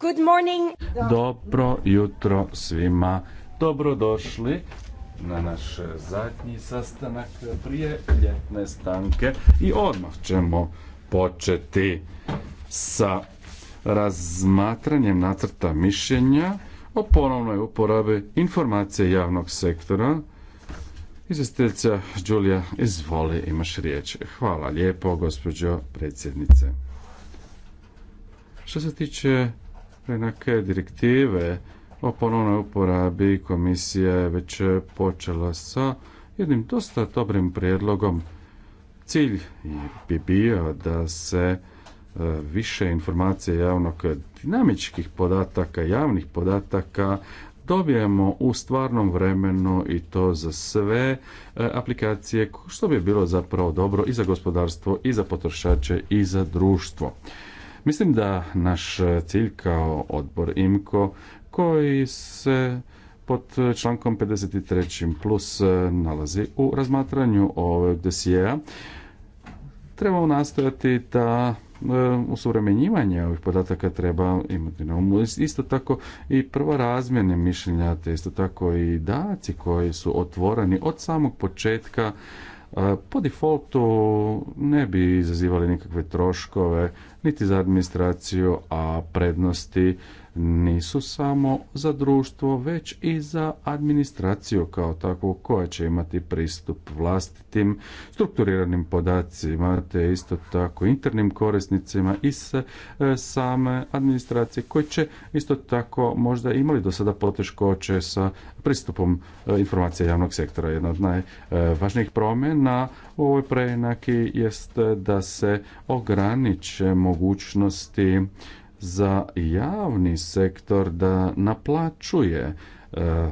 Good Dobro jutro svima. Dobrodošli na naš zadnji sastanak prije ljetne stanke i odmah ćemo početi sa razmatranjem nacrta mišljenja o ponovnoj uporabi informacije javnog sektora Izvestiteljica Đulija, izvoli, imaš riječ. Hvala lijepo, gospođo predsjednice. Što se tiče neke direktive o ponovnoj uporabi, komisija je već počela sa jednim dosta dobrim prijedlogom. Cilj bi bio da se e, više informacije javnog dinamičkih podataka, javnih podataka dobijemo u stvarnom vremenu i to za sve e, aplikacije što bi bilo zapravo dobro i za gospodarstvo i za potrošače i za društvo. Mislim da naš cilj kao odbor IMKO koji se pod člankom 53. plus nalazi u razmatranju ovog desijeja. treba nastojati da usuvremenjivanje e, ovih podataka treba imati na umu. Isto tako i prva razmjene mišljenja, te isto tako i daci koji su otvoreni od samog početka po defaultu ne bi izazivali nikakve troškove niti za administraciju, a prednosti nisu samo za društvo, već i za administraciju kao takvu koja će imati pristup vlastitim strukturiranim podacima, te isto tako internim korisnicima iz e, same administracije koji će isto tako možda imali do sada poteškoće sa pristupom e, informacija javnog sektora. Jedna od najvažnijih promjena u ovoj preinaki jest da se ograniče mogućnosti za javni sektor da naplaćuje e,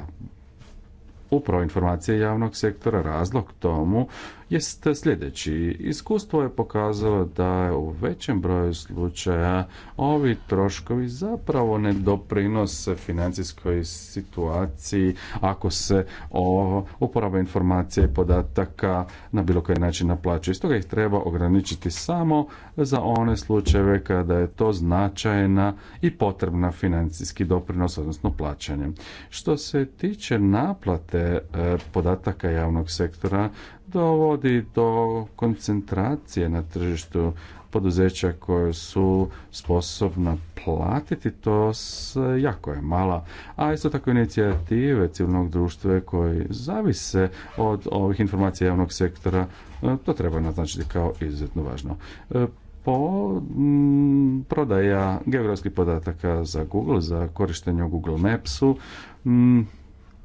upravo informacije javnog sektora razlog tomu jest sljedeći. Iskustvo je pokazalo da u većem broju slučaja ovi troškovi zapravo ne doprinose financijskoj situaciji ako se o uporaba informacija i podataka na bilo koji način naplaćuje. Stoga ih treba ograničiti samo za one slučajeve kada je to značajna i potrebna financijski doprinos, odnosno plaćanje. Što se tiče naplate e, podataka javnog sektora, dovodi do koncentracije na tržištu poduzeća koje su sposobna platiti, to jako je mala. A isto tako inicijative civilnog društva koji zavise od ovih informacija javnog sektora, e, to treba naznačiti kao izuzetno važno e, po prodaja geografskih podataka za Google, za korištenje u Google Mapsu,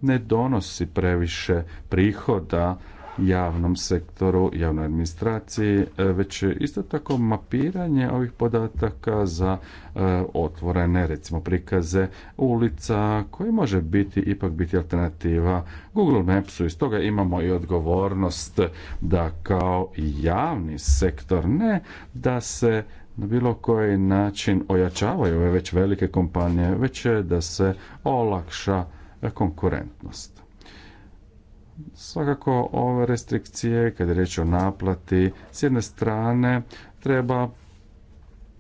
ne donosi previše prihoda javnom sektoru, javnoj administraciji, e, već isto tako mapiranje ovih podataka za e, otvorene, recimo prikaze ulica, koji može biti ipak biti alternativa Google Mapsu. I stoga imamo i odgovornost da kao javni sektor ne da se na bilo koji način ojačavaju ove već velike kompanije, već da se olakša konkurentnost. Svakako ove restrikcije, kada je reč o naplati, s jedne strane treba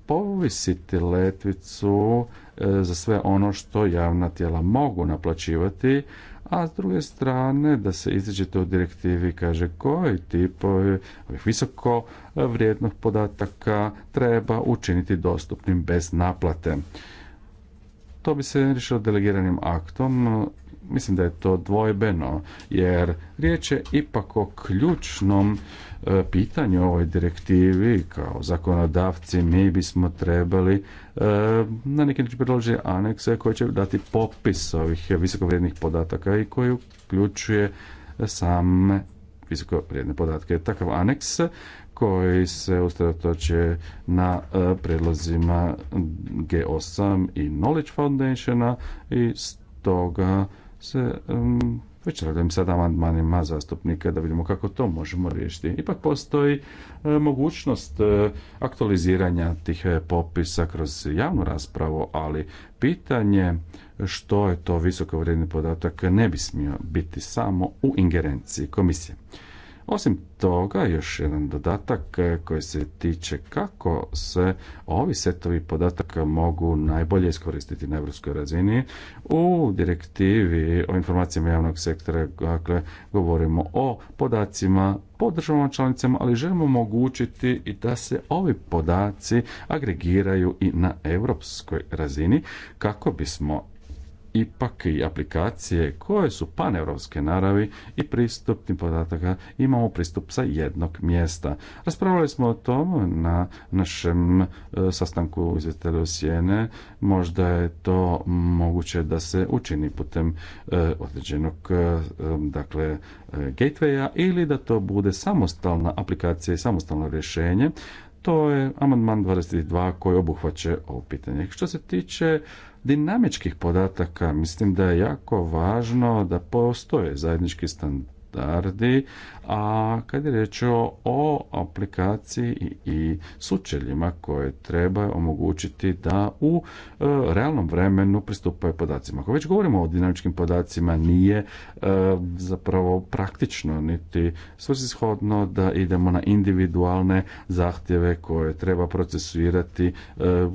povisiti letvicu e, za sve ono što javna tijela mogu naplaćivati, a s druge strane da se izričito u direktivi kaže koji tipovi ovih visoko e, vrijednog podataka treba učiniti dostupnim bez naplate. To bi se riješilo delegiranim aktom Mislim da je to dvojbeno, jer riječ je ipak o ključnom e, pitanju ovoj direktivi. Kao zakonodavci mi bismo trebali e, na neki način predložiti anekse koji će dati popis ovih visokovrijednih podataka i koji uključuje same visokovrijedne podatke. Takav aneks koji se usredotoče na e, predlozima G8 i Knowledge Foundationa i stoga se um, već radim sada amandmanima zastupnika da vidimo kako to možemo riješiti. Ipak postoji e, mogućnost e, aktualiziranja tih popisa kroz javnu raspravu, ali pitanje što je to visoko vrijedni podatak ne bi smio biti samo u ingerenciji komisije. Osim toga, još jedan dodatak e, koji se tiče kako se ovi setovi podataka mogu najbolje iskoristiti na evropskoj razini. U direktivi o informacijama javnog sektora dakle, govorimo o podacima po državama članicama, ali želimo omogućiti i da se ovi podaci agregiraju i na europskoj razini kako bismo ipak i aplikacije koje su paneuropske naravi i pristup podataka imamo pristup sa jednog mjesta. Raspravljali smo o tom na našem e, sastanku izvjetelju Sjene. Možda je to moguće da se učini putem e, određenog e, dakle gatewaya ili da to bude samostalna aplikacija i samostalno rješenje to je amandman 22 koji obuhvaće ovo pitanje. Što se tiče dinamičkih podataka mislim da je jako važno da postoje zajednički standard standardi, a kad je riječ o aplikaciji i sučeljima koje treba omogućiti da u e, realnom vremenu pristupaju podacima. Ako već govorimo o dinamičkim podacima, nije e, zapravo praktično niti svrsishodno da idemo na individualne zahtjeve koje treba procesuirati e,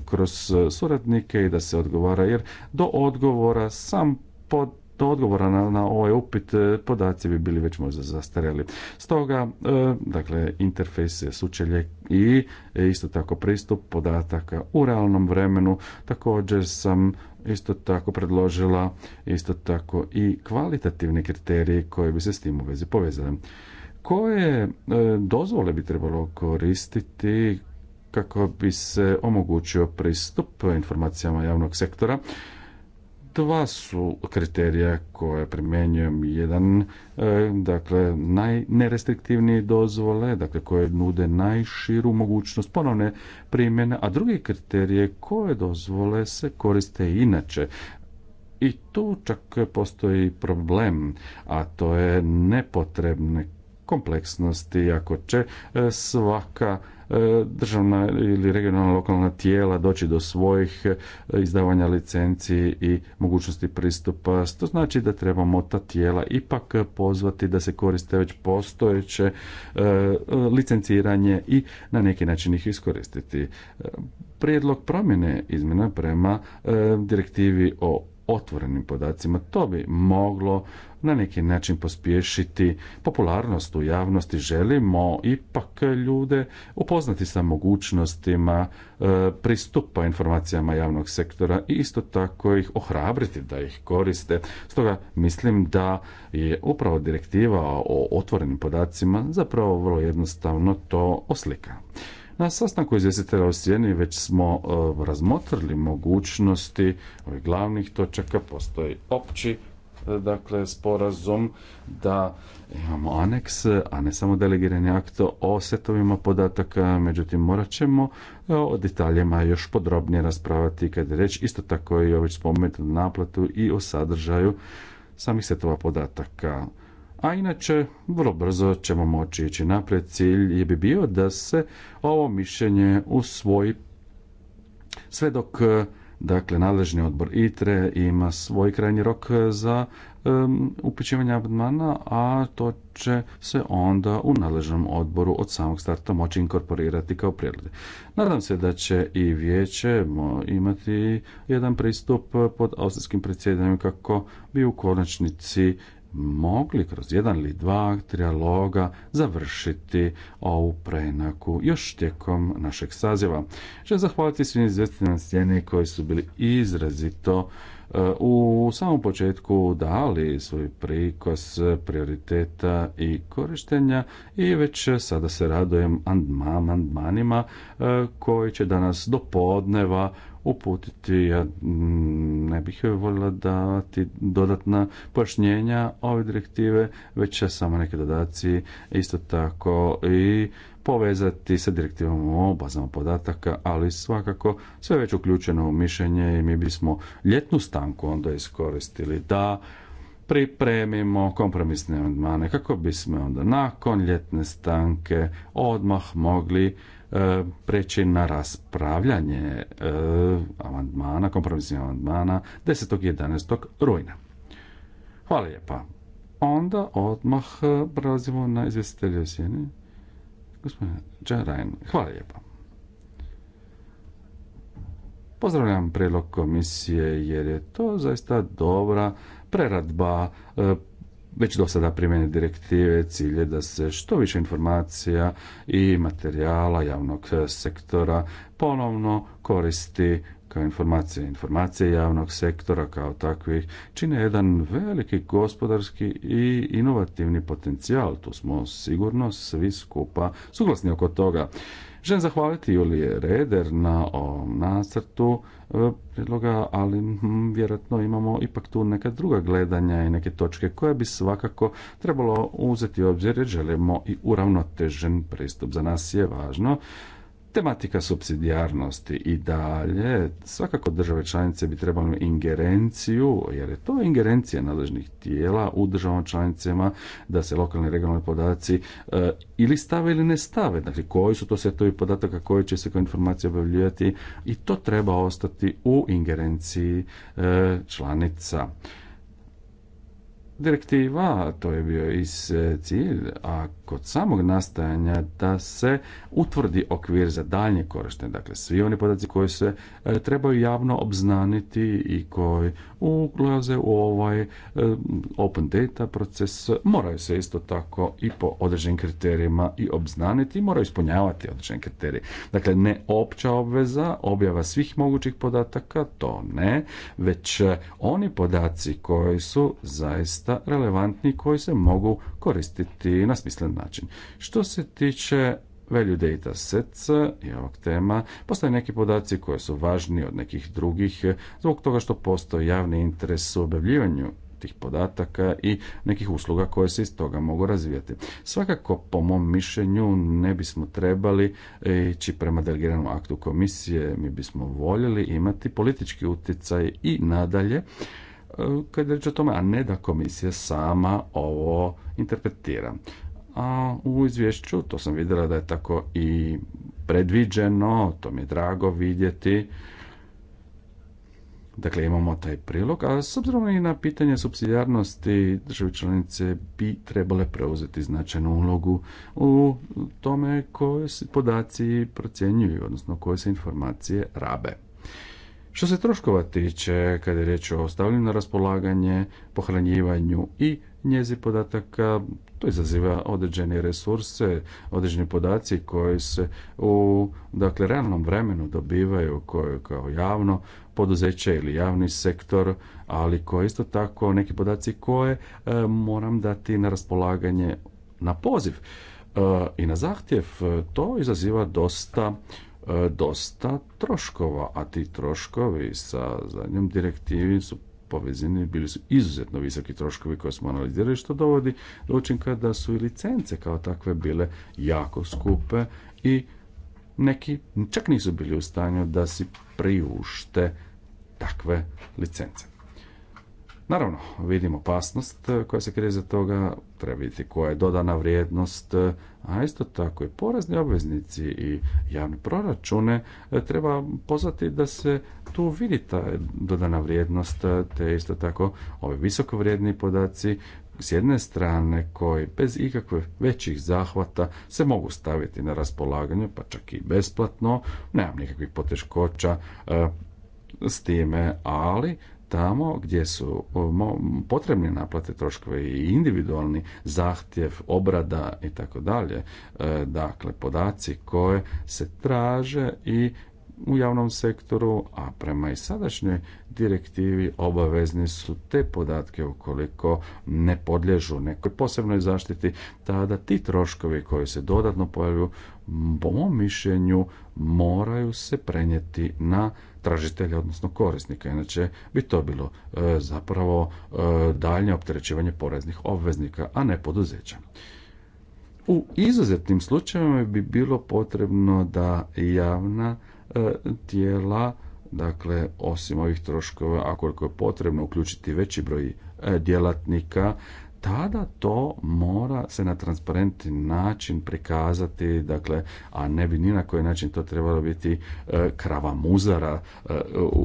kroz suradnike i da se odgovara, jer do odgovora sam pod do odgovora na, na ovaj upit, e, podaci bi bili već možda zastareli. Stoga, e, dakle, interfejs sučelje i e, isto tako pristup podataka u realnom vremenu. Također sam isto tako predložila isto tako i kvalitativne kriterije koje bi se s tim u vezi povezali. Koje dozvole bi trebalo koristiti kako bi se omogućio pristup informacijama javnog sektora dva su kriterija koje primjenjujem. Jedan, e, dakle, najnerestriktivnije dozvole, dakle, koje nude najširu mogućnost ponovne primjene, a drugi kriterije koje dozvole se koriste inače. I tu čak postoji problem, a to je nepotrebne kompleksnosti, ako će e, svaka e, državna ili regionalna lokalna tijela doći do svojih e, izdavanja licenci i mogućnosti pristupa. To znači da trebamo ta tijela ipak pozvati da se koriste već postojeće licenciranje i na neki način ih iskoristiti. Prijedlog promjene izmjena prema direktivi o otvorenim podacima. To bi moglo na neki način pospješiti popularnost u javnosti. Želimo ipak ljude upoznati sa mogućnostima e, pristupa informacijama javnog sektora i isto tako ih ohrabriti da ih koriste. Stoga mislim da je upravo direktiva o otvorenim podacima zapravo vrlo jednostavno to oslika. Na sastanku izvjestitelja u Sjeni već smo e, razmotrili mogućnosti ovih glavnih točaka, postoji opći e, dakle sporazum da imamo aneks, a ne samo delegirani akto o setovima podataka, međutim morat ćemo e, o detaljima još podrobnije raspravati kad je reč isto tako i o već spomenutom naplatu i o sadržaju samih setova podataka a inače vrlo brzo ćemo moći ići naprijed. Cilj je bi bio da se ovo mišljenje usvoji sve dok e, dakle nadležni odbor ITRE ima svoj krajnji rok za um, upućivanje abdmana, a to će se onda u nadležnom odboru od samog starta moći inkorporirati kao prijedlog. Nadam se da će i vijeće imati jedan pristup pod austrijskim predsjedanjem kako bi u konačnici mogli kroz jedan ili dva trialoga završiti ovu prenaku još tijekom našeg saziva. Želim zahvaliti svim izvjestiteljima stjeni koji su bili izrazito e, u samom početku dali svoj prikos prioriteta i korištenja i već sada se radujem andmanima e, koji će danas do podneva uputiti. Ja ne bih voljela dati dodatna pojašnjenja ove direktive, već samo neke dodaci, isto tako i povezati sa direktivom o bazama podataka, ali svakako sve već uključeno u mišljenje i mi bismo ljetnu stanku onda iskoristili da pripremimo kompromisne amandmane kako bismo onda nakon ljetne stanke odmah mogli E, preći na raspravljanje e, amandmana, kompromisnih amandmana 10. i 11. rujna. Hvala lijepa. Onda odmah e, prelazimo na izvjestitelje u sjeni. Gospodin Čarajn, hvala lijepa. Pozdravljam prijedlog komisije jer je to zaista dobra preradba već do sada primjene direktive cilje da se što više informacija i materijala javnog sektora ponovno koristi kao informacije. Informacije javnog sektora kao takvih čine jedan veliki gospodarski i inovativni potencijal. Tu smo sigurno svi skupa suglasni oko toga. Želim zahvaliti Julije Reder na ovom nacrtu E, prijedloga, ali vjerojatno imamo ipak tu neka druga gledanja i neke točke koje bi svakako trebalo uzeti u obzir jer želimo i uravnotežen pristup. Za nas je važno Tematika subsidijarnosti i dalje, svakako države članice bi trebali ingerenciju, jer je to ingerencija nadležnih tijela u državama članicama da se lokalni i regionalni podaci e, ili stave ili ne stave. Dakle, koji su to setovi podataka koji će se kao informacija objavljivati i to treba ostati u ingerenciji e, članica direktiva, to je bio i e, cilj, a kod samog nastajanja da se utvrdi okvir za daljnje korištenje. Dakle, svi oni podaci koji se e, trebaju javno obznaniti i koji ulaze u ovaj e, open data proces moraju se isto tako i po određenim kriterijima i obznaniti i moraju ispunjavati određene kriterije. Dakle, ne opća obveza, objava svih mogućih podataka, to ne, već oni podaci koji su zaista relevantni koji se mogu koristiti na smislen način. Što se tiče value data sets i ovog tema, postoje neki podaci koji su važni od nekih drugih zbog toga što postoji javni interes u objavljivanju tih podataka i nekih usluga koje se iz toga mogu razvijati. Svakako, po mom mišljenju, ne bismo trebali ići prema delegiranom aktu komisije, mi bismo voljeli imati politički utjecaj i nadalje kad je o tome, a ne da komisija sama ovo interpretira. A u izvješću, to sam vidjela da je tako i predviđeno, to mi je drago vidjeti. Dakle, imamo taj prilog, a s obzirom i na pitanje supsidijarnosti države članice bi trebale preuzeti značajnu ulogu u tome koje se podaci procjenjuju, odnosno koje se informacije rabe. Što se troškova tiče, kada je riječ o stavljanju na raspolaganje, pohranjivanju i njezi podataka, to izaziva određene resurse, određeni podaci koji se u dakle, realnom vremenu dobivaju koje kao javno poduzeće ili javni sektor, ali koje isto tako neki podaci koje e, moram dati na raspolaganje na poziv e, i na zahtjev. To izaziva dosta E, dosta troškova, a ti troškovi sa zadnjom direktivi su povezani, bili su izuzetno visoki troškovi koje smo analizirali, što dovodi do učinka da su i licence kao takve bile jako skupe i neki čak nisu bili u stanju da si priušte takve licence. Naravno, vidim opasnost eh, koja se krije za toga, treba vidjeti koja je dodana vrijednost, eh, a isto tako i porezni obveznici i javne proračune eh, treba pozvati da se tu vidi ta dodana vrijednost, te isto tako ovi visoko vrijedni podaci s jedne strane koji bez ikakve većih zahvata se mogu staviti na raspolaganje, pa čak i besplatno, nemam nikakvih poteškoća s time, ali tamo gdje su potrebne naplate troškove i individualni zahtjev, obrada i tako dalje. E, dakle, podaci koje se traže i u javnom sektoru, a prema i sadašnjoj direktivi obavezni su te podatke ukoliko ne podliježu nekoj posebnoj zaštiti, tada ti troškovi koji se dodatno pojavljuju, po mom mišljenju, moraju se prenijeti na tražitelja, odnosno korisnika. Inače bi to bilo e, zapravo e, daljnje opterećivanje poreznih obveznika, a ne poduzeća. U izuzetnim slučajevima bi bilo potrebno da javna e, tijela dakle osim ovih troškova ako je potrebno uključiti veći broj djelatnika tada to mora se na transparentni način prikazati, dakle, a ne bi ni na koji način to trebalo biti e, krava muzara e,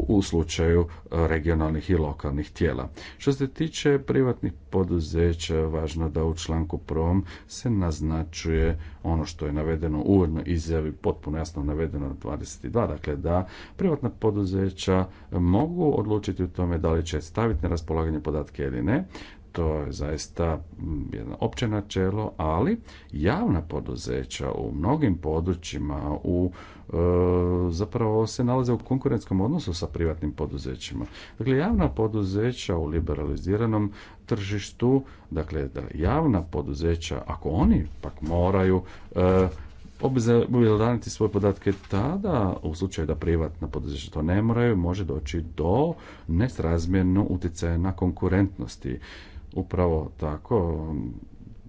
u, slučaju regionalnih i lokalnih tijela. Što se tiče privatnih poduzeća, važno da u članku prom se naznačuje ono što je navedeno u uvodnoj izjavi, potpuno jasno navedeno na 22, dakle da privatna poduzeća mogu odlučiti u tome da li će staviti na raspolaganje podatke ili ne, to je zaista mm, jedno opće načelo, ali javna poduzeća u mnogim područjima u e, zapravo se nalaze u konkurentskom odnosu sa privatnim poduzećima. Dakle, javna poduzeća u liberaliziranom tržištu, dakle, da javna poduzeća, ako oni pak moraju e, svoje podatke tada, u slučaju da privatna poduzeća to ne moraju, može doći do nesrazmjerno utjecaja na konkurentnosti. Upravo tako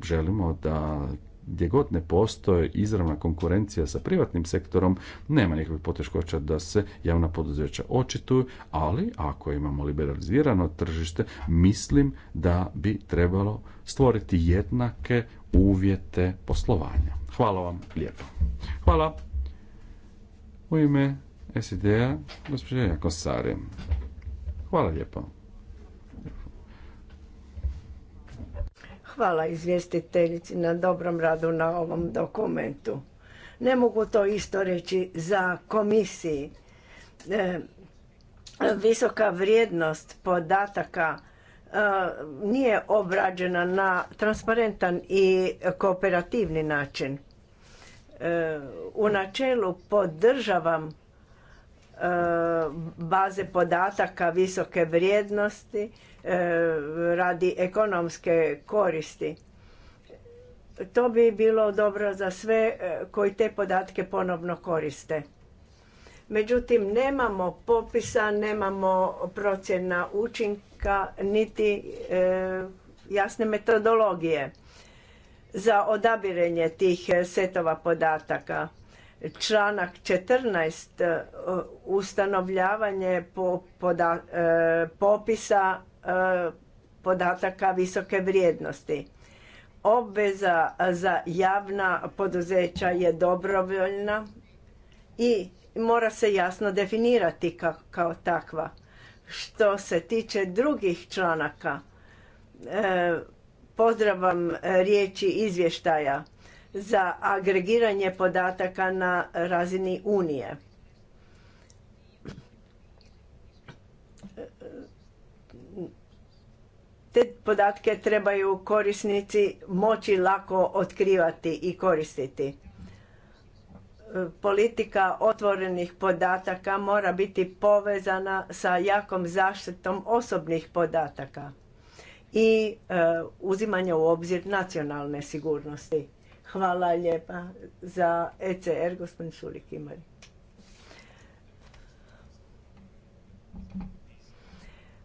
želimo da gdje god ne postoji izravna konkurencija sa privatnim sektorom, nema nikakvih poteškoća da se javna poduzeća očituju, ali ako imamo liberalizirano tržište, mislim da bi trebalo stvoriti jednake uvjete poslovanja. Hvala vam lijepo. Hvala. U ime SID-a, gospođa Jakosari. Hvala lijepo. Hvala izvjestiteljici na dobrom radu na ovom dokumentu. Ne mogu to isto reći za komisiji. E, visoka vrijednost podataka e, nije obrađena na transparentan i kooperativni način. E, u načelu podržavam baze podataka visoke vrijednosti E, radi ekonomske koristi. To bi bilo dobro za sve e, koji te podatke ponovno koriste. Međutim, nemamo popisa, nemamo procjena učinka, niti e, jasne metodologije za odabirenje tih setova podataka. Članak 14. ustanovljavanje popisa E, podataka visoke vrijednosti. Obveza za javna poduzeća je dobrovoljna i mora se jasno definirati kao, takva. Što se tiče drugih članaka, pozdravljam e, pozdravam riječi izvještaja za agregiranje podataka na razini Unije. Te podatke trebaju korisnici moći lako otkrivati i koristiti. E, politika otvorenih podataka mora biti povezana sa jakom zaštitom osobnih podataka i e, uzimanja u obzir nacionalne sigurnosti. Hvala lijepa za ECR, gospodin Šulik Imari.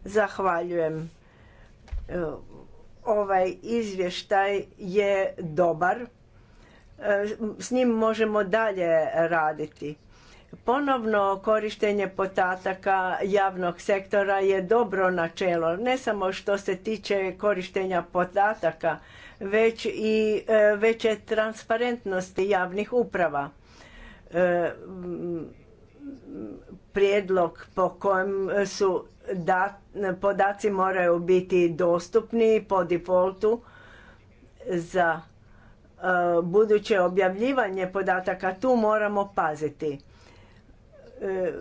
Zahvaljujem. E, ovaj izvještaj je dobar, e, s njim možemo dalje raditi. Ponovno korištenje podataka javnog sektora je dobro načelo, ne samo što se tiče korištenja podataka, već i e, veće transparentnosti javnih uprava. Prijedlog po kojem su da podaci moraju biti dostupni po defaultu za e, buduće objavljivanje podataka tu moramo paziti e,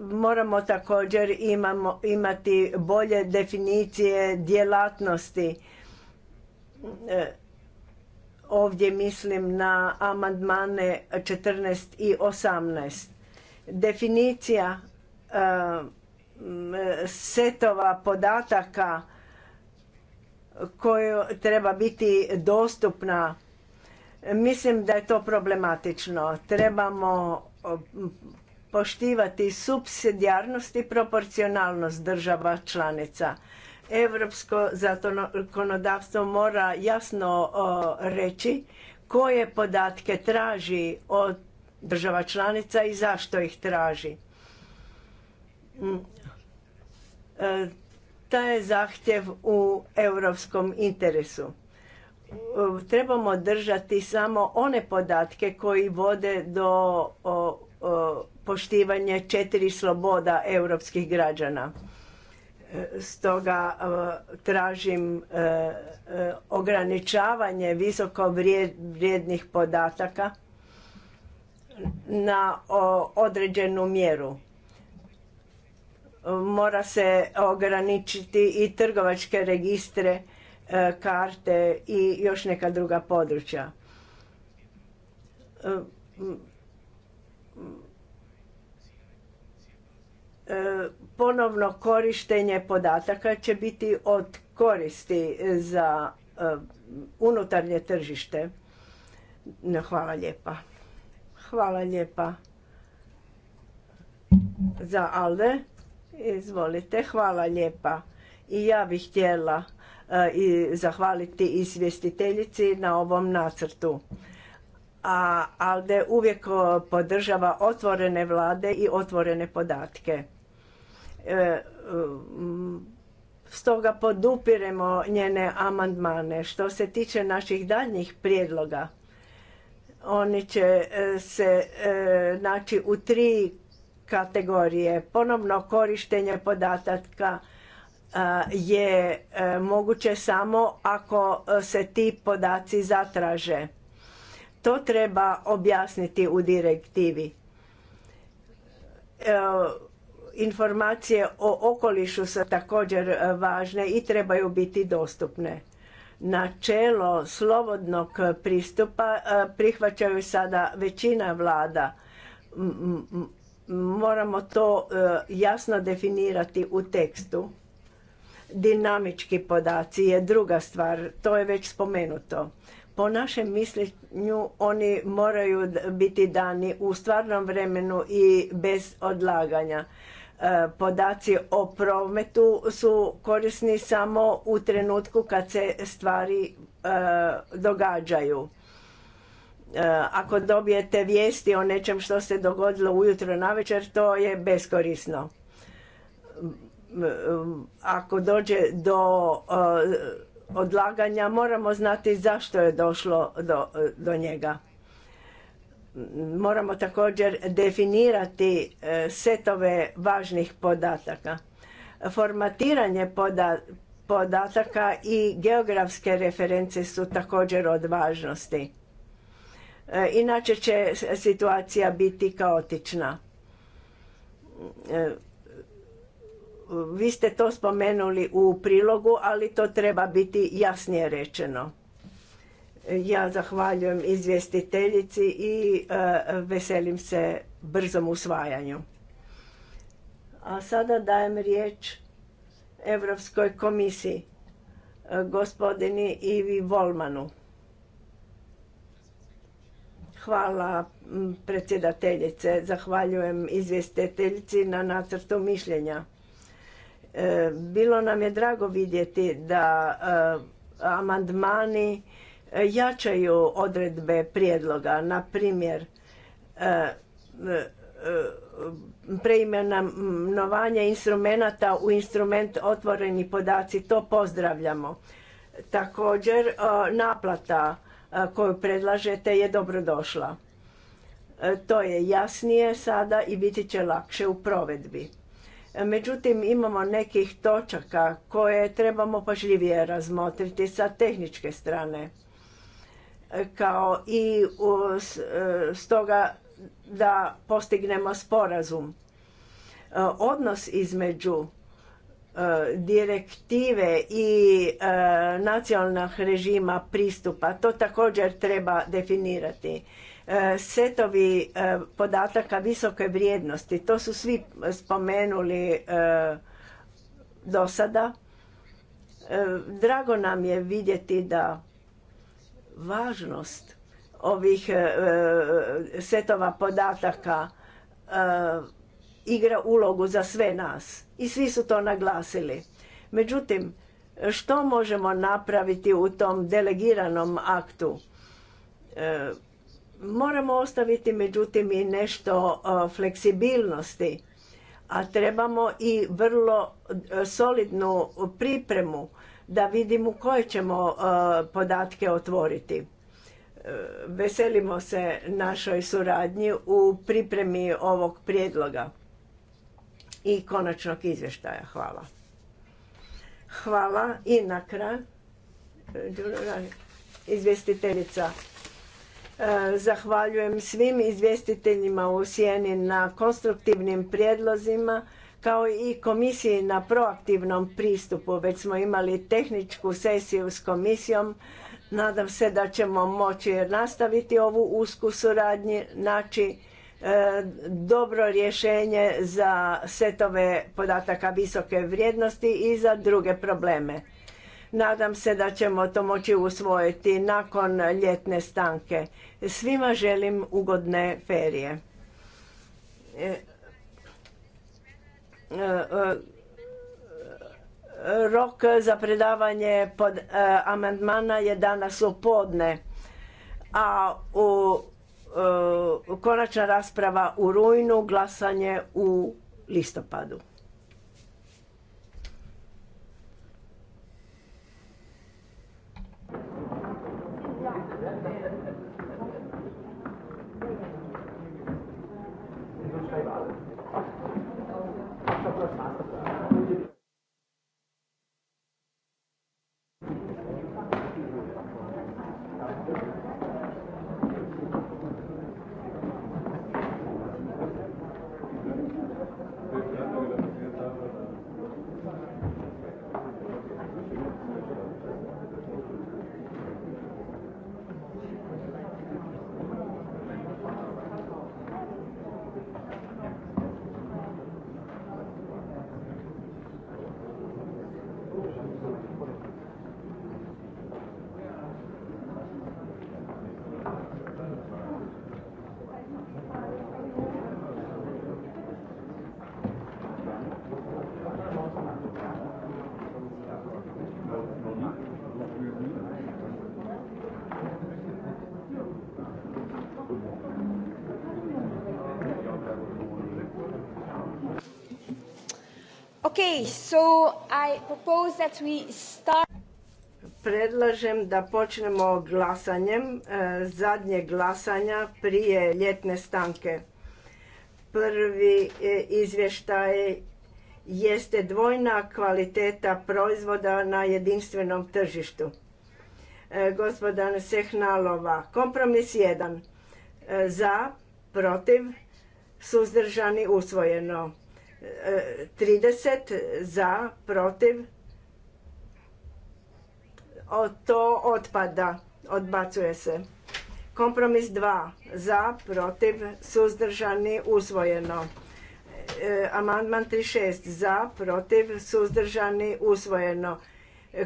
moramo također imamo, imati bolje definicije djelatnosti e, ovdje mislim na amandmane 14 i 18 definicija setova podataka koje treba biti dostupna mislim da je to problematično trebamo poštivati subsidijarnost i proporcionalnost država članica europsko zakonodavstvo mora jasno reći koje podatke traži od država članica i zašto ih traži E, taj je zahtjev u europskom interesu. E, trebamo držati samo one podatke koji vode do poštivanja četiri sloboda europskih građana. E, stoga tražim ograničavanje visoko vrijednih podataka na određenu mjeru mora se ograničiti i trgovačke registre, e, karte i još neka druga područja. E, ponovno korištenje podataka će biti od koristi za e, unutarnje tržište. Hvala lijepa. Hvala lijepa za Alde. Izvolite, hvala lijepa. I ja bih htjela e, i zahvaliti izvjestiteljici na ovom nacrtu. A ALDE uvijek e, podržava otvorene vlade i otvorene podatke. E, stoga podupiremo njene amandmane. Što se tiče naših daljnjih prijedloga, oni će se naći u tri kategorije. Ponovno korištenje podataka e, je e, moguće samo ako e, se ti podaci zatraže. To treba objasniti u direktivi. Informacije o okolišu su također važne i trebaju biti dostupne. Načelo slobodnog pristupa prihvaćaju sada većina vlada moramo to e, jasno definirati u tekstu. Dinamički podaci je druga stvar, to je već spomenuto. Po našem mišljenju oni moraju biti dani u stvarnom vremenu i bez odlaganja. E, podaci o prometu su korisni samo u trenutku kad se stvari e, događaju E, ako dobijete vijesti o nečem što se dogodilo ujutro večer, to je beskorisno ako dođe do e, odlaganja moramo znati zašto je došlo do, e, do njega moramo također definirati setove važnih podataka formatiranje podataka i geografske reference su također od važnosti E, inače će situacija biti kaotična. E, vi ste to spomenuli u prilogu, ali to treba biti jasnije rečeno. E, ja zahvaljujem izvjestiteljici i veselim se brzom usvajanju. A sada dajem riječ Europskoj komisiji, gospodini Ivi Volmanu. Hvala predsjedateljice, zahvaljujem izvjestiteljici na nacrtu mišljenja. E, bilo nam je drago vidjeti da e, amandmani e, jačaju odredbe prijedloga, na primjer preimenovanje instrumenata u instrument otvoreni podaci, to pozdravljamo. Također naplata koju predlažete je dobrodošla. E, to je jasnije sada i biti će lakše u provedbi. E, međutim, imamo nekih točaka koje trebamo pažljivije razmotriti sa tehničke strane. E, kao i stoga da postignemo sporazum. Odnos između E, direktive i e, nacionalnih režima pristupa, to također treba definirati. E, setovi podataka visoke vrijednosti, to su svi spomenuli do sada. Drago nam je vidjeti da važnost ovih setova podataka igra ulogu za sve nas i svi su to naglasili. Međutim, što možemo napraviti u tom delegiranom aktu? E, moramo ostaviti međutim i nešto e, fleksibilnosti, a trebamo i vrlo e, solidnu pripremu da vidimo koje ćemo podatke otvoriti. veselimo se našoj suradnji u pripremi ovog prijedloga i konačnog izvještaja. Hvala. Hvala i na kraj izvjestiteljica. E, zahvaljujem svim izvjestiteljima u Sjeni na konstruktivnim prijedlozima kao i komisiji na proaktivnom pristupu. Već smo imali tehničku sesiju s komisijom. Nadam se da ćemo moći nastaviti ovu usku suradnju, naći E, dobro rješenje za setove podataka visoke vrijednosti i za druge probleme. Nadam se da ćemo to moći usvojiti nakon ljetne stanke. Svima želim ugodne ferije. E, e, rok za predavanje pod amandmana je danas u podne, a u E, konačna rasprava u rujnu, glasanje u listopadu. Okay, so I propose Predlažem da počnemo glasanjem, e, zadnje glasanja prije ljetne stanke. Prvi e, izvještaj jeste dvojna kvaliteta proizvoda na jedinstvenom tržištu. E, Gospodan Sehnalova, kompromis 1. Za, protiv, suzdržani, usvojeno 30 za, protiv. to otpada, odbacuje se. Kompromis 2 za, protiv, suzdržani, usvojeno. E, amandman 36 za, protiv, suzdržani, usvojeno.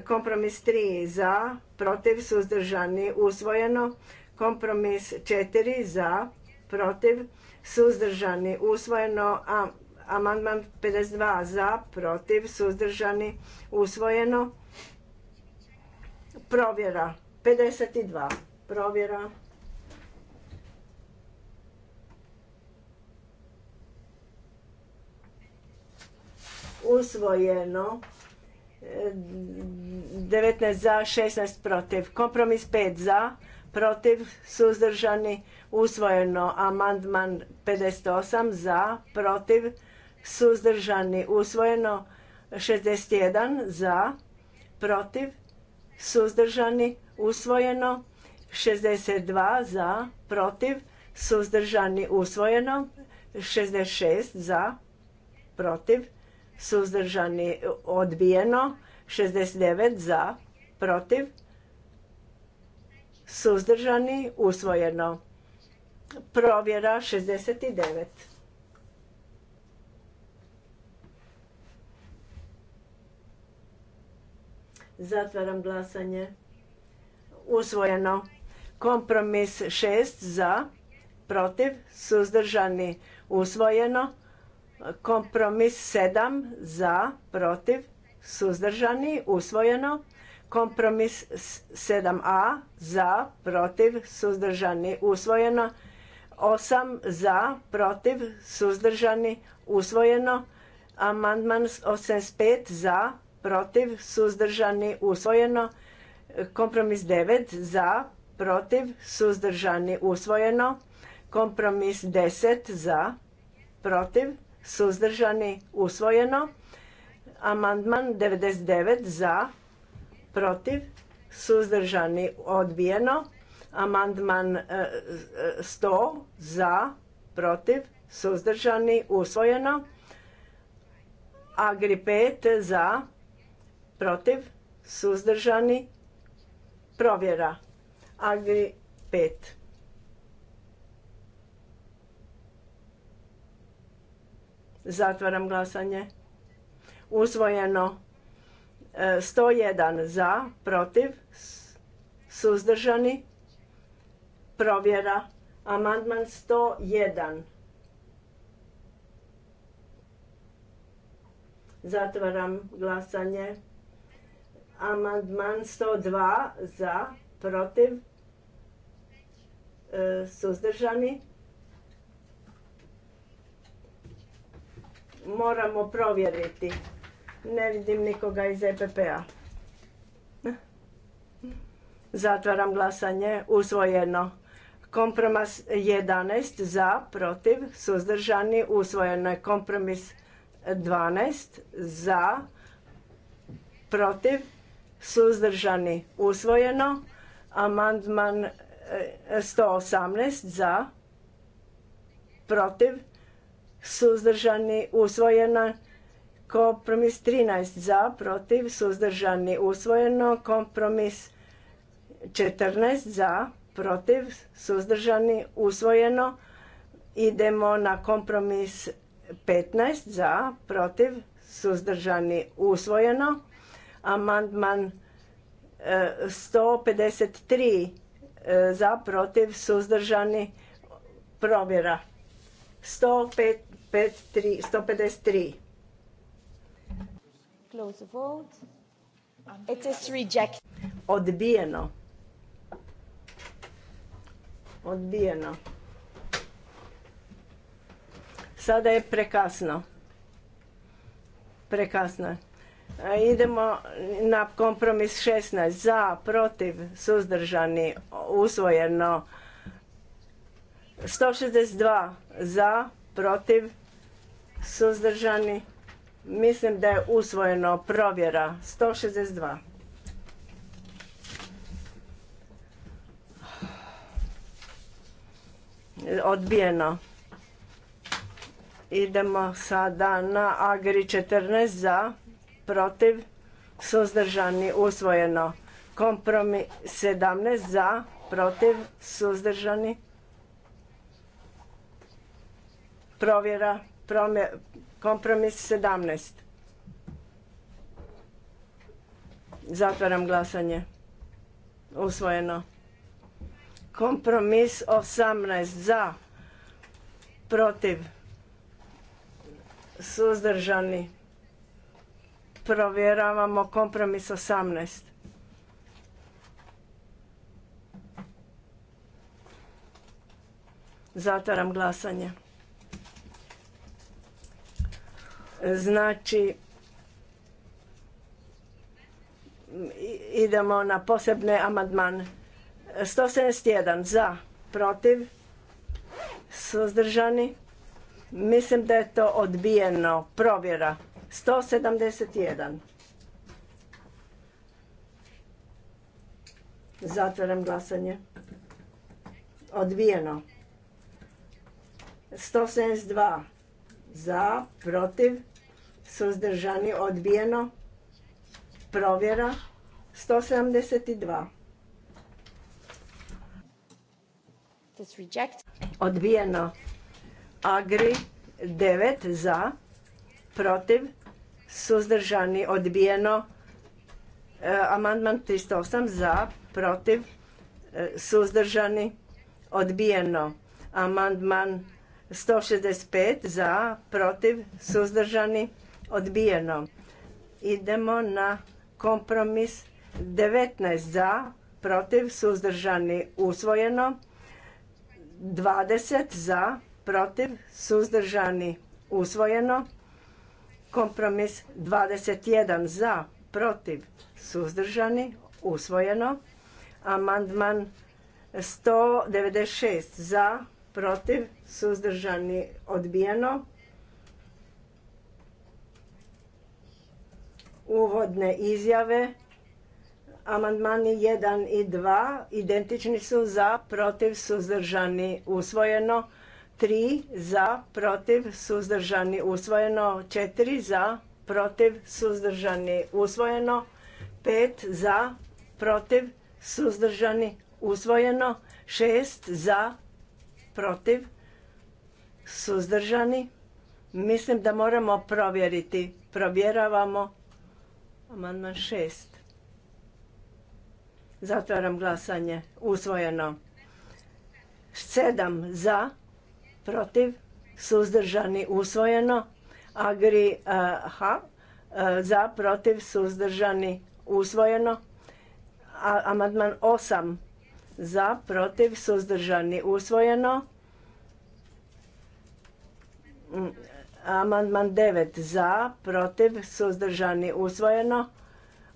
kompromis 3 za, protiv, suzdržani, usvojeno. Kompromis 4 za, protiv, suzdržani, usvojeno. A Amandman 52 za, protiv, suzdržani, usvojeno. Provjera. 52. Provjera. Usvojeno. 19 za, 16 protiv. Kompromis 5 za, protiv, suzdržani, usvojeno. Amandman 58 za, protiv, suzdržani usvojeno 61 za protiv suzdržani usvojeno 62 za protiv suzdržani usvojeno 66 za protiv suzdržani odbijeno 69 za protiv suzdržani usvojeno provjera 69 Zatvaram glasanje. Usvojeno. Kompromis 6 za, protiv, suzdržani, usvojeno. Kompromis 7 za, protiv, suzdržani, usvojeno. Kompromis 7a za, protiv, suzdržani, usvojeno. 8 za, protiv, suzdržani, usvojeno. Amandman 85 za, protiv, suzdržani, usvojeno. Kompromis 9 za, protiv, suzdržani, usvojeno. Kompromis 10 za, protiv, suzdržani, usvojeno. Amandman 99 za, protiv, suzdržani, odbijeno. Amandman 100 e, za, protiv, suzdržani, usvojeno. Agri 5 za, protiv, suzdržani, provjera. Agri 5. Zatvaram glasanje. Uzvojeno 101 e, za, protiv, suzdržani, provjera. Amandman 101. Zatvaram glasanje. Amandman 102 za, protiv, e, suzdržani. Moramo provjeriti. Ne vidim nikoga iz EPP-a. Zatvaram glasanje. Usvojeno. Kompromis 11 za, protiv, suzdržani. Usvojeno je kompromis 12 za, protiv, suzdržani usvojeno amandman 118 e, za protiv suzdržani usvojeno kompromis 13 za protiv suzdržani usvojeno kompromis 14 za protiv suzdržani usvojeno idemo na kompromis 15 za protiv suzdržani usvojeno Amandman 153 e, e, za, protiv, suzdržani, provjera. 153. Close vote. It is Odbijeno. Odbijeno. Sada je prekasno. Prekasno je. Idemo na kompromis 16. Za, protiv, suzdržani, usvojeno. 162 za, protiv, suzdržani. Mislim da je usvojeno provjera. 162. Odbijeno. Idemo sada na Agri 14 za, protiv, suzdržani, usvojeno. Kompromis 17 za, protiv, suzdržani. Provjera, kompromis 17. Zatvaram glasanje. Usvojeno. Kompromis 18 za, protiv, suzdržani provjeravamo kompromis 18. Zatvaram glasanje. Znači, idemo na posebne amandmane. 171 za, protiv, suzdržani. Mislim da je to odbijeno. Provjera. 171. Zatvaram glasanje. Odbijeno. 172 za, protiv, suzdržani, odbijeno. Provjera 172. Odbijeno. Agri 9 za, protiv, E, e, suzdržani, odbijeno. Amandman 308 za, protiv, suzdržani, odbijeno. Amandman 165 za, protiv, suzdržani, odbijeno. Idemo na kompromis 19 za, protiv, suzdržani, usvojeno. 20 za, protiv, suzdržani, usvojeno. Kompromis 21 za, protiv, suzdržani, usvojeno. Amandman 196 za, protiv, suzdržani, odbijeno. Uvodne izjave. Amandmani 1 i 2 identični su za, protiv, suzdržani, usvojeno. Tri za, protiv, suzdržani, usvojeno. Četiri za, protiv, suzdržani, usvojeno. Pet za, protiv, suzdržani, usvojeno. Šest za, protiv, suzdržani. Mislim da moramo provjeriti. Provjeravamo amandman šest. Zatvaram glasanje. Usvojeno. Sedam za, protiv, suzdržani, usvojeno. Agri H, za, protiv, suzdržani, usvojeno. amandman 8, za, protiv, suzdržani, usvojeno. Mm, amandman 9, za, protiv, suzdržani, usvojeno.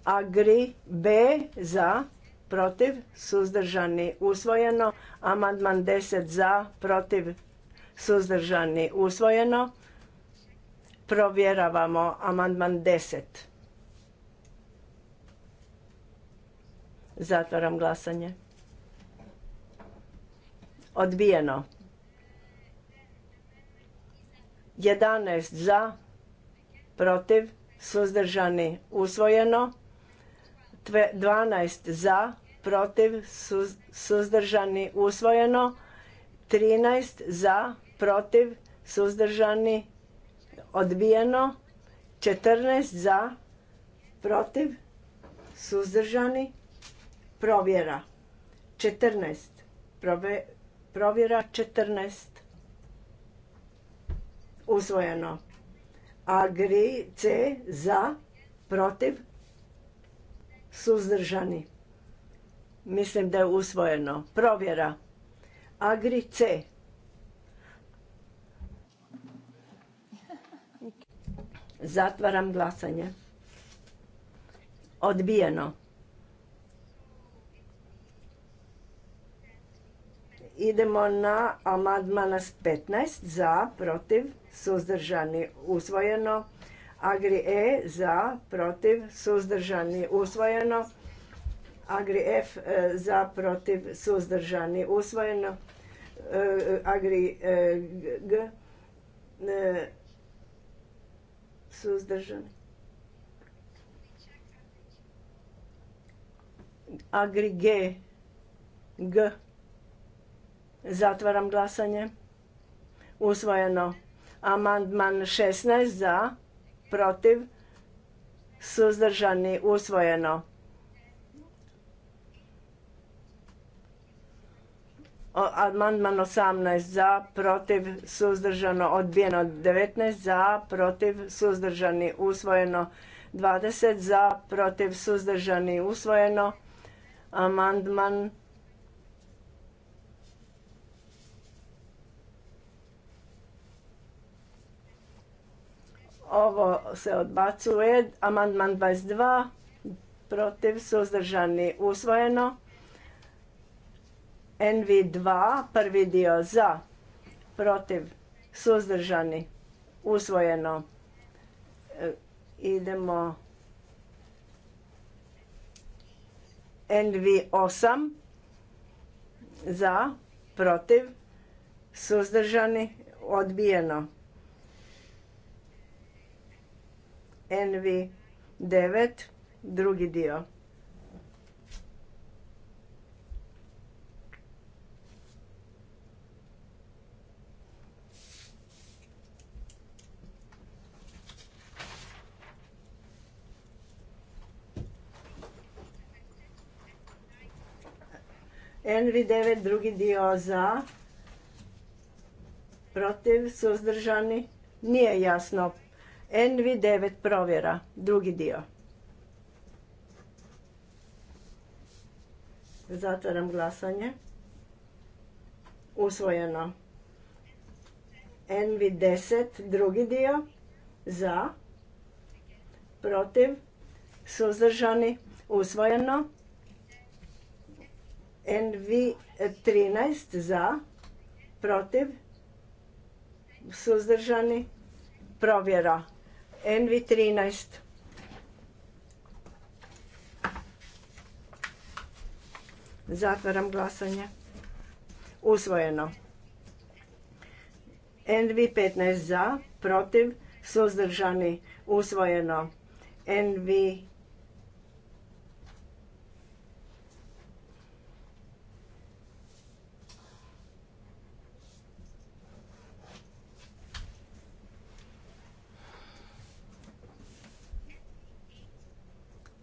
Agri B, za, protiv, suzdržani, usvojeno. Amandman 10, za, protiv, suzdržani, usvojeno. Provjeravamo amandman 10. Zatvaram glasanje. Odbijeno. 11 za, protiv, suzdržani, usvojeno. 12 za, protiv, suzdržani, usvojeno. 13 za, protiv, suzdržani, odbijeno. 14 za, protiv, suzdržani, provjera. 14. provjera 14. Usvojeno. Agri C za, protiv, suzdržani. Mislim da je usvojeno. Provjera. Agri C. Zatvaram glasanje. Odbijeno. Idemo na amadmanas 15 za, protiv, suzdržani, usvojeno. Agri E za, protiv, suzdržani, usvojeno. Agri F e, za, protiv, suzdržani, usvojeno. E, e, Agri G Suzdržani. Agri G. G. Zatvaram glasanje. Usvojeno. Amandman 16 za, protiv, suzdržani, usvojeno. Amandman 18 za, protiv, suzdržano, odbijeno 19 za, protiv, suzdržani, usvojeno 20 za, protiv, suzdržani, usvojeno. Amandman Ovo se odbacuje. Amandman 22 protiv, suzdržani, usvojeno. NV2, prvi dio za, protiv, suzdržani, usvojeno. E, idemo NV8 za, protiv, suzdržani, odbijeno. NV9, drugi dio. NV9 drugi dio za, protiv, suzdržani, nije jasno. NV9 provjera, drugi dio. Zatvaram glasanje. Usvojeno. NV10, drugi dio, za, protiv, suzdržani, usvojeno. NV 13 za, protiv, suzdržani, provjera. NV 13. Zatvaram glasanje. Usvojeno. NV 15 za, protiv, suzdržani, usvojeno. NV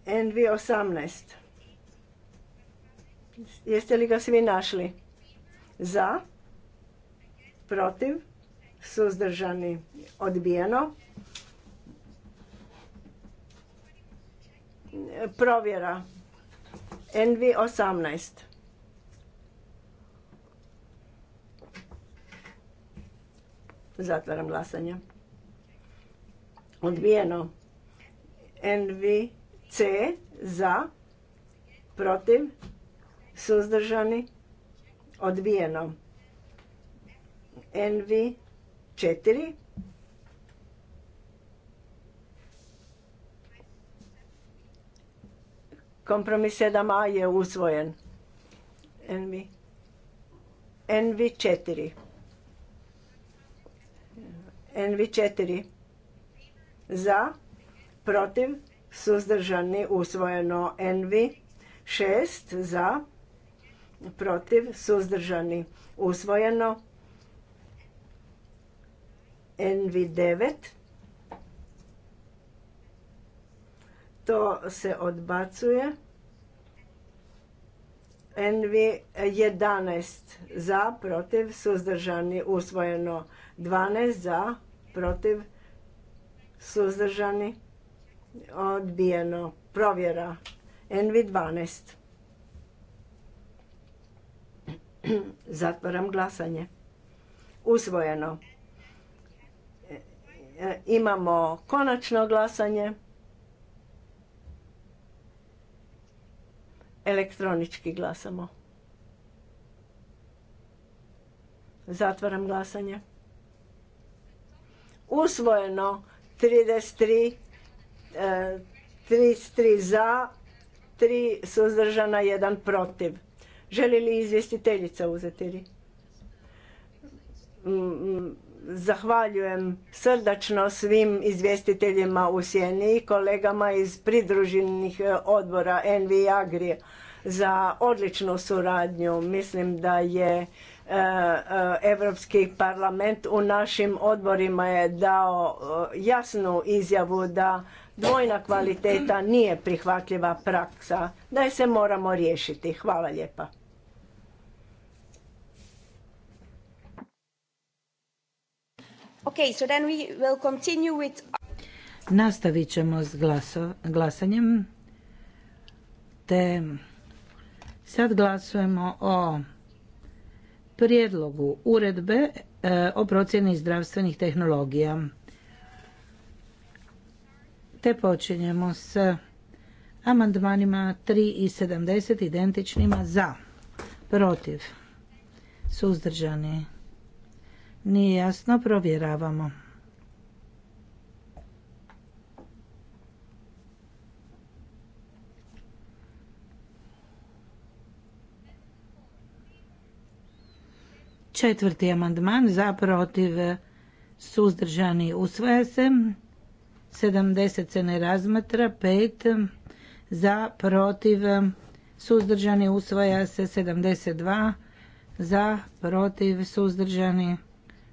NV18. Jeste li ga svi našli? Za? Protiv? Suzdržani? Odbijeno? Provjera. NV18. Zatvaram glasanje. Odbijeno. NV C za, protiv, suzdržani, odbijeno. NV 4 Kompromis 7a je usvojen. NV, NV 4. NV 4. Za, protiv, suzdržani, usvojeno Envi, 6 za, protiv, suzdržani, usvojeno Envi 9. To se odbacuje. Envi 11 za, protiv, suzdržani, usvojeno 12 za, protiv, suzdržani, odbijeno provjera NV12 zatvaram glasanje usvojeno e, imamo konačno glasanje elektronički glasamo zatvaram glasanje usvojeno 33 33 e, za, 3 suzdržana, jedan protiv. Želi li izvjestiteljica uzeti mm, mm, Zahvaljujem srdačno svim izvjestiteljima u Sjeni i kolegama iz pridruženih e, odbora NV Agri za odličnu suradnju. Mislim da je Europski e, parlament u našim odborima je dao jasnu izjavu da Dvojna kvaliteta nije prihvatljiva praksa, da je se moramo riješiti. Hvala lijepa. Nastavit ćemo s glasanjem. Te sad glasujemo o prijedlogu uredbe e, o procjeni zdravstvenih tehnologija te počinjemo s amandmanima 3 i 70 identičnima za, protiv, suzdržani. Nije jasno, provjeravamo. Četvrti amandman za protiv suzdržani usvaja se. 70 se ne razmatra, 5 za, protiv, suzdržani usvaja se 72, za, protiv, suzdržani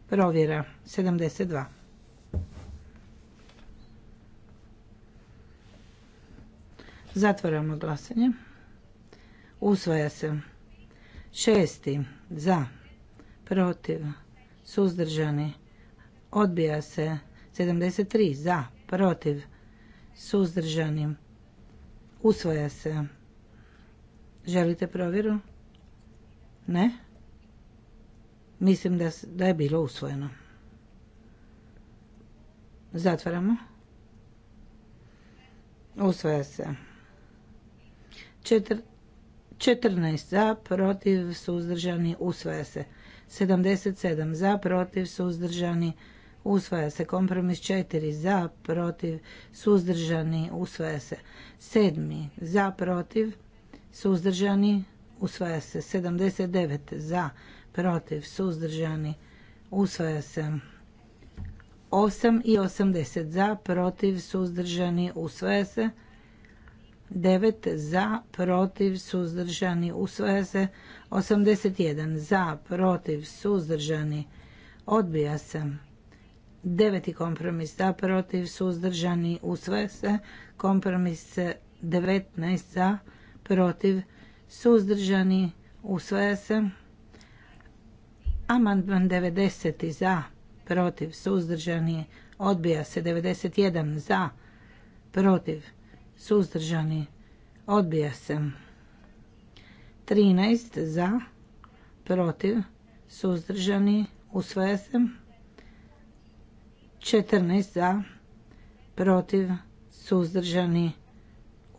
provjera 72. Zatvaramo glasanje. Usvaja se. Šesti. Za. Protiv. Suzdržani. Odbija se. 73. Za protiv, suzdržanim, usvaja se. Želite provjeru? Ne? Mislim da, je bilo usvojeno. Zatvaramo. Usvaja se. 14 za, protiv, suzdržani, usvaja se. 77 za, protiv, suzdržani, usvoja se usvaja se. Kompromis 4 za, protiv, suzdržani, usvaja se. 7 za, protiv, suzdržani, usvaja se. 79 za, protiv, suzdržani, usvaja se. 8 i 80 za, protiv, suzdržani, usvaja se. 9 za, protiv, suzdržani, usvaja se. 81 za, protiv, suzdržani, odbija se. Deveti kompromis za, protiv, suzdržani, usvaja se. Kompromis 19 za, protiv, suzdržani, usvaja se. Amandman 90 za, protiv, suzdržani, odbija se. 91 za, protiv, suzdržani, odbija se. 13 za, protiv, suzdržani, usvaja se. 14 za, protiv, suzdržani,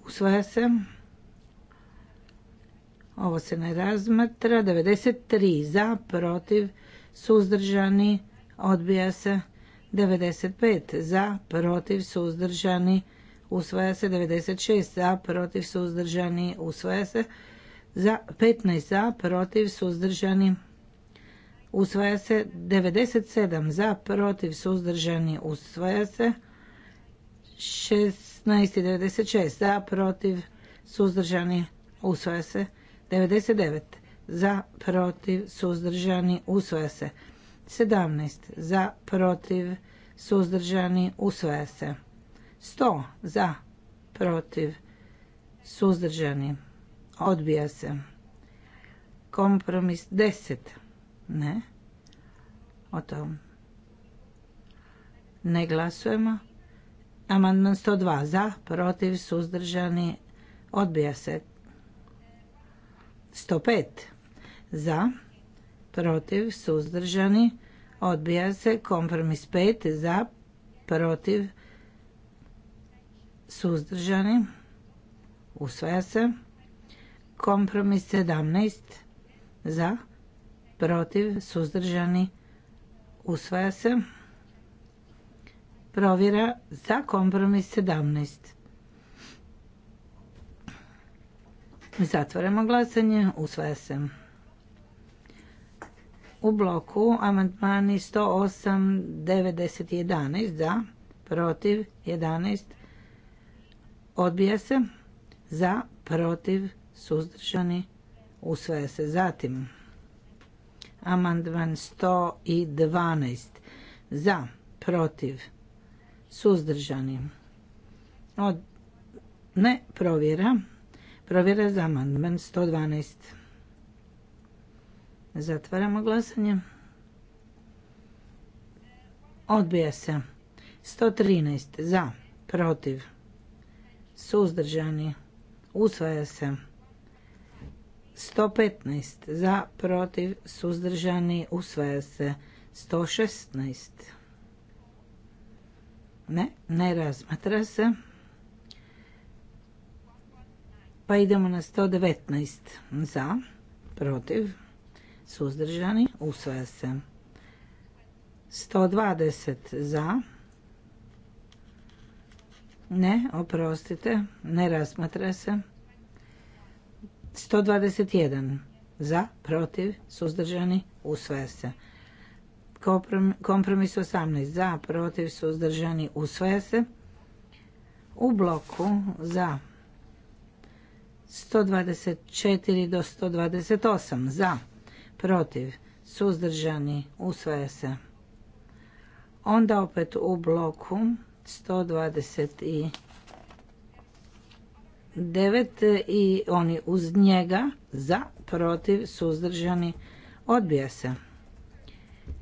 usvaja se. Ovo se ne razmatra. 93 za, protiv, suzdržani, odbija se. 95 za, protiv, suzdržani, usvaja se. 96 za, protiv, suzdržani, usvaja se. 15 za, protiv, suzdržani, se usvaja se 97 za protiv suzdržani usvaja se 16 96 za protiv suzdržani usvaja se 99 za protiv suzdržani usvaja se 17 za protiv suzdržani usvaja se 100 za protiv suzdržani odbija se kompromis 10 ne. O tom. Ne glasujemo. Amandman 102 za, protiv, suzdržani, odbija se. 105 za, protiv, suzdržani, odbija se. Kompromis 5 za, protiv, suzdržani, usvaja se. Kompromis 17 za, protiv, suzdržani, usvaja se. Provjera za kompromis 17. Zatvoremo glasanje, usvaja se. U bloku amandmani 108, 90 11 za, protiv 11, odbija se, za, protiv, suzdržani, usvaja se. Zatim Amandman 112. Za, protiv, suzdržani. Od... Ne, provjera. Provjera za amandman 112. Zatvaramo glasanje. Odbija se. 113. Za, protiv, suzdržani. Usvaja se. 115 za, protiv, suzdržani, usvaja se. 116 ne, ne razmatra se. Pa idemo na 119 za, protiv, suzdržani, usvaja se. 120 za, ne, oprostite, ne razmatra se. 121 za, protiv, suzdržani, usvaja se. Kompromis 18 za, protiv, suzdržani, usvaja se. U bloku za 124 do 128 za, protiv, suzdržani, usvaja se. Onda opet u bloku i 9 i oni uz njega za, protiv, suzdržani, odbija se.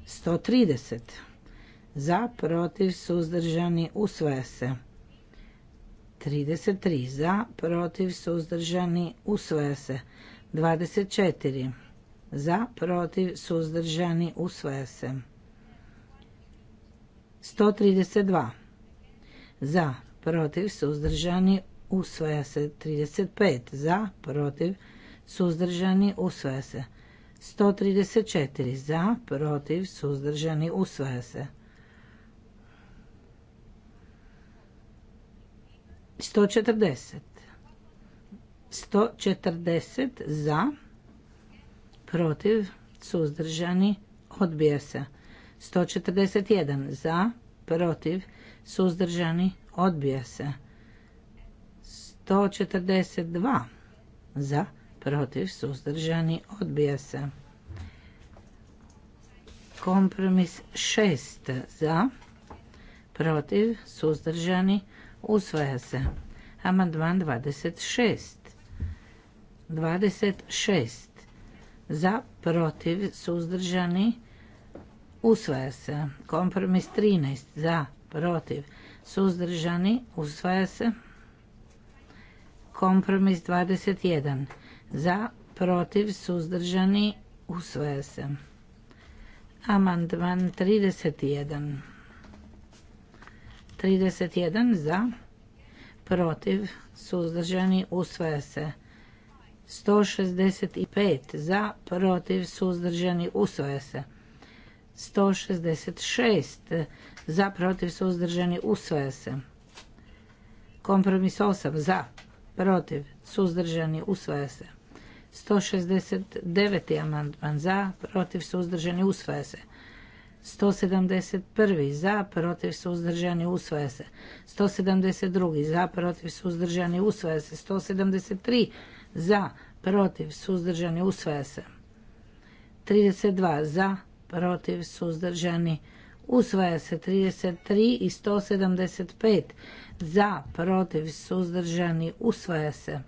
130 za, protiv, suzdržani, usvaja se. 33 za, protiv, suzdržani, usvaja se. 24 za, protiv, suzdržani, usvaja se. 132 za, protiv, suzdržani, usvaja se 35 za protiv suzdržani usvaja se 134 za protiv suzdržani usvaja se 140 140 za protiv suzdržani odbija se 141 za protiv suzdržani odbija se 142 za, protiv, suzdržani, odbija se. Kompromis 6 za, protiv, suzdržani, usvaja se. Amandman 26. 26 za, protiv, suzdržani, usvaja se. Kompromis 13 za, protiv, suzdržani, usvaja se. Kompromis 21. Za, protiv, suzdržani, usvaja se. Amandman 31. 31 za, protiv, suzdržani, usvaja se. 165 za, protiv, suzdržani, usvaja se. 166 za, protiv, suzdržani, usvaja se. Kompromis 8 za, protiv, suzdržani, usvaja se. 169. amandman za, protiv, suzdržani, usvaja se. 171. za, protiv, suzdržani, usvaja se. 172. za, protiv, suzdržani, usvaja se. 173. za, protiv, suzdržani, usvaja se. 32. za, protiv, suzdržani, usvaja se. 33 i 175 za, protiv, suzdržani, usvaja se.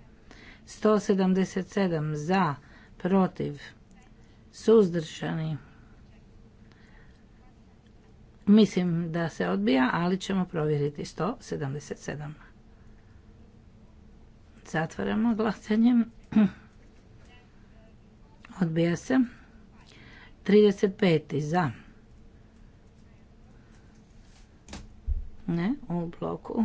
177 za, protiv, suzdržani. Mislim da se odbija, ali ćemo provjeriti 177. Zatvaramo glasanjem. Odbija se. 35. za. Ne, u bloku.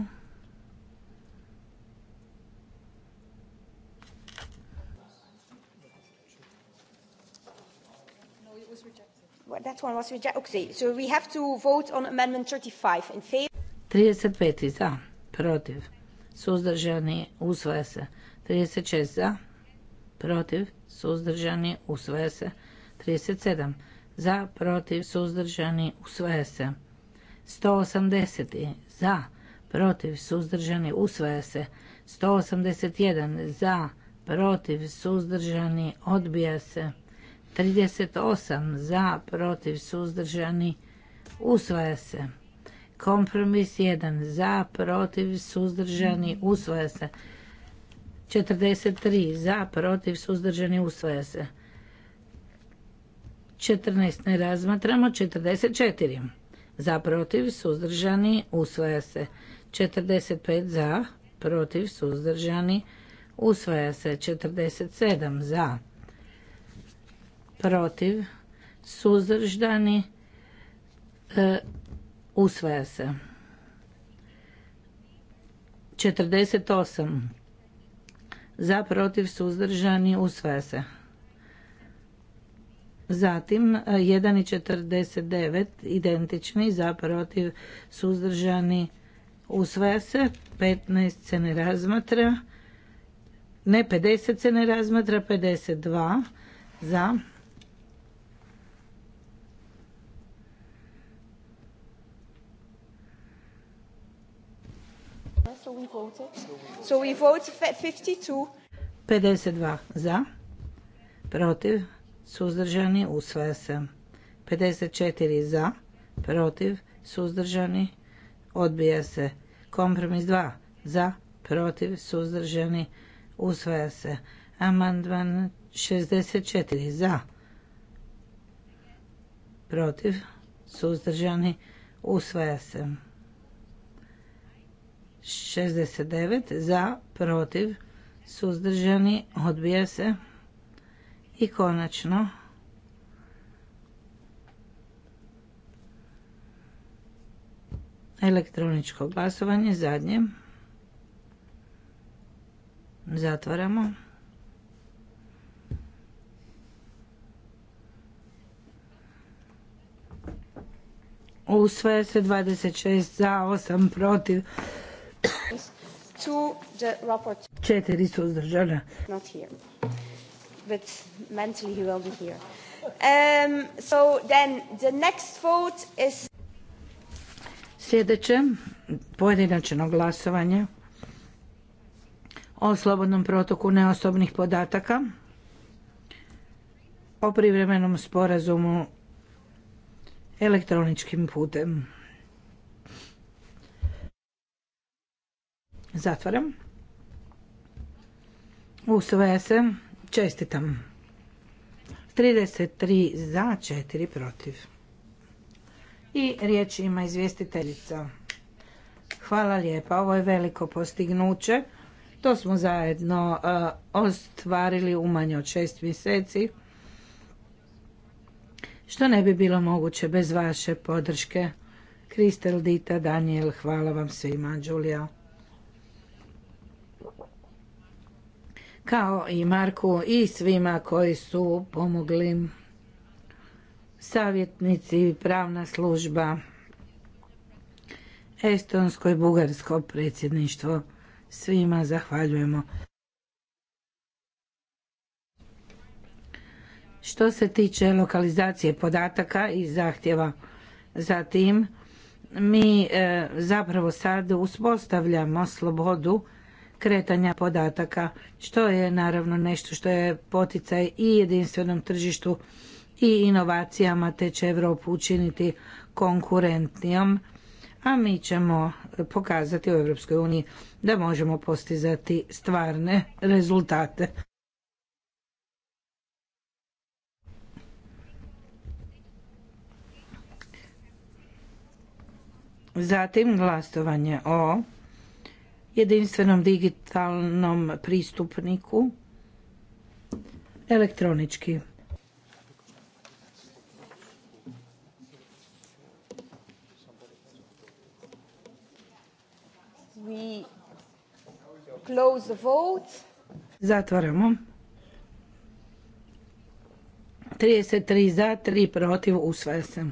one was 35 35 za, protiv, suzdržani, usvaja se. 36 za, protiv, suzdržani, usvaja se. 37 za, protiv, suzdržani, usvaja se. 180 za, protiv, suzdržani, usvaja se. 181 za, protiv, suzdržani, odbija se. 38 za, protiv, suzdržani, usvaja se. Kompromis 1 za, protiv, suzdržani, usvaja se. 43 za, protiv, suzdržani, usvaja se. 14 ne razmatramo, 44 za, protiv, suzdržani, usvaja se. 45 za, protiv, suzdržani, usvaja se. 47 za, protiv, suzdržani, e, usvaja se. 48 za, protiv, suzdržani, usvaja se. Zatim 1 e, i 49 identični za, protiv, suzdržani, usvaja se. 15 se ne razmatra. Ne, 50 se ne razmatra, 52 za, so we voted. 52. 52 za, protiv, suzdržani, usvaja se. 54 za, protiv, suzdržani, odbija se. Kompromis 2 za, protiv, suzdržani, usvaja se. Amandman 64 za, protiv, suzdržani, usvaja se. 69 za, protiv, suzdržani, odbija se. I konačno elektroničko glasovanje zadnje. Zatvaramo. Usvaja se 26 za, 8 protiv. Četiri suzdržana. Not next Sljedeće pojedinačno glasovanje o slobodnom protoku neosobnih podataka o privremenom sporazumu elektroničkim putem. Zatvaram. Usvaja se. Čestitam. 33 za, 4 protiv. I riječ ima izvjestiteljica. Hvala lijepa. Ovo je veliko postignuće. To smo zajedno eh, ostvarili u manje od šest mjeseci. Što ne bi bilo moguće bez vaše podrške. Kristel, Dita, Daniel, hvala vam svima. Đulija. kao i Marku i svima koji su pomogli savjetnici, i pravna služba, Estonsko i Bugarsko predsjedništvo. Svima zahvaljujemo. Što se tiče lokalizacije podataka i zahtjeva za tim, mi e, zapravo sad uspostavljamo slobodu kretanja podataka, što je naravno nešto što je poticaj i jedinstvenom tržištu i inovacijama, te će Europu učiniti konkurentnijom, a mi ćemo pokazati u Europskoj uniji da možemo postizati stvarne rezultate. Zatim glasovanje o jedinstvenom digitalnom pristupniku elektronički. We close the vote. Zatvaramo. 33 za, 3 protiv, usvaja se.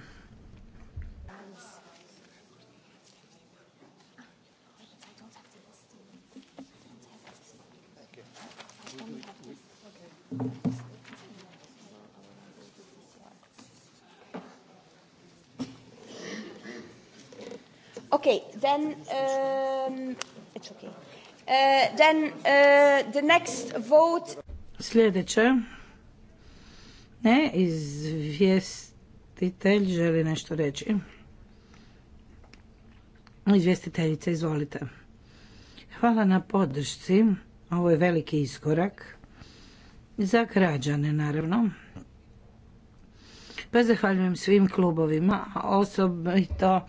Okay, then um, it's okay. Uh, then uh, the next vote. Sljedeće. Ne, izvjestitelj želi nešto reći. Izvjestiteljice, izvolite. Hvala na podršci. Ovo je veliki iskorak. Za građane, naravno. Pa zahvaljujem svim klubovima, osobito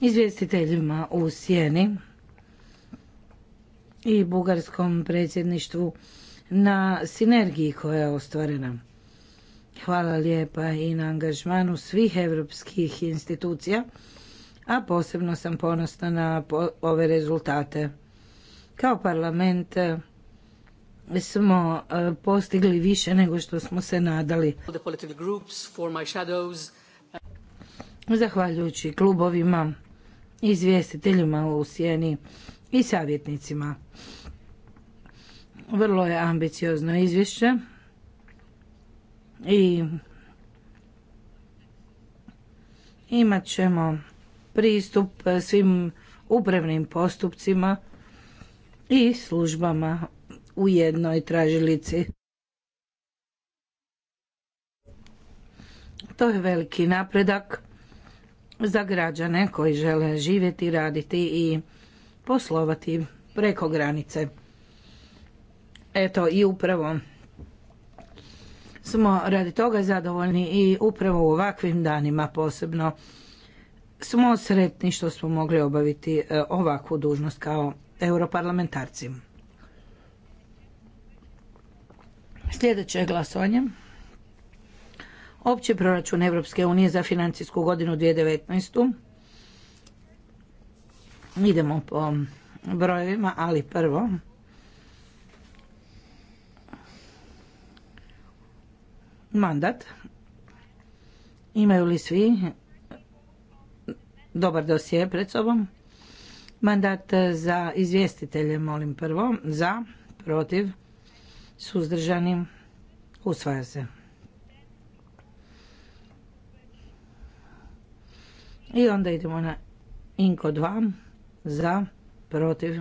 izvjestiteljima u Sjeni i bugarskom predsjedništvu na sinergiji koja je ostvarena. Hvala lijepa i na angažmanu svih europskih institucija, a posebno sam ponosna na ove rezultate. Kao parlament e, smo e, postigli više nego što smo se nadali. E, Zahvaljujući klubovima izvjestiteljima u sjeni i savjetnicima. Vrlo je ambiciozno izvješće i imat ćemo pristup svim upravnim postupcima i službama u jednoj tražilici. To je veliki napredak za građane koji žele živjeti, raditi i poslovati preko granice. Eto i upravo smo radi toga zadovoljni i upravo u ovakvim danima posebno smo sretni što smo mogli obaviti e, ovakvu dužnost kao europarlamentarci. Sljedeće je glasovanje. Opći proračun Europske unije za financijsku godinu 2019. Idemo po brojevima, ali prvo mandat. Imaju li svi dobar dosije pred sobom? Mandat za izvjestitelje, molim prvo. Za, protiv, suzdržanim, usvaja se. I onda idemo na Inko 2 za protiv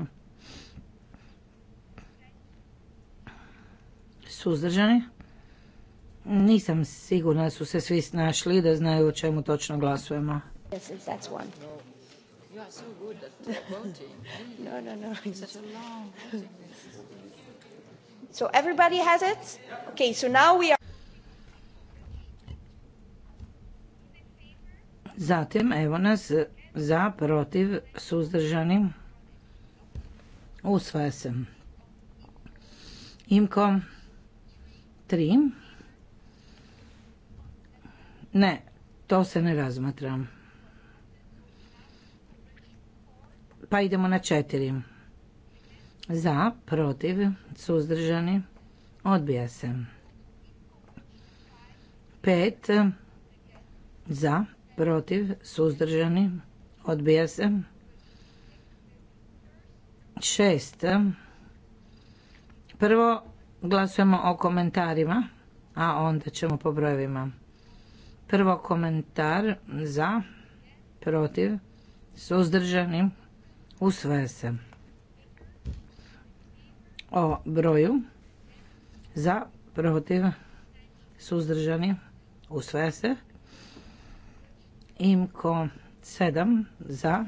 suzdržani. Nisam sigurna da su se svi snašli da znaju o čemu točno glasujemo. Yes, that's one. no, no, no. je So everybody has it? Okay, so now we are... Zatim, evo nas za, protiv, suzdržani. Usvaja se. Imko tri. Ne, to se ne razmatra. Pa idemo na četiri. Za, protiv, suzdržani. Odbija se. Pet, Za, protiv, suzdržani, odbija se. Šest. Prvo glasujemo o komentarima, a onda ćemo po brojevima. Prvo komentar za, protiv, suzdržani, usvaja se. O broju za, protiv, suzdržani, usvaja se. Imko 7 za,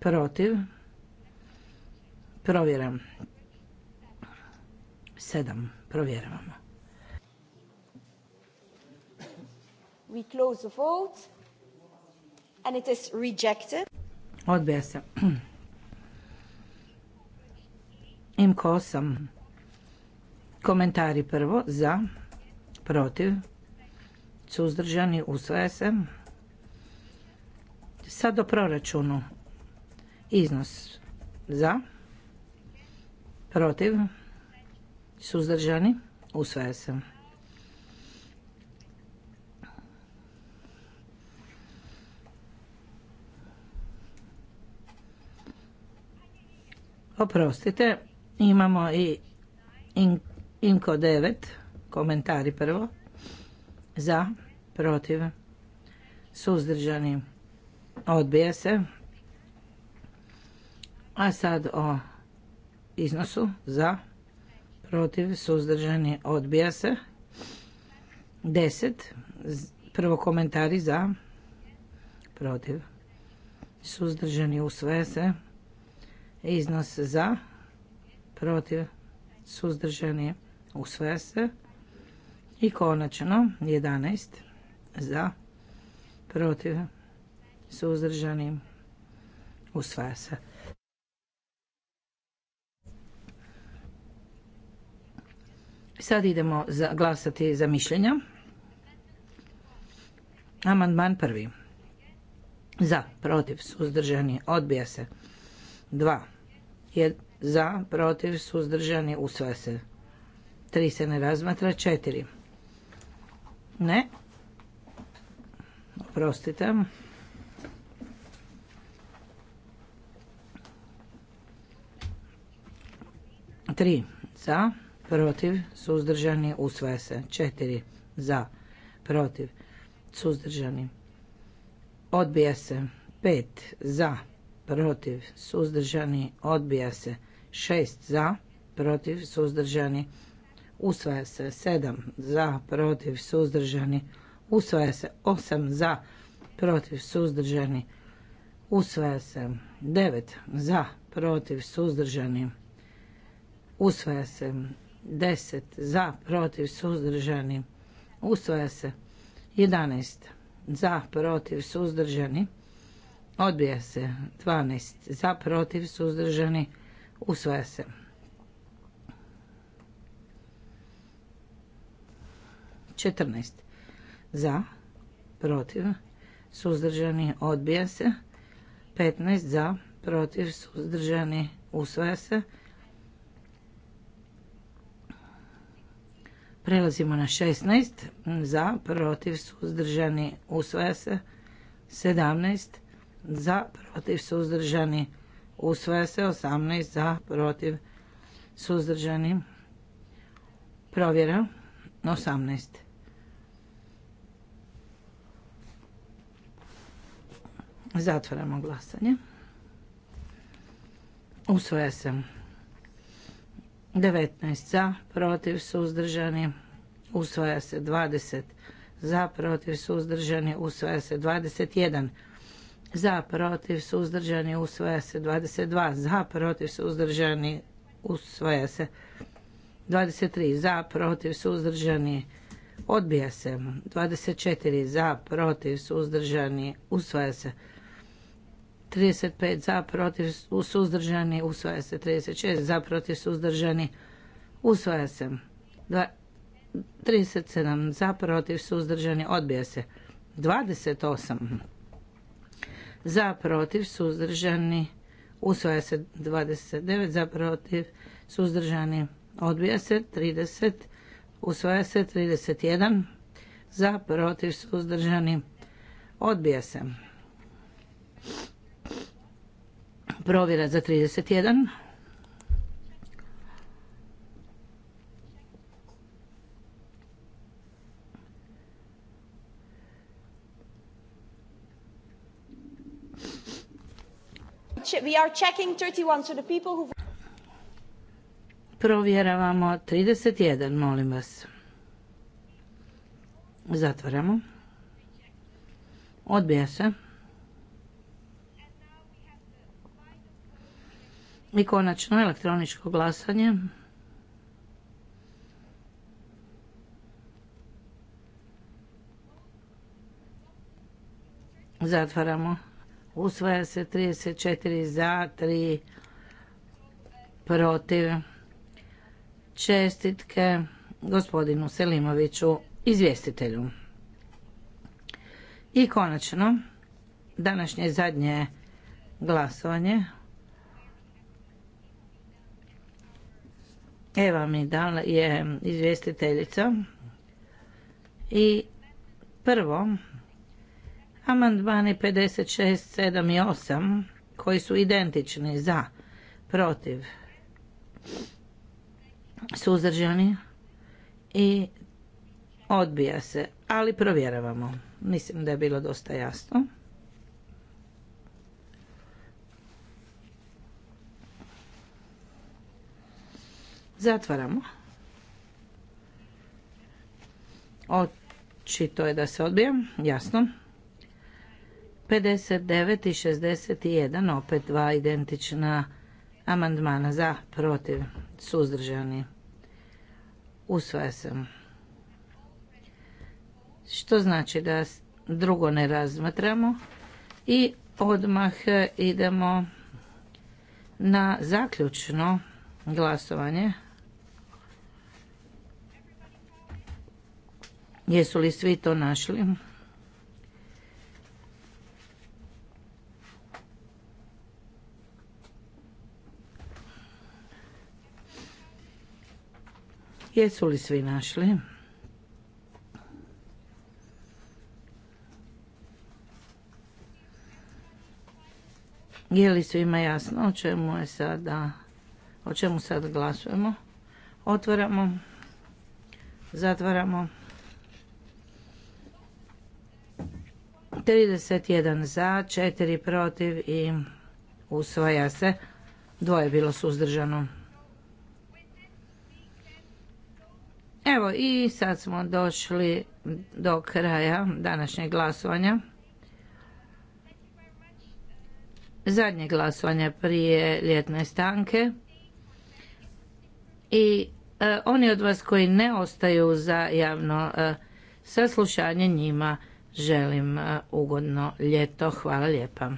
protiv, provjeram. 7 provjeravamo. We close the vote and it is rejected. Odbija se. Imko 8. Komentari prvo za, protiv, suzdržani, usvaja se. Sad o proračunu. Iznos za, protiv, suzdržani, usvaja se. Oprostite, imamo i Inko 9, komentari prvo, za, protiv, suzdržani, odbija se. A sad o iznosu za, protiv, suzdržani, odbija se. Deset. Prvo komentari za, protiv, suzdržani, usvaja se. Iznos za, protiv, suzdržani, usvaja se. I konačno 11 za, protiv, suzdržani, usvaja se. Sad idemo glasati za mišljenja. Amandman prvi. Za, protiv, suzdržani, odbija se. Dva. za, protiv, suzdržani, usvaja se. Tri se ne razmatra. Četiri. Ne. Prostite. Tri za, protiv, suzdržani, usvaja se. Četiri za, protiv, suzdržani, odbija se. Pet za, protiv, suzdržani, odbija se. Šest za, protiv, suzdržani, usvaja se. Sedam za, protiv, suzdržani, se usvaja se 8 za, protiv suzdržani, usvaja se 9 za, protiv suzdržani, usvaja se 10 za, protiv suzdržani, usvaja se 11 za, protiv suzdržani, odbija se 12 za, protiv suzdržani, usvaja se četrnaest za, protiv, suzdržani, odbija se. 15 za, protiv, suzdržani, usvaja se. Prelazimo na 16 za, protiv, suzdržani, usvaja se. 17 za, protiv, suzdržani, usvaja se. 18 za, protiv, suzdržani, provjera. 18. Zatvaramo glasanje. Usvoja se. 19 za, protiv, suzdržani. Usvaja se 20 za, protiv, suzdržani. Usvaja se 21 za, protiv, suzdržani. Usvaja se 22 za, protiv, suzdržani. Usvaja se 23 za, protiv, suzdržani. Odbija se 24 za, protiv, suzdržani. Usvaja se 35 za protiv suzdržani usvaja se 36 za protiv suzdržani usvaja se 37 za protiv suzdržani odbija se 28 za protiv suzdržani usvaja se 29 za protiv suzdržani odbija se 30 usvaja se 31 za protiv suzdržani odbija se Provjera za 31. We are checking 31, so the people who... Provjeravamo 31, molim vas. Zatvaramo. Odbija se. I konačno elektroničko glasanje. Zatvaramo. Usvaja se 34 za, 3 protiv. Čestitke gospodinu Selimoviću, izvjestitelju. I konačno, današnje zadnje glasovanje Eva mi dala je izvjestiteljica i prvo amandmani 56, 7 i 8 koji su identični za, protiv, suzdržani i odbija se, ali provjeravamo. Mislim da je bilo dosta jasno. Zatvaramo. Očito je da se odbijam jasno. 59 i 61, opet dva identična amandmana za, protiv, suzdržani. Usvaja se. Što znači da drugo ne razmatramo i odmah idemo na zaključno glasovanje Jesu li svi to našli? Jesu li svi našli? Je li svima jasno o čemu je sada, o čemu sad glasujemo? Otvaramo, zatvaramo. 31 za, 4 protiv i usvaja se. Dvoje je bilo suzdržano. Evo i sad smo došli do kraja današnjeg glasovanja. Zadnje glasovanje prije ljetne stanke. I e, oni od vas koji ne ostaju za javno e, saslušanje njima želim ugodno ljeto. Hvala lijepa.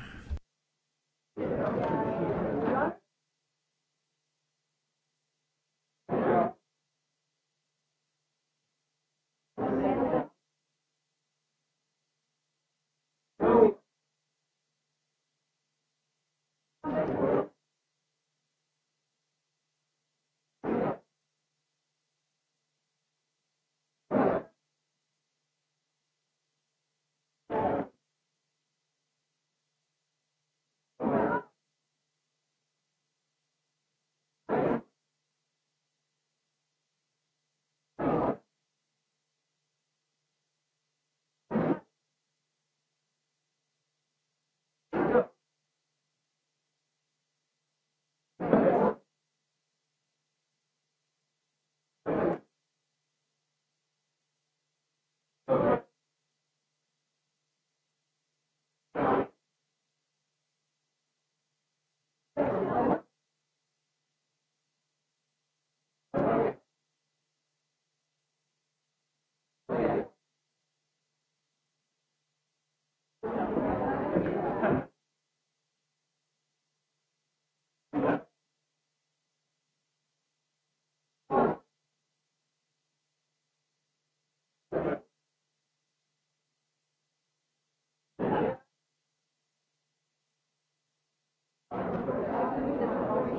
Hvala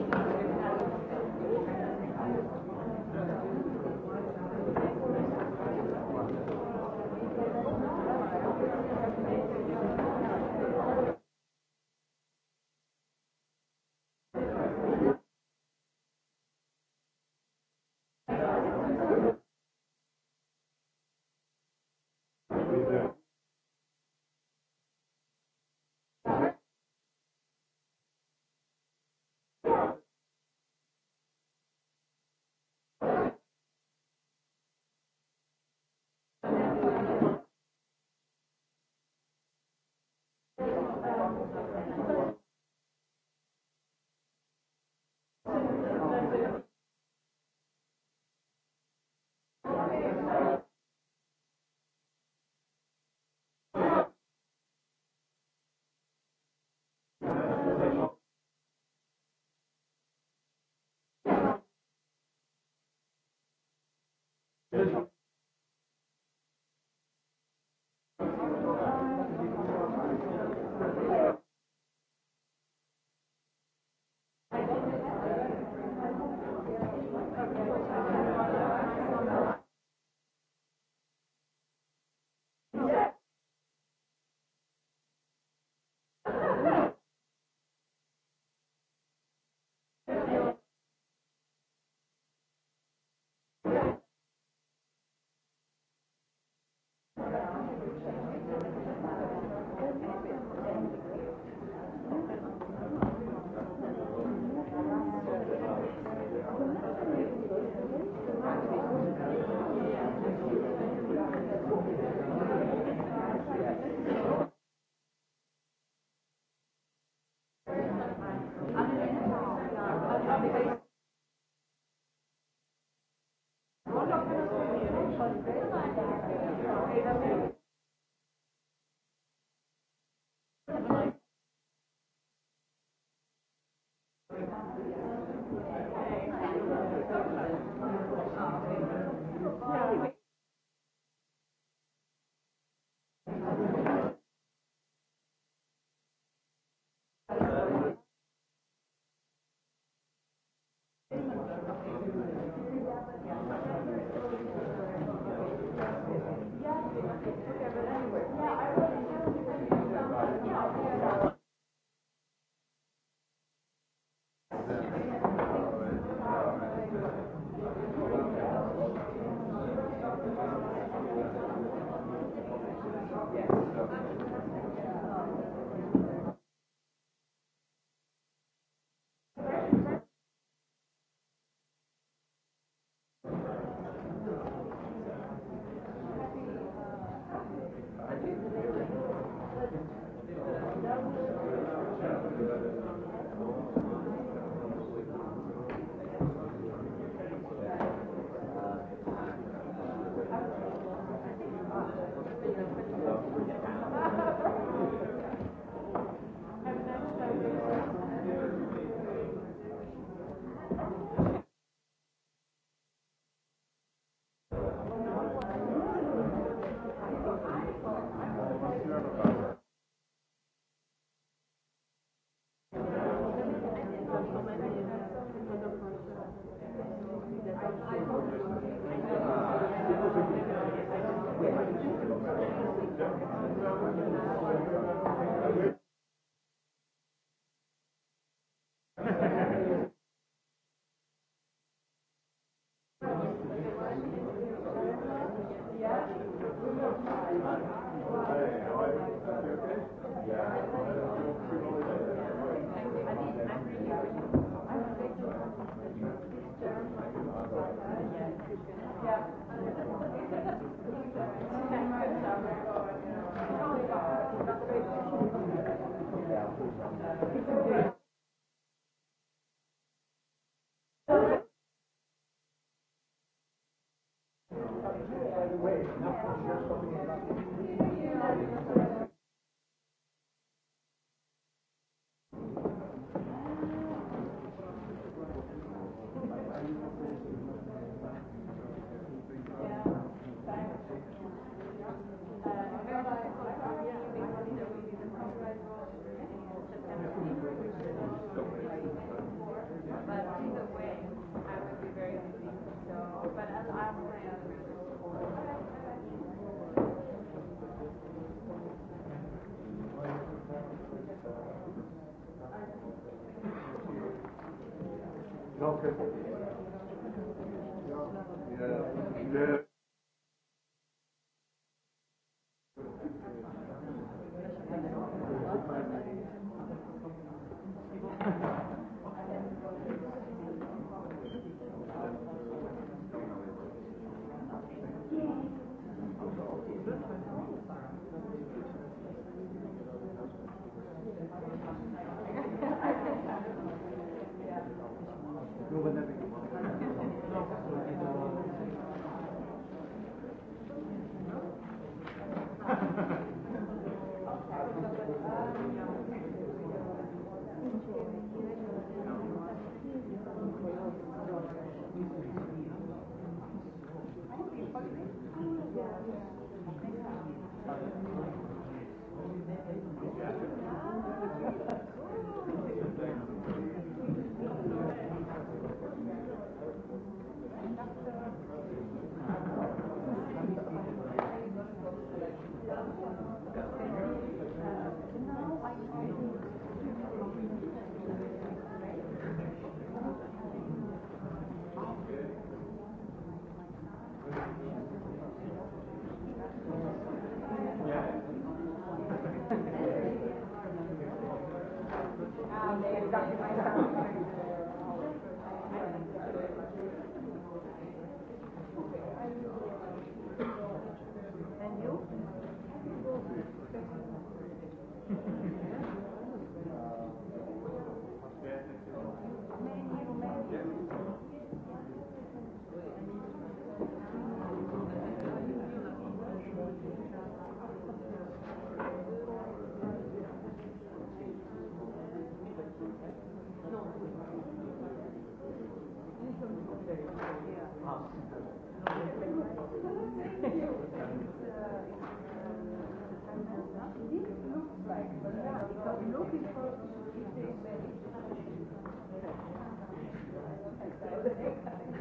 Hvala Hvala way.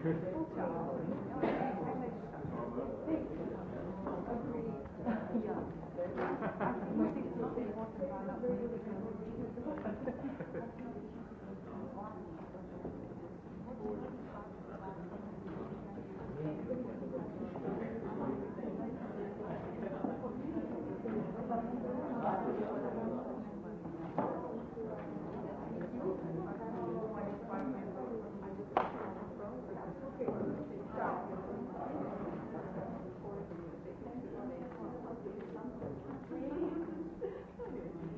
Thank you. Hvala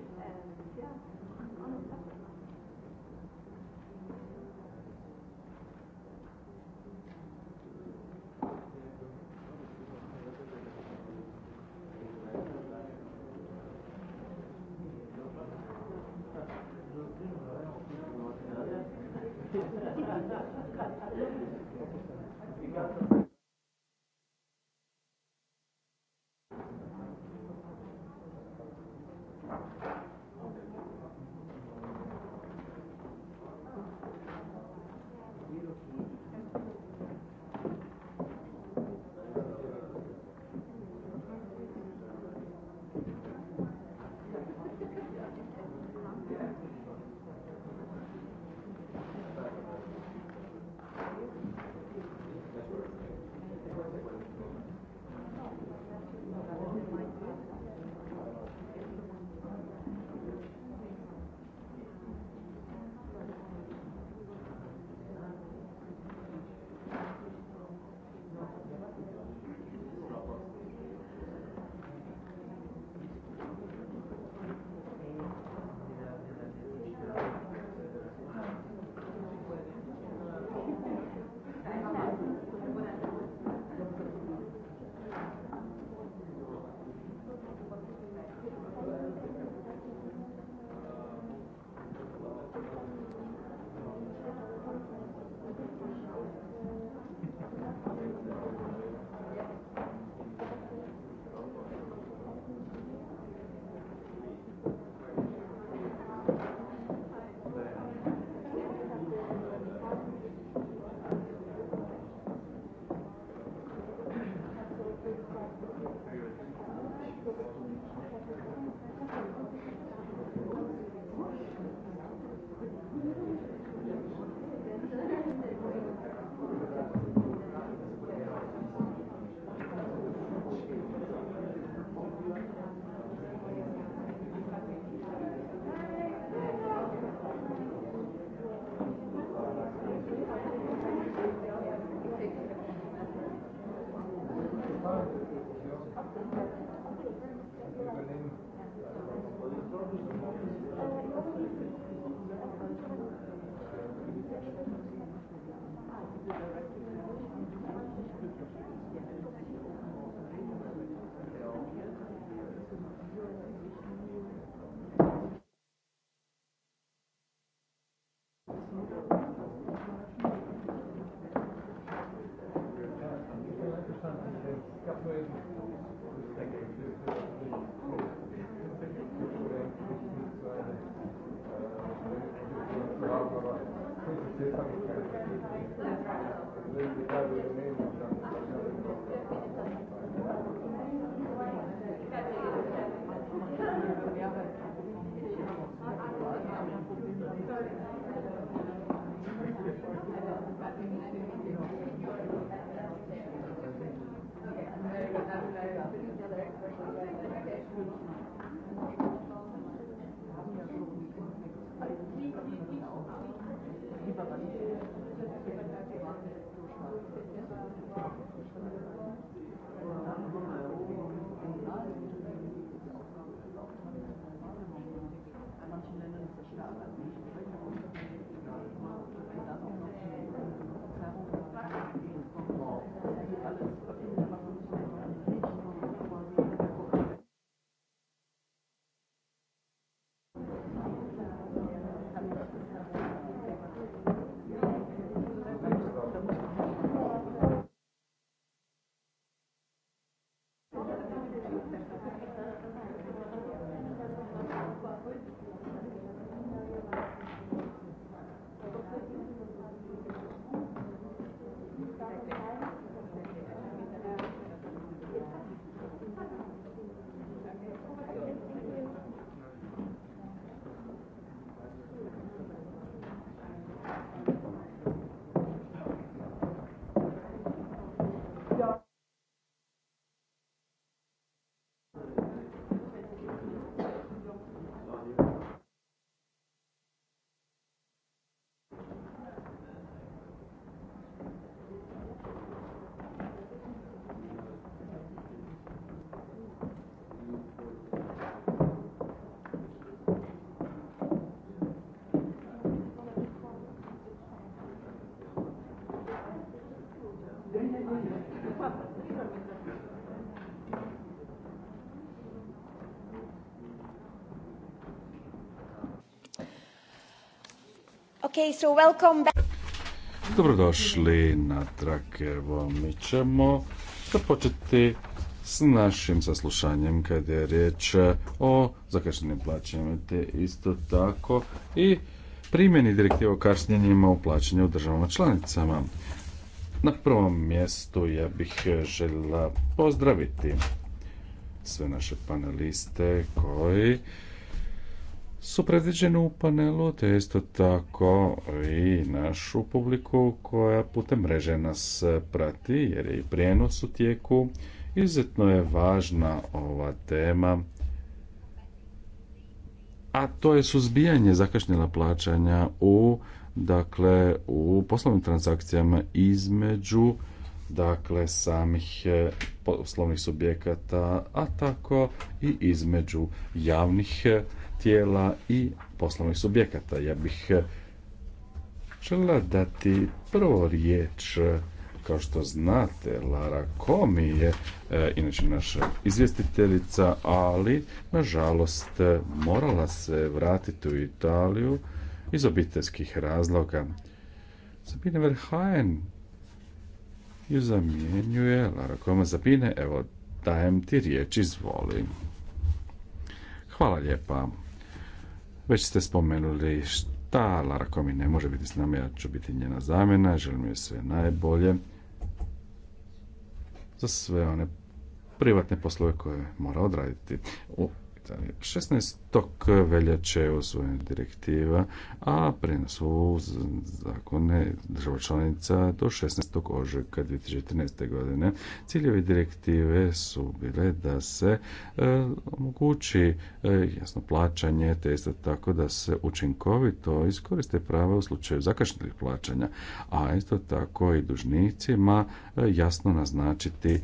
Okay, so welcome back. Dobrodošli natrag, evo mi ćemo započeti s našim saslušanjem kada je riječ o zakašnjenim plaćanjima te isto tako i primjeni direktiva o kašnjenjima u plaćanju u državama članicama. Na prvom mjestu ja bih željela pozdraviti sve naše paneliste koji su predviđene u panelu, te isto tako i našu publiku koja putem mreže nas prati, jer je i prijenos u tijeku. Izuzetno je važna ova tema, a to je suzbijanje zakašnjela plaćanja u dakle u poslovnim transakcijama između dakle samih eh, poslovnih subjekata, a tako i između javnih eh, tijela i poslovnih subjekata. Ja bih eh, žela dati prvo riječ eh, kao što znate, Lara Komi je eh, inače naša izvjestiteljica, ali nažalost morala se vratiti u Italiju iz obiteljskih razloga. Sabine Verhaen ju zamjenjuje Lara Koma. Sabine, evo, dajem ti riječ, izvoli. Hvala lijepa. Već ste spomenuli šta Lara Komi ne može biti s nama, ja ću biti njena zamjena, želim joj sve najbolje za sve one privatne poslove koje mora odraditi. U 16 tok veljače usvojena direktiva, a prenos u zakone država članica do 16. ožujka 2013. godine. Ciljevi direktive su bile da se e, omogući e, jasno plaćanje, te isto tako da se učinkovito iskoriste prava u slučaju zakašnjelih plaćanja, a isto tako i dužnicima e, jasno naznačiti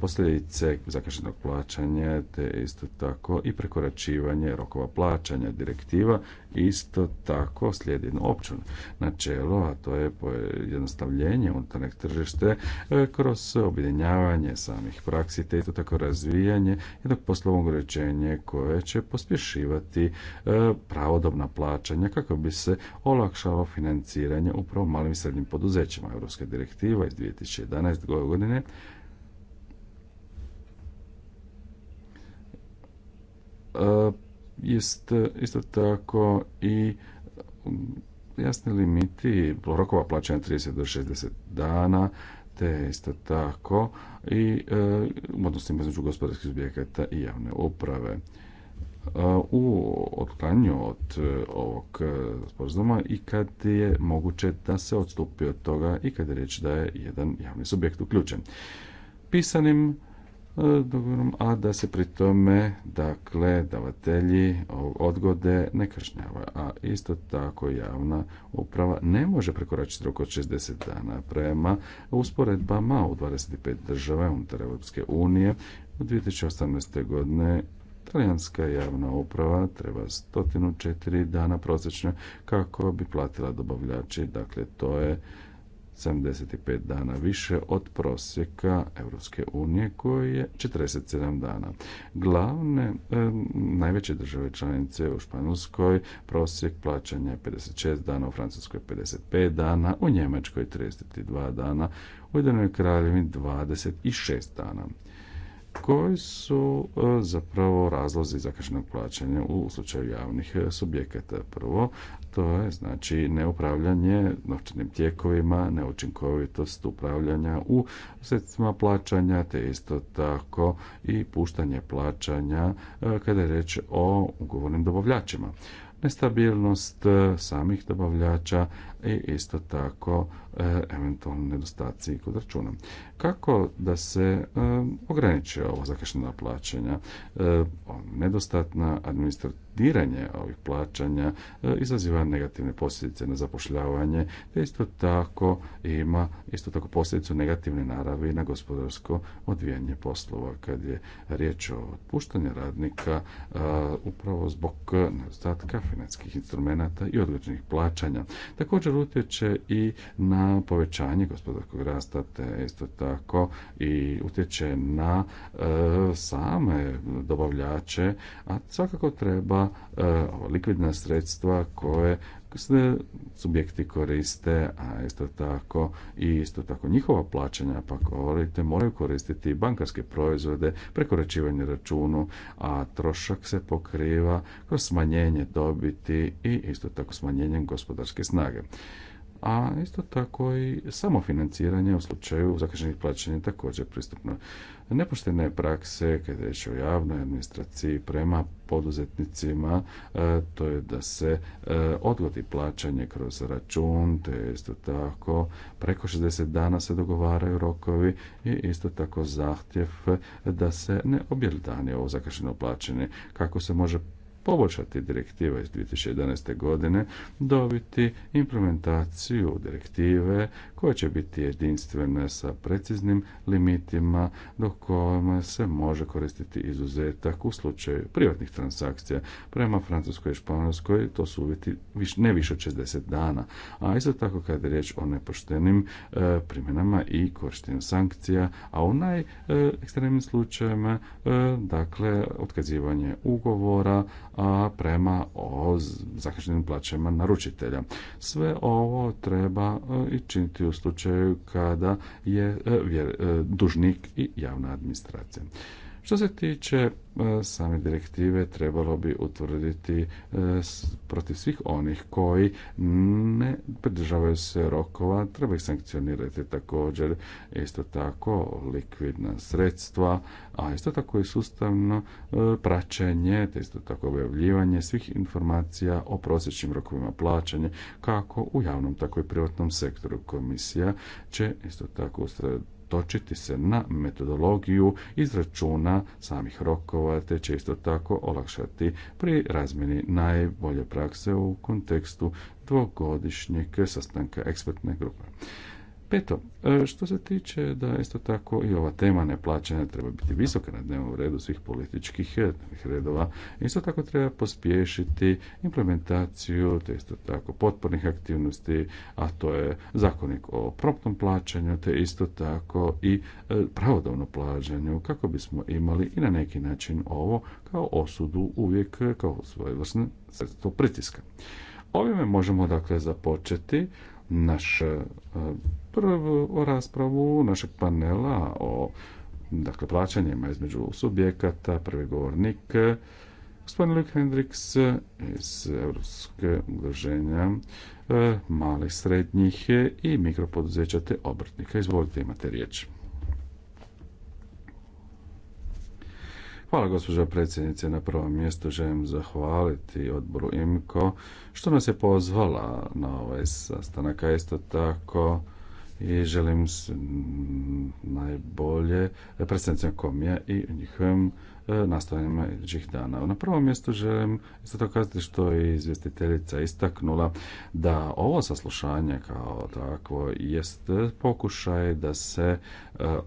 posljedice zakašnjenog plaćanja, te isto tako i prekoračivanje rokova plaćanja direktiva isto tako slijedi jedno opće načelo, a to je jednostavljenje unutarnjeg tržište kroz objedinjavanje samih praksi te isto tako razvijanje jednog poslovnog uređenja koje će pospješivati e, pravodobna plaćanja kako bi se olakšalo financiranje upravo malim i srednjim poduzećima. Europska direktiva iz 2011. godine e, jest e, isto tako i mm, jasni limiti rokova plaćanja 30 do 60 dana, te isto tako i e, u odnosima između gospodarskih subjekata i javne uprave e, u otklanju od ovog sporazuma i kad je moguće da se odstupi od toga i kad je reč da je jedan javni subjekt uključen. Pisanim E, dogovorom, a da se pri tome, dakle, davatelji odgode ne A isto tako javna uprava ne može prekoračiti rok od 60 dana prema usporedbama u 25 država unutar Europske unije u 2018. godine Talijanska javna uprava treba 104 dana prosječno kako bi platila dobavljači, dakle to je 75 dana više od prosjeka Europske unije koji je 47 dana. Glavne najveće države članice u Španjolskoj prosjek plaćanja je 56 dana, u Francuskoj 55 dana, u Njemačkoj 32 dana, u Jedinoj kraljevini 26 dana koji su e, zapravo razlozi za zakašnjenog plaćanja u slučaju javnih e, subjekata. Prvo, to je znači neupravljanje novčanim tijekovima, neučinkovitost upravljanja u sredstvima plaćanja, te isto tako i puštanje plaćanja e, kada je reč o ugovornim dobavljačima nestabilnost samih dobavljača, i isto tako e, eventualni nedostaci kod računa. Kako da se e, ograniče ovo zakašnjena plaćanja? E, nedostatna administratiranje ovih plaćanja izaziva negativne posljedice na zapošljavanje, te isto tako ima isto tako posljedicu negativne naravi na gospodarsko odvijanje poslova kad je riječ o otpuštanju radnika upravo zbog nedostatka financijskih instrumenata i određenih plaćanja. Također utječe i na povećanje gospodarskog rasta, te isto tako i utječe na e, same dobavljače, a svakako treba e, likvidna sredstva koje sve subjekti koriste, a isto tako i isto tako njihova plaćanja pa govorite moraju koristiti bankarske proizvode, prekoračivanje računu, a trošak se pokriva kroz smanjenje dobiti i isto tako smanjenjem gospodarske snage a isto tako i samofinanciranje u slučaju zakašnjenih plaćanja također pristupno. Nepoštene prakse, kada je riječ o javnoj administraciji prema poduzetnicima, e, to je da se e, odgodi plaćanje kroz račun, te isto tako preko 60 dana se dogovaraju rokovi i isto tako zahtjev da se ne dani ovo zakašnjeno plaćanje. Kako se može poboljšati direktiva iz 2011. godine, dobiti implementaciju direktive koje će biti jedinstvene sa preciznim limitima do kojima se može koristiti izuzetak u slučaju privatnih transakcija. Prema Francuskoj i Španjolskoj to su uvjeti ne više od 60 dana, a isto tako kada je riječ o nepoštenim e, primjenama i korištenju sankcija, a u najekstremnim e, slučajevima dakle otkazivanje ugovora a prema o zakašnjenim plaćama naručitelja. Sve ovo treba e, i činiti u slučaju kada je e, e, dužnik i javna administracija. Što se tiče e, same direktive, trebalo bi utvrditi e, protiv svih onih koji ne pridržavaju se rokova, treba ih sankcionirati također, isto tako likvidna sredstva, a isto tako i sustavno e, praćenje, te isto tako objavljivanje svih informacija o prosječnim rokovima plaćanja, kako u javnom, tako i privatnom sektoru. Komisija će isto tako Točiti se na metodologiju izračuna samih rokova, te će isto tako olakšati pri razmjeni najbolje prakse u kontekstu dvogodišnjeg sastanka ekspertne grupe. Peto, e, što se tiče da isto tako i ova tema neplaćanja treba biti visoka na dnevnom redu svih političkih redova, isto tako treba pospješiti implementaciju te isto tako potpornih aktivnosti, a to je zakonik o promptnom plaćanju te isto tako i e, pravodavno plaćanju kako bismo imali i na neki način ovo kao osudu uvijek kao vrstne sredstvo pritiska. Ovime možemo dakle započeti naš e, o raspravu našeg panela o dakle, plaćanjima između subjekata, prvi govornik, gospodin Luke Hendriks iz Europske udruženja e, malih, srednjih i mikropoduzeća te obrtnika. Izvolite, imate riječ. Hvala gospođo predsjednice. Na prvom mjestu želim zahvaliti odboru IMKO što nas je pozvala na ovaj sastanak, a isto tako i želim najbolje predstavnicima komija i njihovim e, nastavanjima idućih dana. Na prvom mjestu želim isto to kazati što je izvjestiteljica istaknula da ovo saslušanje kao takvo jest pokušaj da se e,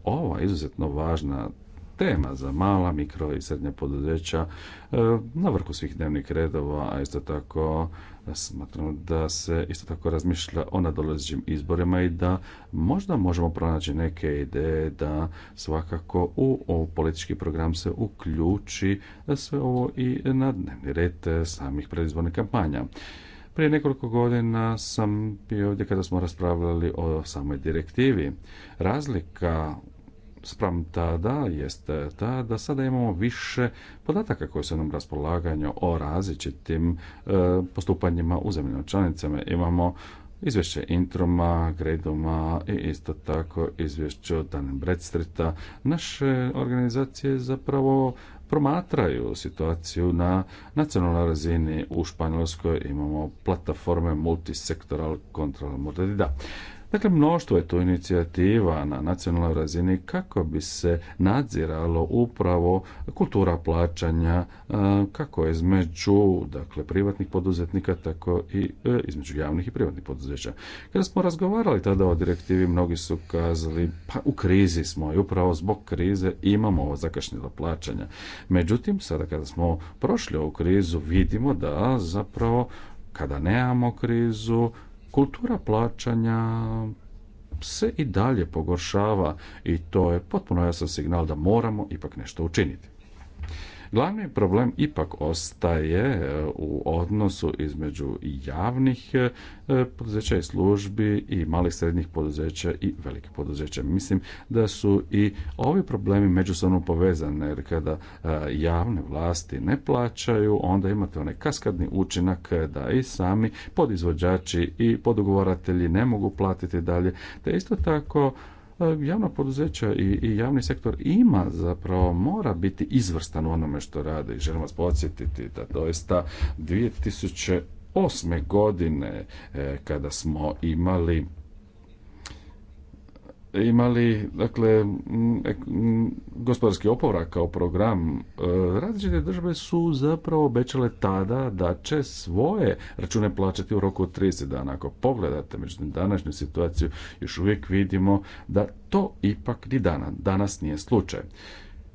ova izuzetno važna tema za mala, mikro i srednja poduzeća e, na vrhu svih dnevnih redova, a isto tako smatramo da se isto tako razmišlja o nadolazećim izborima i da možda možemo pronaći neke ideje da svakako u, u politički program se uključi sve ovo i na dnevni red samih predizbornih kampanja. Prije nekoliko godina sam bio ovdje kada smo raspravljali o samoj direktivi. Razlika spram tada jeste ta da sada imamo više podataka koje su nam raspolaganju o različitim e, postupanjima u zemljama članicama. Imamo izvješće Introma, Gredoma i isto tako izvješće od Danem Bredstrita. Naše organizacije zapravo promatraju situaciju na nacionalnoj razini. U Španjolskoj imamo plataforme multisektoral kontrol modalida. Dakle, mnoštvo je tu inicijativa na nacionalnoj razini kako bi se nadziralo upravo kultura plaćanja e, kako između dakle, privatnih poduzetnika, tako i e, između javnih i privatnih poduzeća. Kada smo razgovarali tada o direktivi, mnogi su kazali pa u krizi smo i upravo zbog krize imamo ovo zakašnjelo plaćanja. Međutim, sada kada smo prošli ovu krizu, vidimo da zapravo kada nemamo krizu, kultura plaćanja se i dalje pogoršava i to je potpuno jasan signal da moramo ipak nešto učiniti. Glavni problem ipak ostaje e, u odnosu između javnih e, poduzeća i službi i malih srednjih poduzeća i velikih poduzeća. Mislim da su i ovi problemi međusobno povezani, jer kada e, javne vlasti ne plaćaju onda imate onaj kaskadni učinak da i sami podizvođači i podugovaratelji ne mogu platiti dalje te isto tako E, javna poduzeća i, i javni sektor ima zapravo mora biti izvrstan u onome što rade i želim vas podsjetiti da doista 2008. godine e, kada smo imali imali dakle gospodarski oporavak kao program e, različite države su zapravo obećale tada da će svoje račune plaćati u roku od 30 dana. Ako pogledate međutim današnju situaciju još uvijek vidimo da to ipak ni dana danas nije slučaj.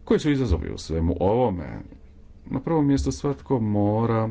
Koji su izazovi u svemu ovome? Na prvom mjestu svatko mora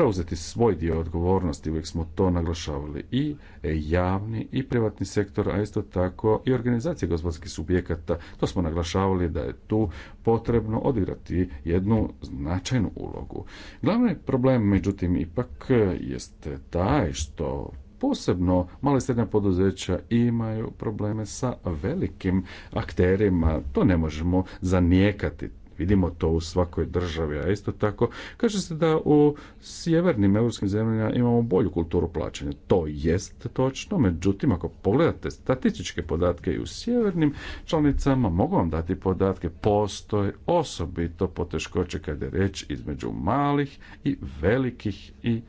preuzeti svoj dio odgovornosti, uvijek smo to naglašavali i javni i privatni sektor, a isto tako i organizacije gospodarskih subjekata. To smo naglašavali da je tu potrebno odigrati jednu značajnu ulogu. Glavni problem, međutim, ipak jeste taj što posebno male i poduzeća imaju probleme sa velikim akterima. To ne možemo zanijekati. Vidimo to u svakoj državi, a isto tako kaže se da u sjevernim europskim zemljama imamo bolju kulturu plaćanja. To jest točno, međutim ako pogledate statističke podatke i u sjevernim članicama mogu vam dati podatke postoje osobito poteškoće kada je reč između malih i velikih i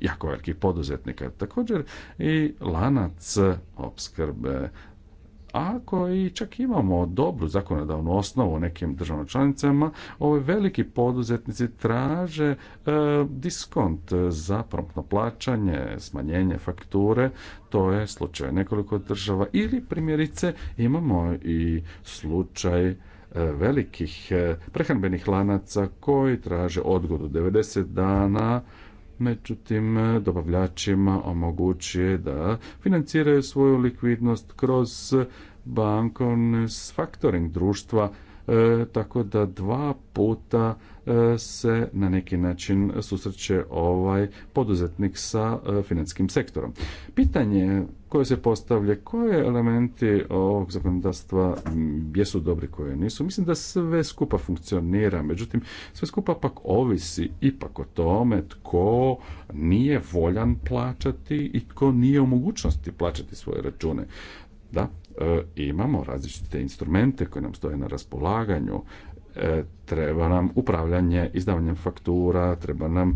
jako velikih poduzetnika. Također i lanac opskrbe ako i čak imamo dobru zakonodavnu osnovu u nekim državnim članicama, ovi veliki poduzetnici traže e, diskont za promptno plaćanje, smanjenje fakture, to je slučaj nekoliko država ili primjerice imamo i slučaj e, velikih e, prehrambenih lanaca koji traže odgodu 90 dana međutim dobavljačima omogućuje da financiraju svoju likvidnost kroz s faktoring društva, e, tako da dva puta E, se na neki način susreće ovaj poduzetnik sa e, financijskim sektorom. Pitanje koje se postavlja, koje elementi ovog zakonodavstva jesu dobri, koje nisu. Mislim da sve skupa funkcionira, međutim, sve skupa pak ovisi ipak o tome tko nije voljan plaćati i tko nije u mogućnosti plaćati svoje račune. Da, e, imamo različite instrumente koje nam stoje na raspolaganju E, treba nam upravljanje izdavanjem faktura, treba nam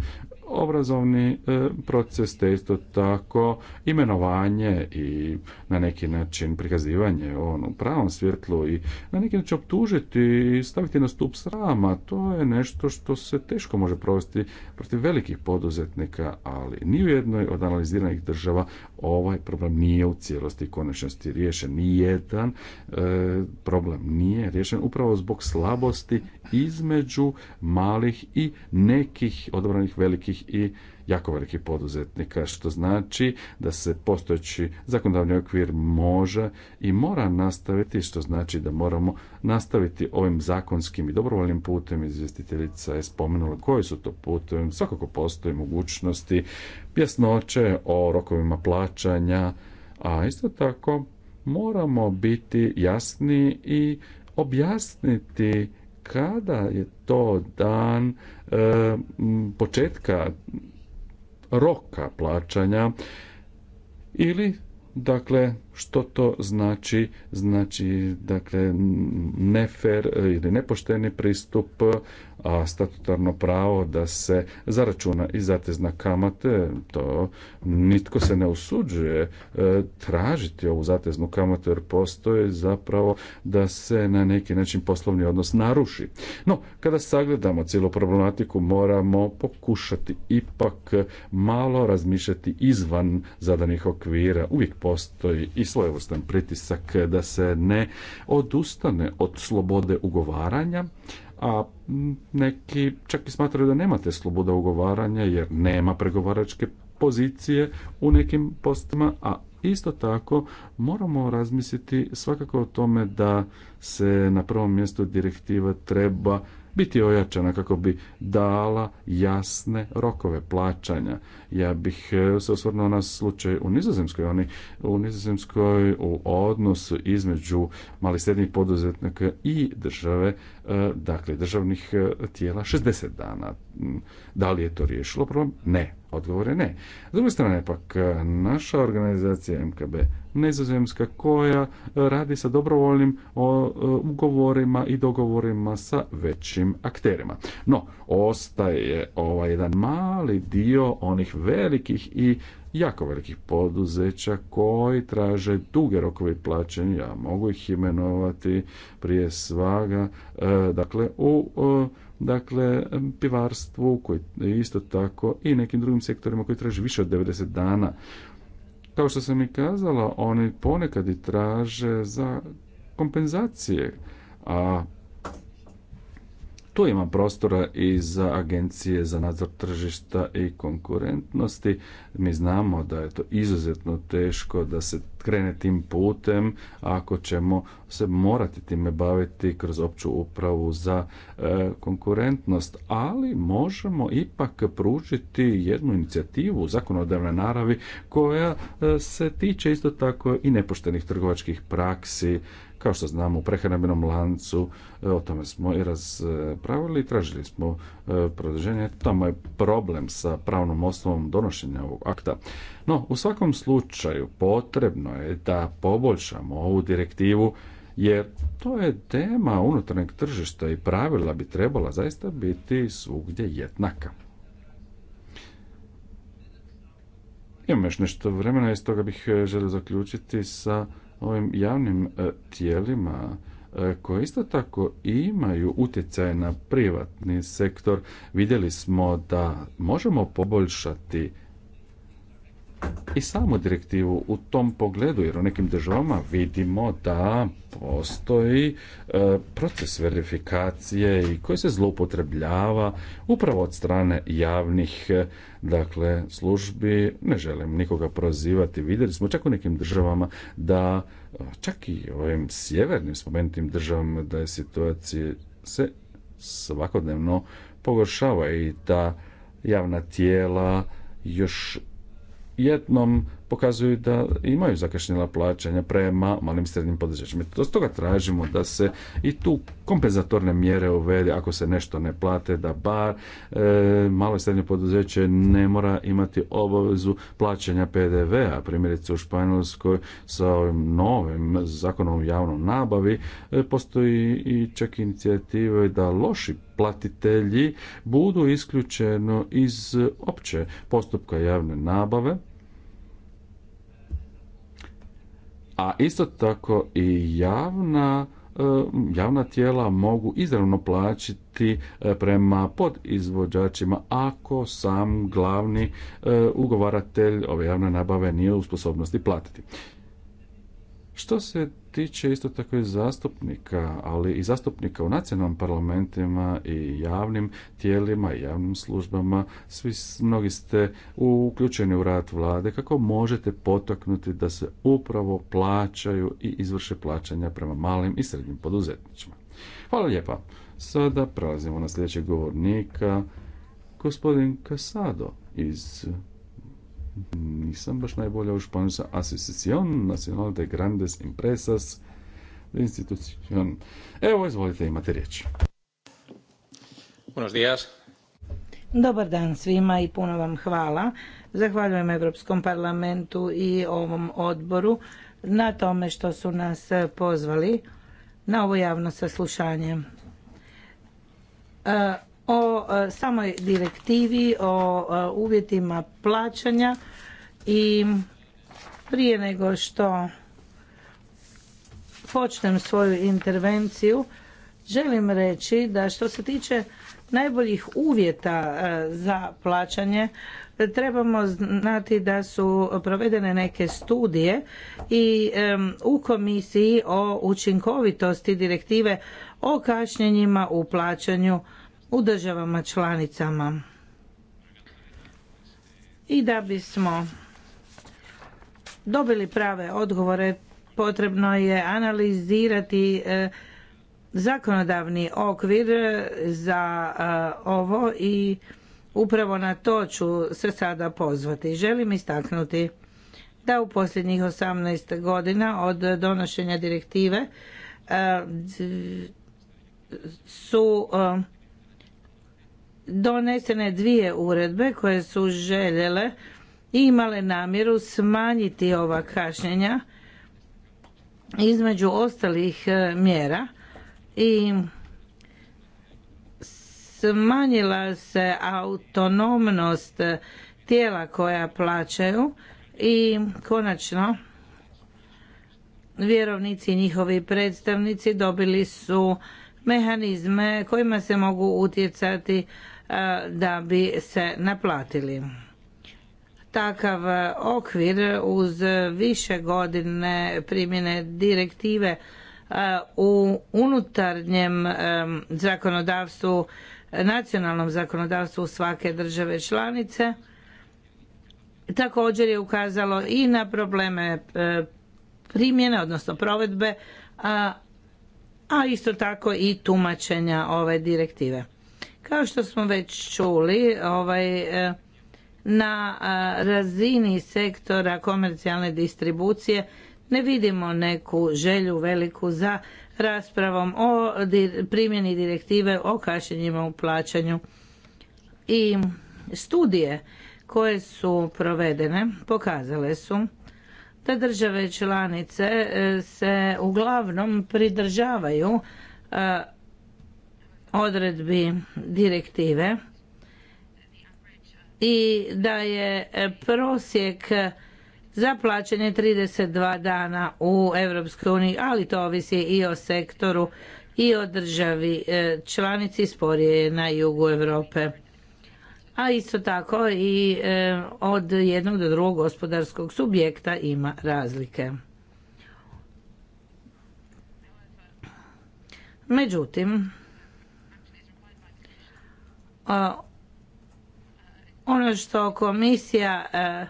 obrazovni e, proces, te isto tako imenovanje i na neki način prikazivanje on u pravom svjetlu i na neki način optužiti i staviti na stup srama, to je nešto što se teško može provesti protiv velikih poduzetnika, ali ni u jednoj od analiziranih država ovaj problem nije u cijelosti i konačnosti riješen. Nijedan e, problem nije riješen upravo zbog slabosti između malih i nekih odobranih velikih i jako velikih poduzetnika, što znači da se postojeći zakonodavni okvir može i mora nastaviti, što znači da moramo nastaviti ovim zakonskim i dobrovoljnim putem. Izvjestiteljica je spomenula koji su to putem, svakako postoje mogućnosti, pjesnoće o rokovima plaćanja, a isto tako moramo biti jasni i objasniti kada je to dan početka roka plaćanja ili dakle što to znači? Znači, dakle, nefer ili nepošteni pristup, a statutarno pravo da se zaračuna i zatezna kamate, to nitko se ne usuđuje e, tražiti ovu zateznu kamatu jer postoji zapravo da se na neki način poslovni odnos naruši. No, kada sagledamo cijelu problematiku, moramo pokušati ipak malo razmišljati izvan zadanih okvira. Uvijek postoji i svojevrstan pritisak da se ne odustane od slobode ugovaranja, a neki čak i smatraju da nemate slobode ugovaranja jer nema pregovaračke pozicije u nekim postima, a isto tako moramo razmisliti svakako o tome da se na prvom mjestu direktiva treba biti ojačana kako bi dala jasne rokove plaćanja. Ja bih e, se osvrnuo na slučaj u Nizozemskoj. Oni u Nizozemskoj u odnosu između malih srednjih poduzetnika i države, e, dakle državnih e, tijela, 60 dana. Da li je to riješilo problem? Ne. Odgovore ne. S druge strane, pak, e, naša organizacija MKB Nezozemska koja e, radi sa dobrovoljnim e, ugovorima i dogovorima sa većim akterima. No, ostaje ovaj jedan mali dio onih velikih i jako velikih poduzeća koji traže duge rokove plaćanja, ja mogu ih imenovati prije svaga, dakle u dakle pivarstvu koji isto tako i nekim drugim sektorima koji traže više od 90 dana. Kao što sam i kazala, oni ponekad i traže za kompenzacije, a tu ima prostora i za agencije za nadzor tržišta i konkurentnosti. Mi znamo da je to izuzetno teško da se krene tim putem ako ćemo se morati time baviti kroz opću upravu za e, konkurentnost, ali možemo ipak pružiti jednu inicijativu zakonodavne naravi koja e, se tiče isto tako i nepoštenih trgovačkih praksi kao što znamo u prehrambenom lancu, e, o tome smo i razpravili i tražili smo e, produženje. Tamo je problem sa pravnom osnovom donošenja ovog akta. No, u svakom slučaju potrebno je da poboljšamo ovu direktivu jer to je tema unutarnjeg tržišta i pravila bi trebala zaista biti svugdje jednaka. Imam još nešto vremena i toga bih e, želio zaključiti sa ovim javnim e, tijelima e, koji isto tako imaju utjecaj na privatni sektor, vidjeli smo da možemo poboljšati i samu direktivu u tom pogledu, jer u nekim državama vidimo da postoji e, proces verifikacije i koji se zloupotrebljava upravo od strane javnih e, dakle službi. Ne želim nikoga prozivati. Vidjeli smo čak u nekim državama da e, čak i ovim sjevernim spomenutim državama da je situacija se svakodnevno pogoršava i da javna tijela još jednom pokazuju da imaju zakašnjela plaćanja prema malim i srednjim poduzećima. Stoga tražimo da se i tu kompenzatorne mjere uvede ako se nešto ne plate, da bar e, malo i srednje poduzeće ne mora imati obavezu plaćanja PDV-a. Primjerice u Španjolskoj sa ovim novim zakonom o javnom nabavi e, postoji i čak inicijativa da loši platitelji budu isključeno iz opće postupka javne nabave a isto tako i javna e, javna tijela mogu izravno plaćati e, prema podizvođačima ako sam glavni e, ugovaratelj ove javne nabave nije u sposobnosti platiti. Što se tiče isto tako i zastupnika, ali i zastupnika u nacionalnim parlamentima i javnim tijelima i javnim službama. Svi mnogi ste uključeni u rad vlade. Kako možete potaknuti da se upravo plaćaju i izvrše plaćanja prema malim i srednjim poduzetnicima? Hvala lijepa. Sada prelazimo na sljedećeg govornika, gospodin Kasado iz nisam baš najbolja u španjolskom asociacion Nacional de Grandes Empresas institucion Evo, izvolite, imate riječ. Buenos días. Dobar dan svima i puno vam hvala. Zahvaljujem Europskom parlamentu i ovom odboru na tome što su nas pozvali na ovo javno saslušanje. E, o e, samoj direktivi, o e, uvjetima plaćanja i prije nego što počnem svoju intervenciju, želim reći da što se tiče najboljih uvjeta e, za plaćanje trebamo znati da su provedene neke studije i u komisiji o učinkovitosti direktive o kašnjenjima u plaćanju u državama članicama. I da bismo dobili prave odgovore potrebno je analizirati e, zakonodavni okvir za e, ovo i upravo na to ću se sada pozvati. Želim istaknuti da u posljednjih 18 godina od donošenja direktive e, su donesene dvije uredbe koje su željele i imale namjeru smanjiti ova kašnjenja između ostalih e, mjera i smanjila se autonomnost tijela koja plaćaju i konačno vjerovnici i njihovi predstavnici dobili su mehanizme kojima se mogu utjecati E, da bi se naplatili. Takav okvir uz više godine primjene direktive e, u unutarnjem e, zakonodavstvu, nacionalnom zakonodavstvu svake države članice također je ukazalo i na probleme primjene, odnosno provedbe, a, isto tako i tumačenja ove direktive. Kao što smo već čuli, ovaj, e, na razini sektora komercijalne distribucije ne vidimo neku želju veliku za raspravom o primjeni direktive o kašenjima u plaćanju. I studije koje su provedene pokazale su da države članice e, se uglavnom pridržavaju e, odredbi direktive i da je e, prosjek za plaćanje 32 dana u EU, ali to ovisi i o sektoru i o državi e, članici sporije na jugu Europe. A isto tako i e, od jednog do drugog gospodarskog subjekta ima razlike. Međutim, ono što komisija e,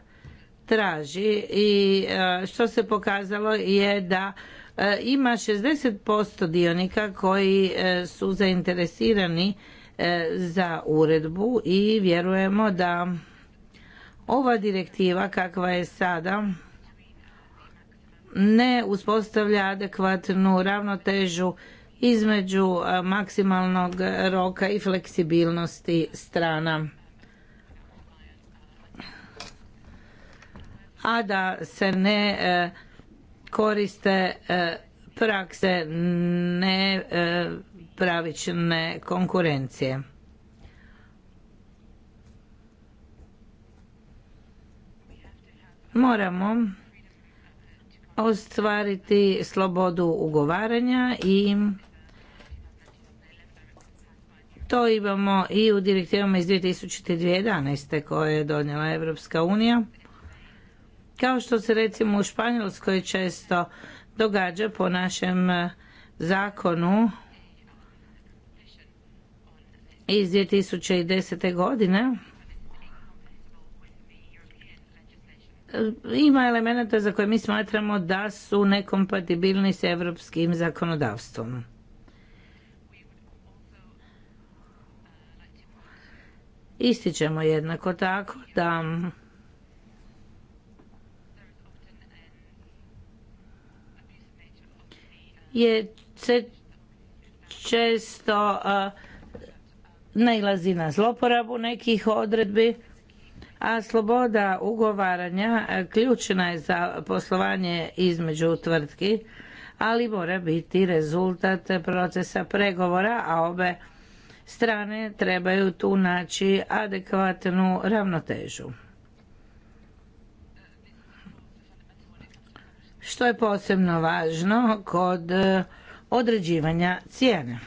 traži i e, što se pokazalo je da e, ima 60% dionika koji su zainteresirani za uredbu i vjerujemo da ova direktiva kakva je sada ne uspostavlja adekvatnu ravnotežu između e, maksimalnog roka i fleksibilnosti strana. A da se ne e, koriste e, prakse nepravične konkurencije. Moramo ostvariti slobodu ugovaranja i to imamo i u direktivama iz 2011. koje je donijela Europska unija. Kao što se recimo u Španjolskoj često događa po našem eh, zakonu iz 2010. godine eh, ima elemenata za koje mi smatramo da su nekompatibilni s europskim zakonodavstvom. Ističemo jednako tako da je se često nailazi na zloporabu nekih odredbi, a sloboda ugovaranja ključna je za poslovanje između tvrtki, ali mora biti rezultat procesa pregovora, a obe strane trebaju tu naći adekvatnu ravnotežu. Što je posebno važno kod e, određivanja cijena.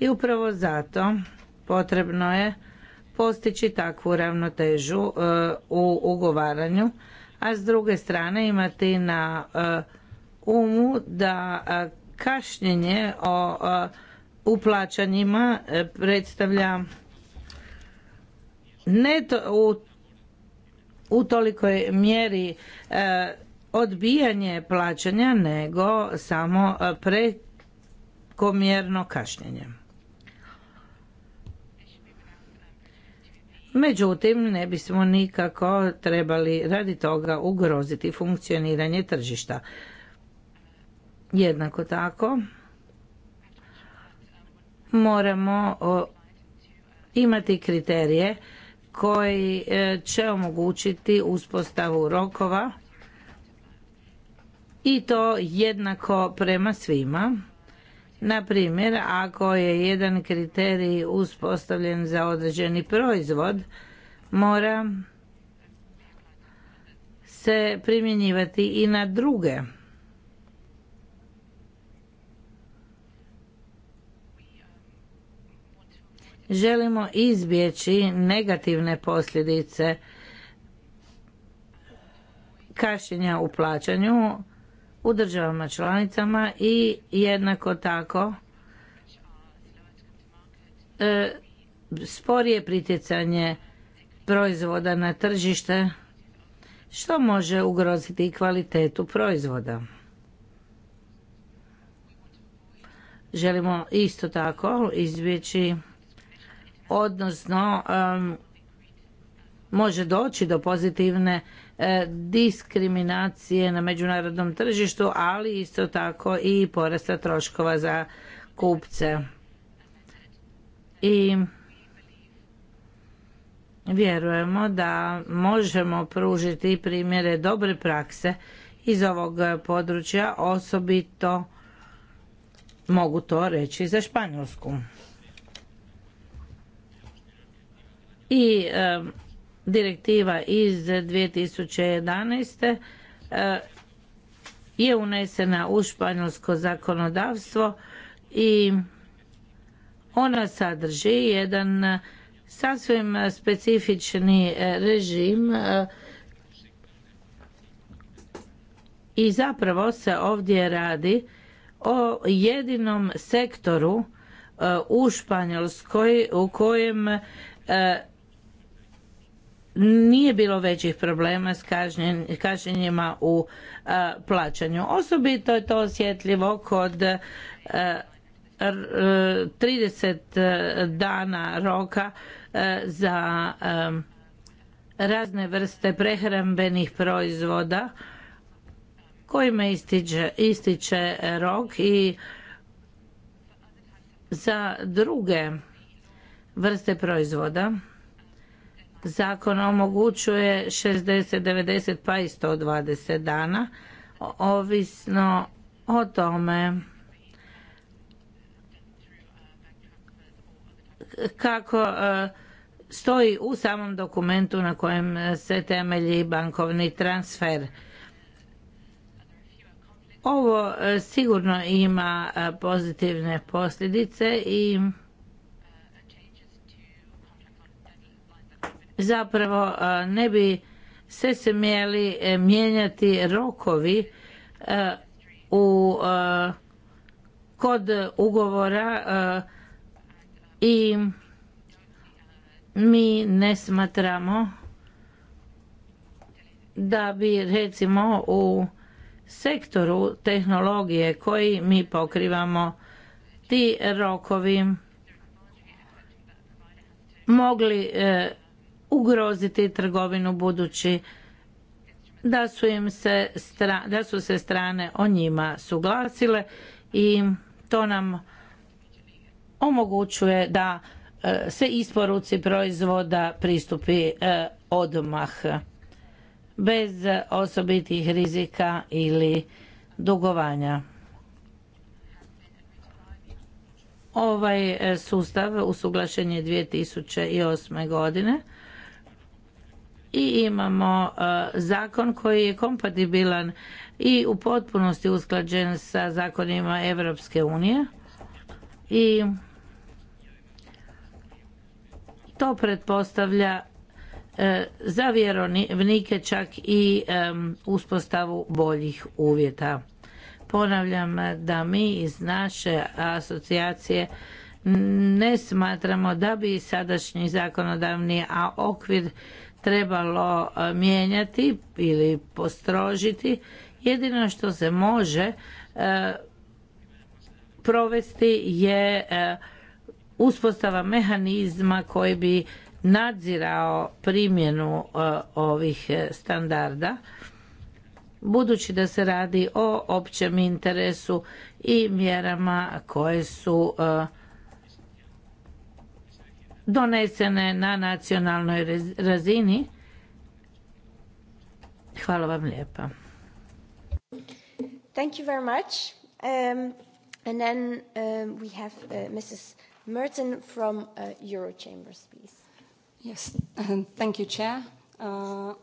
I upravo zato potrebno je postići takvu ravnotežu e, u ugovaranju, a s druge strane imati na e, umu da kašnjenje o u plaćanjima e, predstavlja ne u, u tolikoj mjeri e, odbijanje plaćanja nego samo e, prekomjerno kašnjenje. Međutim, ne bismo nikako trebali radi toga ugroziti funkcioniranje tržišta. Jednako tako, moramo imati kriterije koji e, će omogućiti uspostavu rokova i to jednako prema svima. Na primjer, ako je jedan kriterij uspostavljen za određeni proizvod, mora se primjenjivati i na druge želimo izbjeći negativne posljedice kašnjenja u plaćanju u državama članicama i jednako tako e, sporije pritjecanje proizvoda na tržište što može ugroziti kvalitetu proizvoda. Želimo isto tako izbjeći odnosno može doći do pozitivne e, diskriminacije na međunarodnom tržištu, ali isto tako i porasta troškova za kupce. I vjerujemo da možemo pružiti primjere dobre prakse iz ovog područja, osobito mogu to reći za Španjolsku. i direktiva iz 2011 eh, je unesena u španjolsko zakonodavstvo i ona sadrži jedan eh, sasvim specifični eh, režim i zapravo se ovdje radi o jedinom sektoru u Španjolskoj u kojem nije bilo većih problema s kašnjenjima u plaćanju. Osobito je to osjetljivo kod 30 e, e, dana roka e, za razne vrste prehrambenih proizvoda kojima ističe rok i za druge vrste proizvoda zakon omogućuje 60, 90 pa i 120 dana, ovisno o tome kako e, stoji u samom dokumentu na kojem se temelji bankovni transfer. Ovo e, sigurno ima e, pozitivne posljedice i zapravo e, ne bi se smjeli e, mijenjati rokovi e, u kod ugovora i mi ne smatramo da bi recimo u sektoru tehnologije koji mi pokrivamo ti rokovi mogli ugroziti trgovinu budući da su, im se, da su se strane o njima suglasile i to nam omogućuje da e, se isporuci proizvoda pristupi e, odmah bez osobitih rizika ili dugovanja. Ovaj e, sustav usuglašen je 2008. godine i imamo e, zakon koji je kompatibilan i u potpunosti usklađen sa zakonima Europske unije i to pretpostavlja e, za vjerovnike čak i e, uspostavu boljih uvjeta. Ponavljam da mi iz naše asocijacije ne smatramo da bi sadašnji zakonodavni okvir trebalo e, mijenjati ili postrožiti. Jedino što se može e, provesti je e, uspostava mehanizma koji bi nadzirao primjenu ovih standarda budući da se radi o općem interesu i mjerama koje su donesene na nacionalnoj razini. Hvala vam lijepa. Thank you very much. Um, and then um, we have uh, Mrs. Merton from uh, Eurochambers, please. Yes, um, thank you, Chair. Uh,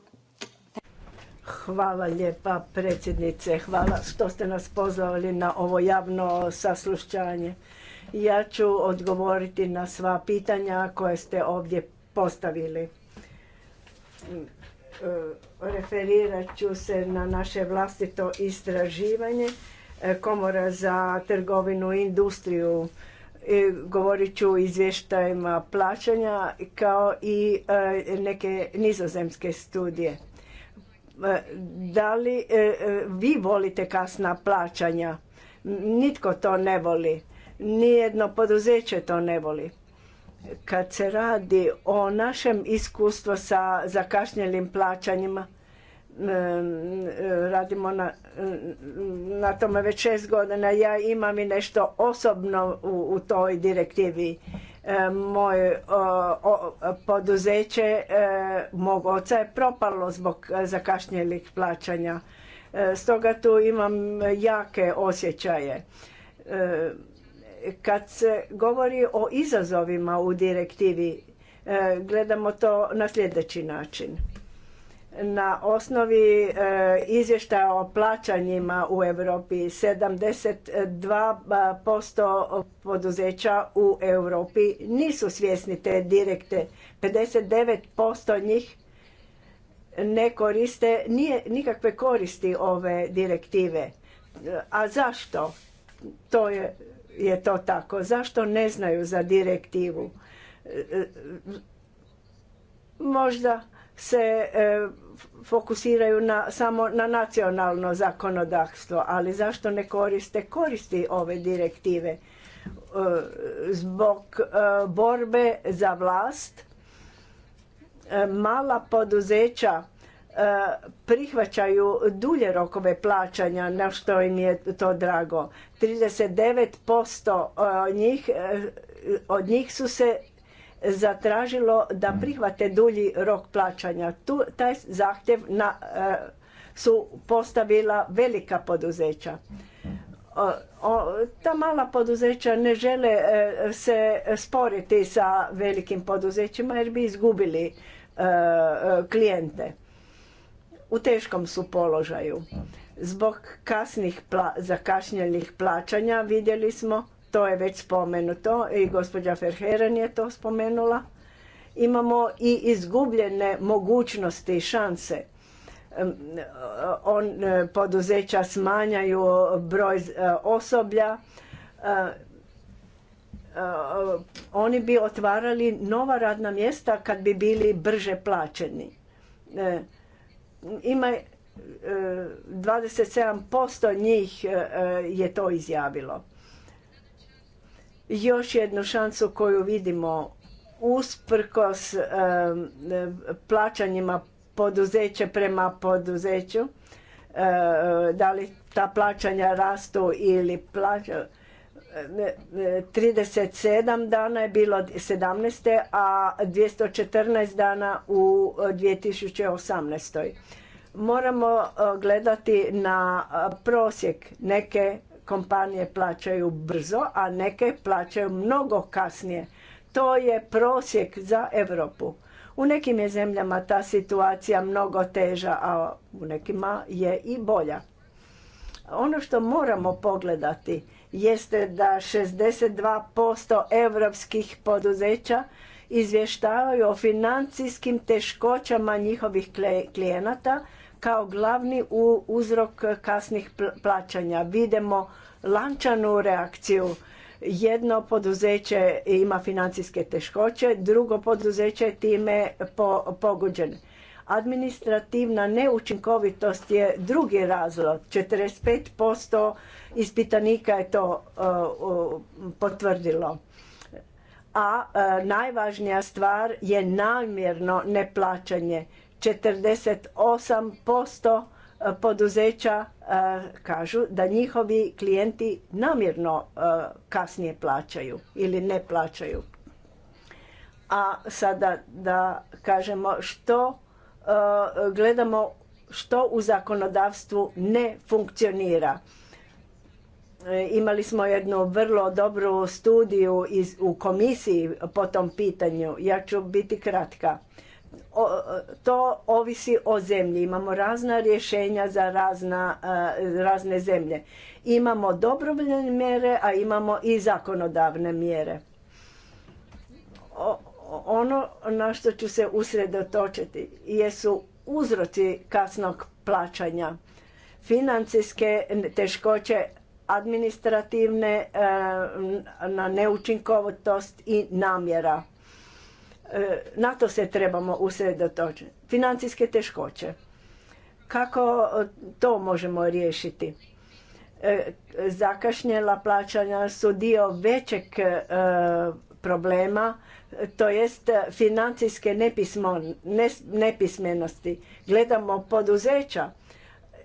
Hvala lijepa predsjednice, hvala što ste nas pozvali na ovo javno saslušćanje. Ja ću odgovoriti na sva pitanja koje ste ovdje postavili. Mm, e, referirat ću se na naše vlastito istraživanje e, Komora za trgovinu i industriju. E, govorit ću o izvještajima plaćanja kao i neke nizozemske studije. Da li vi volite kasna plaćanja? Nitko to ne voli Nijedno poduzeće to ne voli. Kad se radi o našem iskustvu sa zakašnjelim plaćanjima, radimo na, na tome već šest godina. Ja imam i nešto osobno u, toj direktivi. moje poduzeće e, mog oca je propalo zbog zakašnjelih plaćanja. E, stoga tu imam jake osjećaje. E, kad se govori o izazovima u direktivi, e, gledamo to na sljedeći način. Na osnovi e, izvještaja o plaćanjima u Europi 72% poduzeća u Europi nisu svjesni te direkte. 59% njih ne koriste nije nikakve koristi ove direktive. E, a zašto? To je je to tako? Zašto ne znaju za direktivu? E, e, možda se e, fokusiraju samo na nacionalno zakonodavstvo, ali zašto ne koriste koristi ove direktive? Zbog borbe za vlast mala poduzeća E, prihvaćaju dulje rokove plaćanja, na što im je to drago. 39% e, njih, e, od njih su se zatražilo da prihvate dulji rok plaćanja. taj zahtjev na, su postavila velika poduzeća. ta mala poduzeća ne žele se sporiti sa velikim poduzećima jer bi izgubili klijente u teškom su položaju. Zbog kasnih pla, zakašnjelih plaćanja vidjeli smo, to je već spomenuto i gospođa Ferheren je to spomenula, imamo i izgubljene mogućnosti, i šanse. On, e, poduzeća smanjaju broj e, osoblja, e, oni bi otvarali nova radna mjesta kad bi bili brže plaćeni. Ima 27% e, njih e, je to izjavilo. Još jednu šansu koju vidimo usprkos e, plaćanjima poduzeće prema poduzeću, da li ta plaćanja rastu ili plaća, 37 dana je bilo 17. a 214 dana u 2018. Moramo e, gledati na e, prosjek. Neke kompanije plaćaju brzo, a neke plaćaju mnogo kasnije. To je prosjek za Europu. U nekim je zemljama ta situacija mnogo teža, a u nekima je i bolja. Ono što moramo pogledati jeste da 62% europskih poduzeća izvještavaju o financijskim teškoćama njihovih klijenata kao glavni uzrok kasnih plaćanja. Vidimo lančanu reakciju. Jedno poduzeće ima financijske teškoće, drugo poduzeće time po, pogođeno. Administrativna neučinkovitost je drugi razlog. 45% ispitanika je to e, potvrdilo. A e, najvažnija stvar je namjerno neplaćanje. 48% e, poduzeća kažu da njihovi klijenti namjerno kasnije plaćaju ili ne plaćaju. A sada da kažemo što gledamo što u zakonodavstvu ne funkcionira. E, imali smo jednu vrlo dobru studiju iz, u komisiji po tom pitanju. Ja ću biti kratka. to ovisi o zemlji. Imamo razna rješenja za razna, e, razne zemlje. Imamo dobrovoljne mjere, a imamo i zakonodavne mjere. ono na što ću se usredotočiti jesu uzroci kasnog plaćanja. Financijske teškoće administrativne e, na neučinkovitost i namjera. E, na to se trebamo usredotočiti. Financijske teškoće. Kako to možemo riješiti? E, zakašnjela plaćanja su dio većeg problema, to jest financijske nepismenosti. Gledamo poduzeća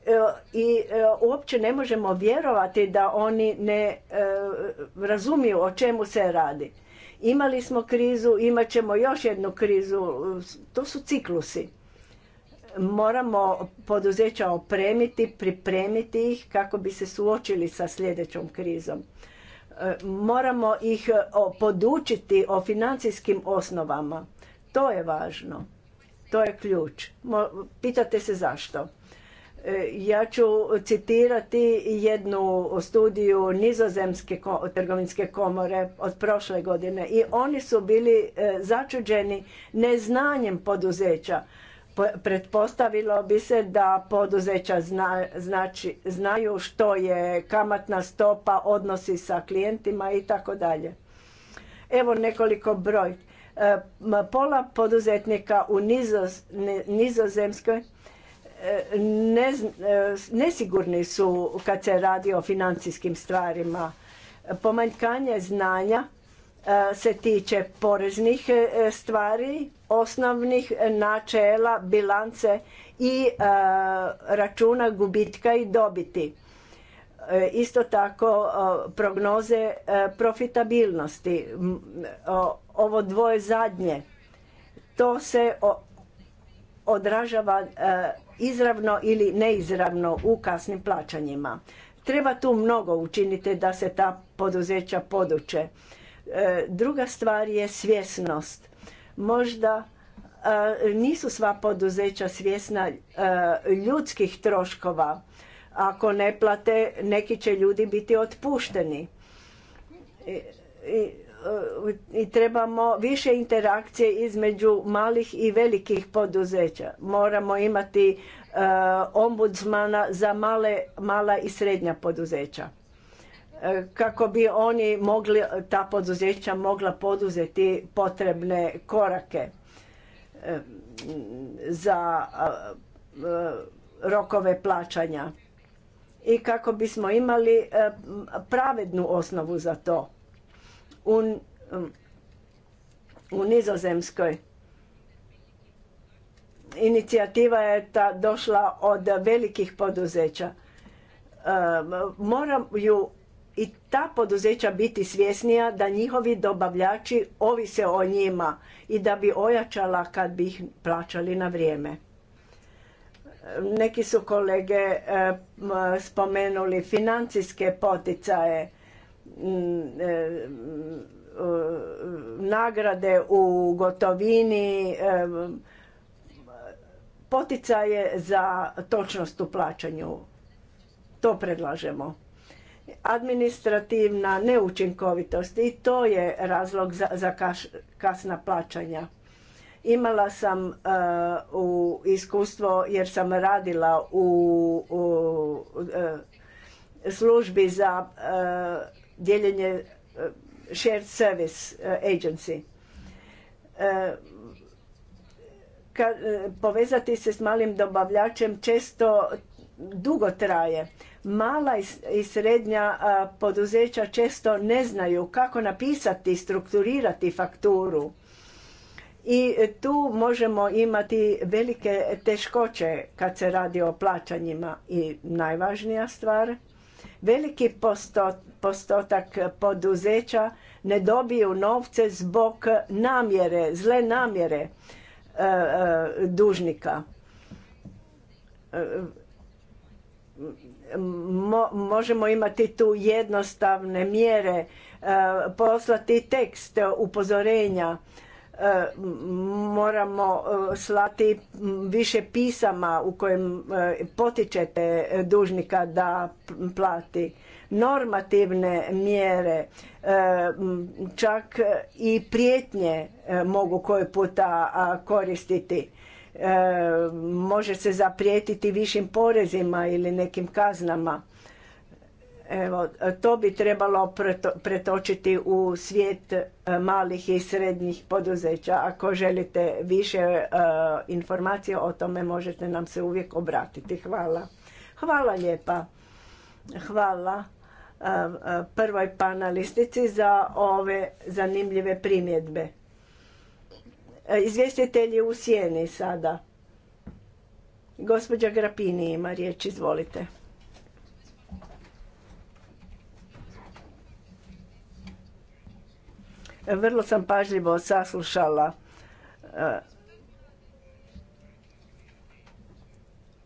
E, i e, uopće ne možemo vjerovati da oni ne e, razumiju o čemu se radi. Imali smo krizu, imat ćemo još jednu krizu, to su ciklusi. Moramo poduzeća opremiti, pripremiti ih kako bi se suočili sa sljedećom krizom. Moramo ih podučiti o financijskim osnovama. To je važno. To je ključ. Pitate se zašto? Ja ću citirati jednu studiju Nizozemske trgovinske komore od prošle godine i oni su bili e, začuđeni neznanjem poduzeća. Pretpostavilo bi se da poduzeća znači, znaju što je kamatna stopa, odnosi sa klijentima i tako dalje. Evo nekoliko broj. E, pola poduzetnika u Nizozemskoj E, nesigurni su kad se radi o financijskim stvarima. Pomanjkanje znanja e, se tiče poreznih e, stvari, osnovnih načela, bilance i računa gubitka i dobiti. Isto tako prognoze profitabilnosti. Ovo dvoje zadnje, to se odražava izravno ili neizravno u kasnim plaćanjima. Treba tu mnogo učiniti da se ta poduzeća poduče. E, druga stvar je svjesnost. Možda e, nisu sva poduzeća svjesna e, ljudskih troškova. Ako ne plate, neki će ljudi biti otpušteni i trebamo više interakcije između malih i velikih poduzeća. Moramo imati e, ombudsmana za male, mala i srednja poduzeća e, kako bi oni mogli, ta poduzeća mogla poduzeti potrebne korake e, za rokove plaćanja i kako bismo imali pravednu osnovu za to. Um, u, Nizozemskoj. Inicijativa je ta došla od velikih poduzeća. Um, moraju i ta poduzeća biti svjesnija da njihovi dobavljači ovise o njima i da bi ojačala kad bi ih plaćali na vrijeme. Neki su kolege um, spomenuli financijske poticaje Mm, e, mm, e, nagrade u gotovini, e, poticaje za točnost u plaćanju. To predlažemo. Administrativna neučinkovitost i to je razlog za, kasna plaćanja. Imala sam u iskustvo jer sam radila u, službi za dijeljenje e, shared service e, agency. E, ka, povezati se s malim dobavljačem često dugo traje. Mala i srednja poduzeća često ne znaju kako napisati, strukturirati fakturu. I tu možemo imati velike teškoće kad se radi o plaćanjima. I najvažnija stvar Veliki postotak poduzeća ne dobiju novce zbog namjere, zle namjere e, e, dužnika. E, možemo imati tu jednostavne mjere, poslati tekst upozorenja E, moramo e, slati više pisama u kojem e, potičete dužnika da plati normativne mjere čak i prijetnje mogu koje puta koristiti može se zaprijetiti višim porezima ili nekim kaznama Evo, to bi trebalo pretočiti u svijet e, malih i srednjih poduzeća. Ako želite više e, informacije informacija o tome, možete nam se uvijek obratiti. Hvala. Hvala lijepa. Hvala e, prvoj panelistici za ove zanimljive primjedbe. Izvjestitelj izvjestitelji u sjeni sada. Gospođa Grapini ima riječ, izvolite. Vrlo sam pažljivo saslušala eh,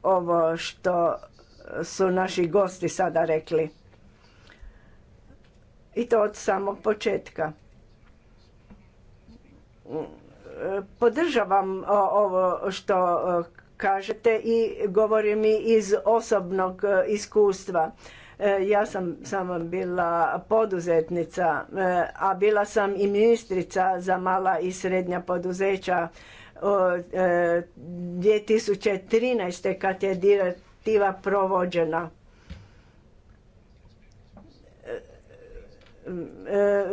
ovo što su naši gosti sada rekli. I to od samog početka. Podržavam eh, ovo što eh, kažete i govorim i iz osobnog iskustva. E, ja sam samo bila poduzetnica, e, a bila sam i ministrica za mala i srednja poduzeća 2013. E, kad je direktiva provođena.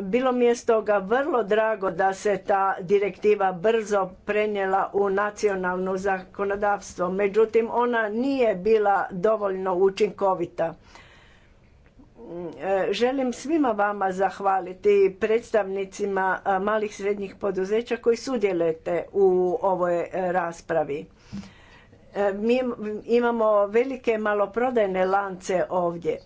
Bilo mi je stoga vrlo drago da se ta direktiva brzo prenijela u nacionalno zakonodavstvo, međutim ona nije bila dovoljno učinkovita želim svima vama zahvaliti predstavnicima malih srednjih poduzeća koji sudjelujete u ovoj e, raspravi. E, mi imamo velike maloprodajne lance ovdje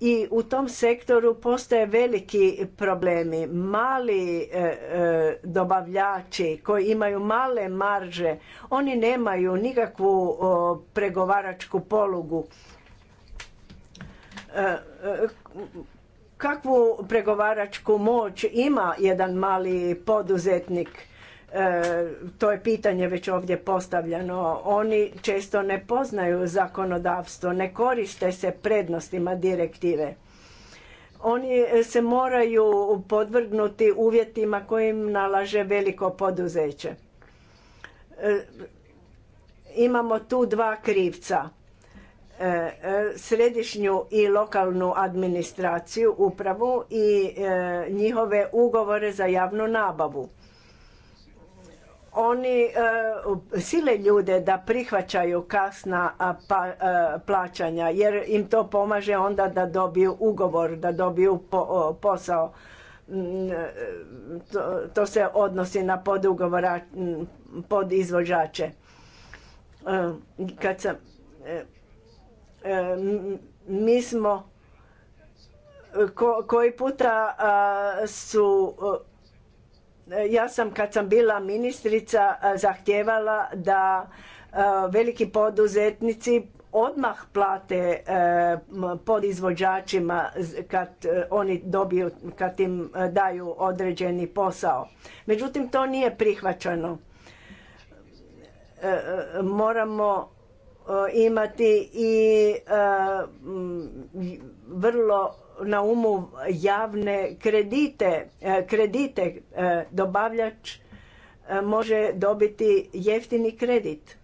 i u tom sektoru postoje veliki problemi. Mali e, dobavljači koji imaju male marže, oni nemaju nikakvu pregovaračku polugu kakvu pregovaračku moć ima jedan mali poduzetnik e, to je pitanje već ovdje postavljeno. Oni često ne poznaju zakonodavstvo, ne koriste se prednostima direktive. Oni se moraju podvrgnuti uvjetima kojim nalaže veliko poduzeće. E, imamo tu dva krivca. E, e, središnju i lokalnu administraciju, upravu i e, njihove ugovore za javnu nabavu. Oni sile ljude da prihvaćaju kasna pa, plaćanja jer im to pomaže onda da dobiju ugovor, da dobiju posao. Mm, to, se odnosi na mm, podizvođače. Kad sam E, mi smo e, koji puta su e, ja sam kad sam bila ministrica zahtijevala da veliki poduzetnici odmah plate podizvođačima kad oni dobiju, kad im daju određeni posao. Međutim, to nije prihvaćeno Moramo E, imati i e, vrlo na umu javne kredite, e, kredite dobavljač može dobiti jeftini kredit.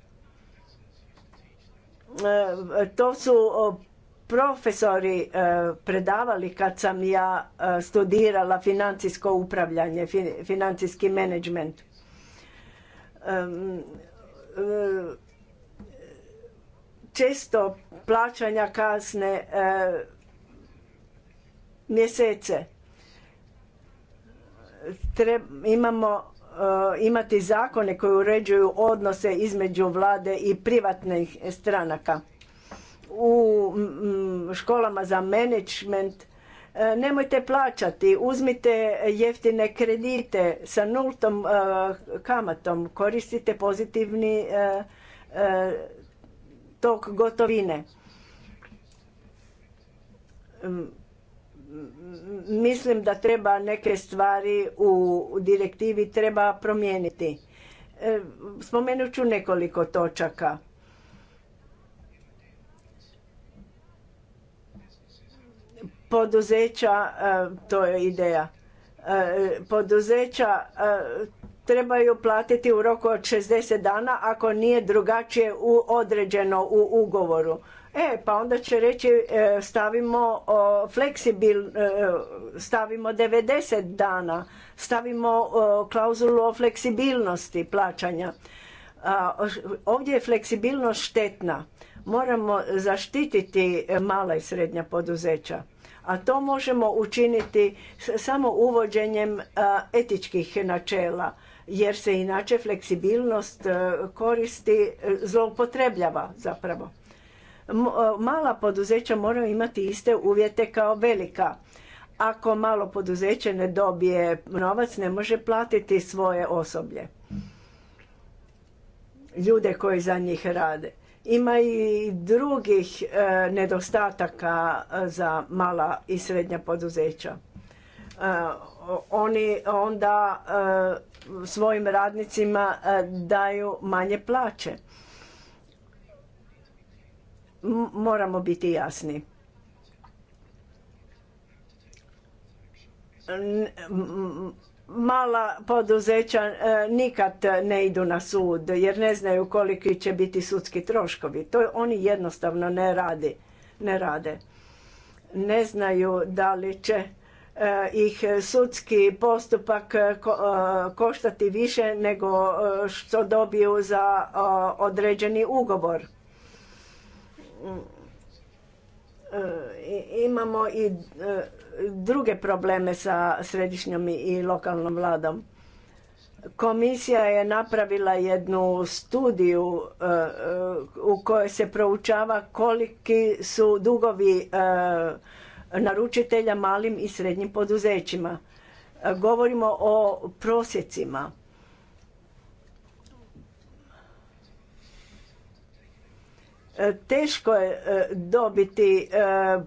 To su profesori predavali kad sam ja studirala financijsko upravljanje, financijski menadžment često plaćanja kasne e, mjesece. imamo e, imati zakone koji uređuju odnose između vlade i privatnih stranaka. U školama za management e, nemojte plaćati, uzmite jeftine kredite sa nultom kamatom, koristite pozitivni tok gotovine. Mm, mm, mislim da treba neke stvari u direktivi treba promijeniti. E, spomenut ću nekoliko točaka. Poduzeća, e, to je ideja, e, poduzeća trebaju platiti u roku od 60 dana ako nije drugačije određeno u ugovoru. E, pa onda će reći e, stavimo fleksibil, e, stavimo 90 dana, stavimo klauzulu o fleksibilnosti plaćanja. Ovdje je fleksibilnost štetna. Moramo zaštititi e, mala i srednja poduzeća. A to možemo učiniti samo uvođenjem etičkih načela jer se inače fleksibilnost e, koristi, e, zloupotrebljava zapravo. E, mala poduzeća moraju imati iste uvjete kao velika. Ako malo poduzeće ne dobije novac, ne može platiti svoje osoblje. Ljude koji za njih rade. Ima i drugih nedostataka za mala i srednja poduzeća. Oni onda svojim radnicima e, daju manje plaće. Moramo biti jasni. Mala poduzeća e, nikad ne idu na sud jer ne znaju koliki će biti sudski troškovi. To oni jednostavno ne radi, ne rade. Ne znaju da li će Eh, ih sudski postupak eh, eh, koštati više nego što dobiju za određeni ugovor. Imamo i druge probleme sa središnjom i lokalnom vladom. Komisija je napravila jednu studiju u kojoj se proučava koliki su dugovi naručitelja malim i srednjim poduzećima. E, govorimo o prosjecima. E, teško je e, dobiti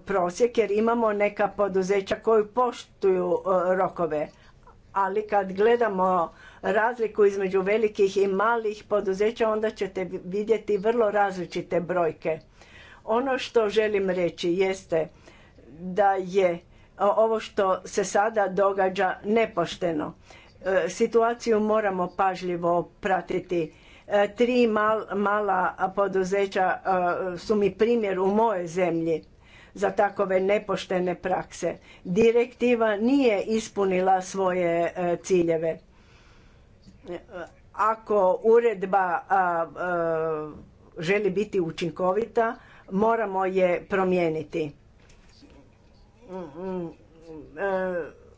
prosjek jer imamo neka poduzeća koju poštuju rokove. Ali kad gledamo razliku između velikih i malih poduzeća onda ćete vidjeti vrlo različite brojke. Ono što želim reći jeste da je ovo što se sada događa nepošteno. E, situaciju moramo pažljivo pratiti. E, tri mala poduzeća e, su mi primjer u moje zemlji za takove nepoštene prakse. Direktiva nije ispunila svoje ciljeve. Ako uredba želi biti učinkovita, moramo je promijeniti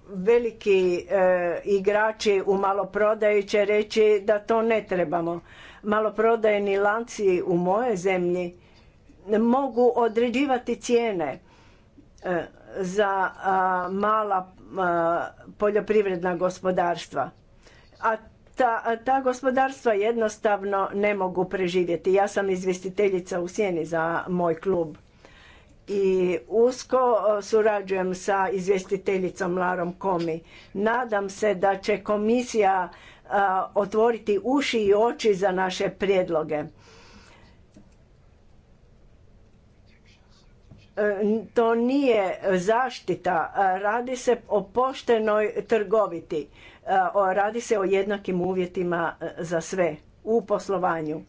veliki e, igrači u maloprodaji će reći da to ne trebamo. Maloprodajni lanci u moje zemlji mogu određivati cijene e, za mala poljoprivredna gospodarstva. A ta, ta gospodarstva jednostavno ne mogu preživjeti. Ja sam izvjestiteljica u sjeni za moj klub i usko surađujem sa izvjestiteljicom Larom Komi. Nadam se da će komisija otvoriti uši i oči za naše prijedloge. E, to nije zaštita, radi se o poštenoj trgoviti, e, radi se o jednakim uvjetima e, za sve u poslovanju.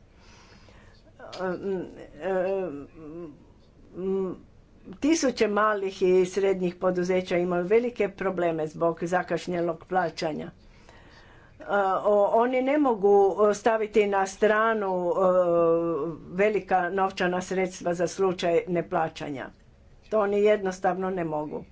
Tisuće malih i srednjih poduzeća imaju velike probleme zbog zakašnjelog plaćanja. E, oni ne mogu staviti na stranu e, velika novčana sredstva za slučaj neplaćanja. To oni jednostavno ne mogu.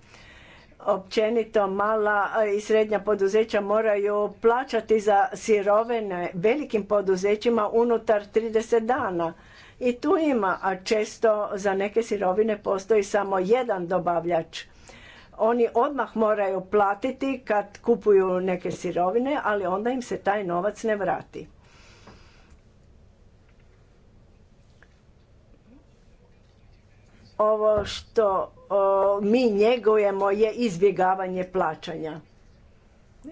Općenito mala i srednja poduzeća moraju plaćati za sirovine velikim poduzećima unutar 30 dana i tu ima, a često za neke sirovine postoji samo jedan dobavljač. Oni odmah moraju platiti kad kupuju neke sirovine, ali onda im se taj novac ne vrati. Ovo što mi njegujemo je izbjegavanje plaćanja.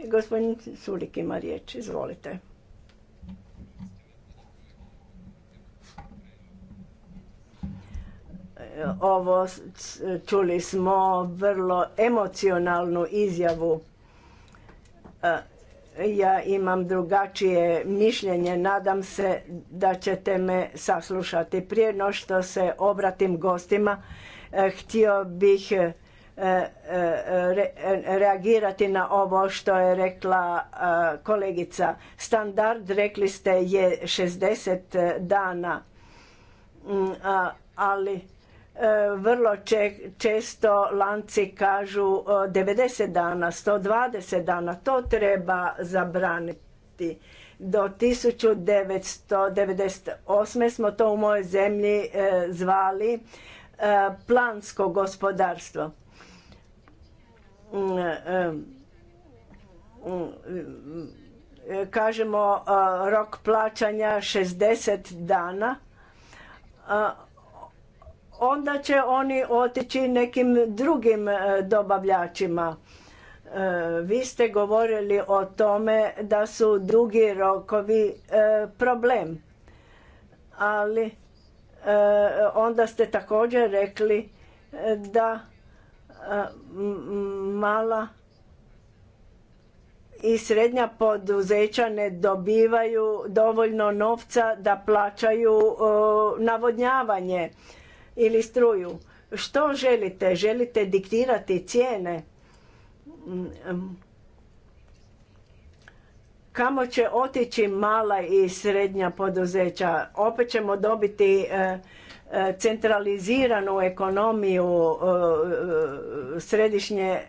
Gospodin Sulik ima riječ, izvolite. ovo čuli smo vrlo emocionalnu izjavu e, ja imam drugačije mišljenje nadam se da ćete me saslušati prije no što se obratim gostima e, htio bih e, reagirati na ovo što je rekla kolegica standard rekli ste je 60 dana mm, ali E, vrlo često lanci kažu 90 e, dana, 120 dana, to treba zabraniti. Do 1998. smo to u mojoj zemlji e, zvali plansko gospodarstvo. Mm, mm, kažemo rok plaćanja 60 dana, onda će oni otići nekim drugim e, dobavljačima. E, vi ste govorili o tome da su dugi rokovi e, problem, ali onda ste također rekli da mala i srednja poduzeća ne dobivaju dovoljno novca da plaćaju navodnjavanje ili struju. Što želite? Želite diktirati cijene? Mm, mm. Kamo će otići mala i srednja poduzeća? Opet ćemo dobiti e, e, centraliziranu ekonomiju, e, središnje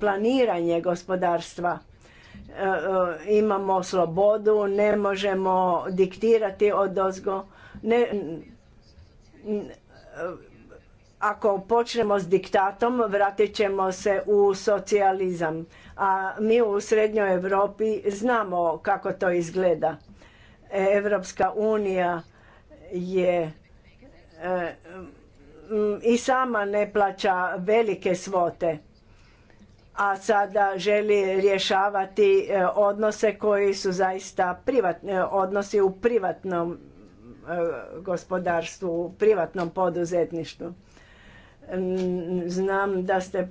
planiranje gospodarstva. Imamo slobodu, ne možemo diktirati od ozgo. Ne, Eh, ako počnemo s diktatom vratit ćemo se u socijalizam a mi u srednjoj Europi znamo kako to izgleda Evropska unija je eh, i sama ne plaća velike svote a sada želi rješavati eh, odnose koji su zaista odnosi u privatnom E, gospodarstvu, u privatnom poduzetništvu. Znam da ste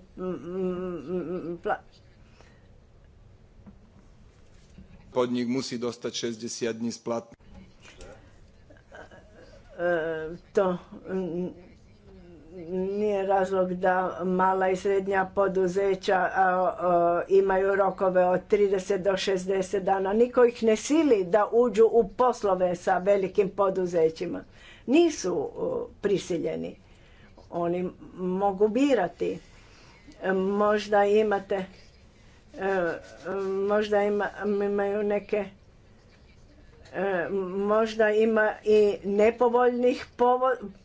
podnik musi dosta 60 splatni. E, to nije razlog da mala i srednja poduzeća imaju rokove od 30 do 60 dana. Niko ih ne sili da uđu u poslove sa velikim poduzećima. Nisu prisiljeni. Oni mogu birati. Možda imate e, e, možda imaju neke E, možda ima i nepovoljnih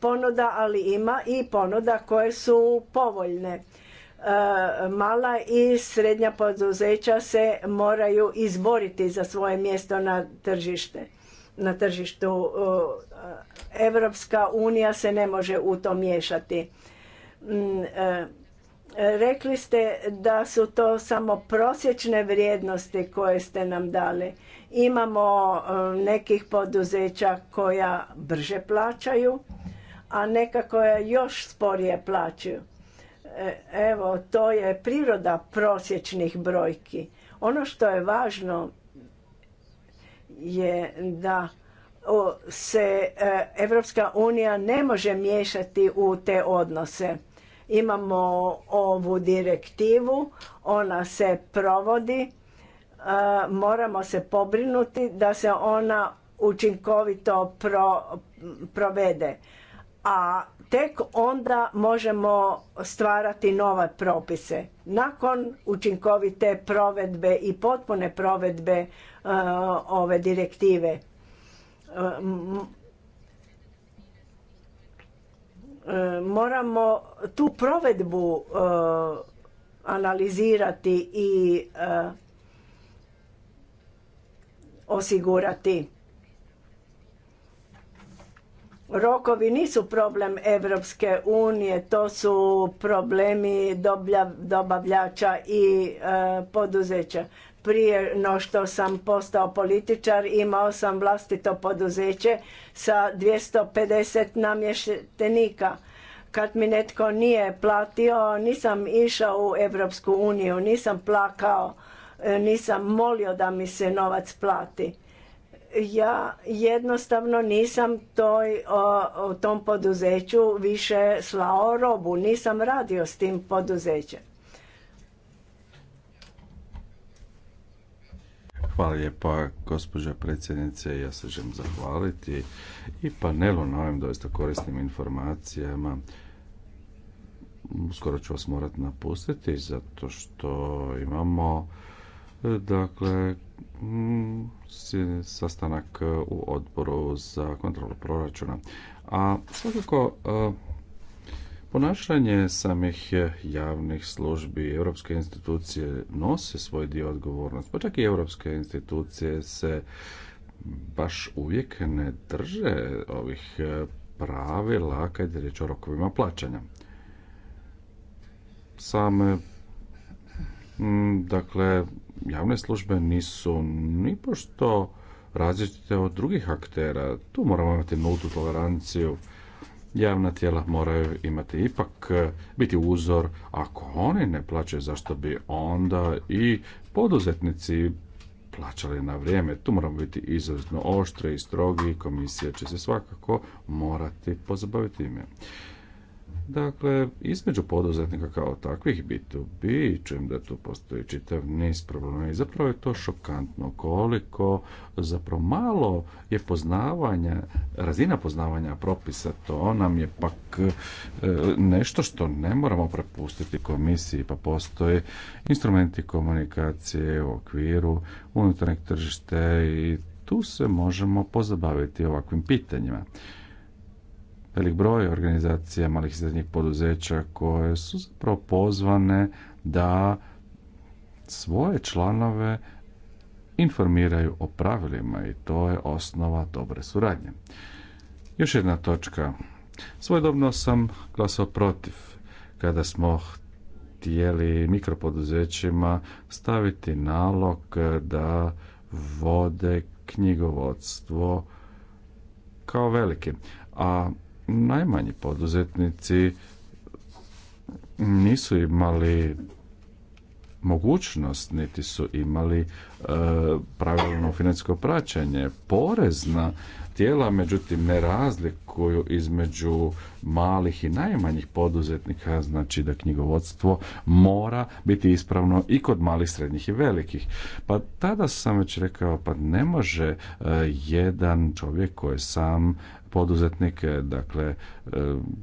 ponuda, ali ima i ponuda koje su povoljne. E, mala i srednja poduzeća se moraju izboriti za svoje mjesto na tržište. Na tržištu Europska unija se ne može u to miješati mm, e, Rekli ste da su to samo prosječne vrijednosti koje ste nam dali. Imamo e, nekih poduzeća koja brže plaćaju, a neka koja još sporije plaćaju. E, evo, to je priroda prosječnih brojki. Ono što je važno je da se e, Evropska unija ne može miješati u te odnose Imamo ovu direktivu, ona se provodi, e, moramo se pobrinuti da se ona učinkovito provede. A tek onda možemo stvarati nove propise. Nakon učinkovite provedbe i potpune provedbe e, ove direktive. E, E, moramo tu provedbu e, analizirati i e, osigurati. Rokovi nisu problem Evropske unije, to su problemi dobavljača i poduzeća prije no što sam postao političar imao sam vlastito poduzeće sa 250 namještenika. Kad mi netko nije platio, nisam išao u Europsku uniju, nisam plakao, e, nisam molio da mi se novac plati. Ja jednostavno nisam toj, o, tom poduzeću više slao robu, nisam radio s tim poduzećem Hvala lijepa, gospođa predsjednice. Ja se želim zahvaliti i panelu na ovim doista korisnim informacijama. Skoro ću vas morati napustiti zato što imamo dakle mm, sastanak u odboru za kontrolu proračuna. A svakako Ponašanje samih javnih službi, i europske institucije nose svoj dio odgovornosti, pa čak i europske institucije se baš uvijek ne drže ovih pravila kad je riječ o rokovima plaćanja. Same, mm, dakle, javne službe nisu ni pošto različite od drugih aktera. Tu moramo imati nultu toleranciju javna tijela moraju imati ipak e, biti uzor. Ako oni ne plaćaju, zašto bi onda i poduzetnici plaćali na vrijeme. Tu moramo biti izuzetno oštri i strogi. Komisija će se svakako morati pozabaviti ime. Dakle, između poduzetnika kao takvih B2B, čujem da tu postoji čitav niz problema i zapravo je to šokantno koliko zapravo malo je poznavanja, razina poznavanja propisa, to nam je pak e, nešto što ne moramo prepustiti komisiji, pa postoje instrumenti komunikacije u okviru unutarnjeg tržišta i tu se možemo pozabaviti ovakvim pitanjima velik broj organizacija malih i srednjih poduzeća koje su zapravo pozvane da svoje članove informiraju o pravilima i to je osnova dobre suradnje. Još jedna točka. Svojedobno sam glasao protiv kada smo htjeli mikropoduzećima staviti nalog da vode knjigovodstvo kao velike. A najmanji poduzetnici nisu imali mogućnost, niti su imali e, pravilno financijsko praćenje. Porezna tijela, međutim, ne razlikuju između malih i najmanjih poduzetnika, znači da knjigovodstvo mora biti ispravno i kod malih, srednjih i velikih. Pa tada sam već rekao, pa ne može e, jedan čovjek koji je sam poduzetnike, dakle, e,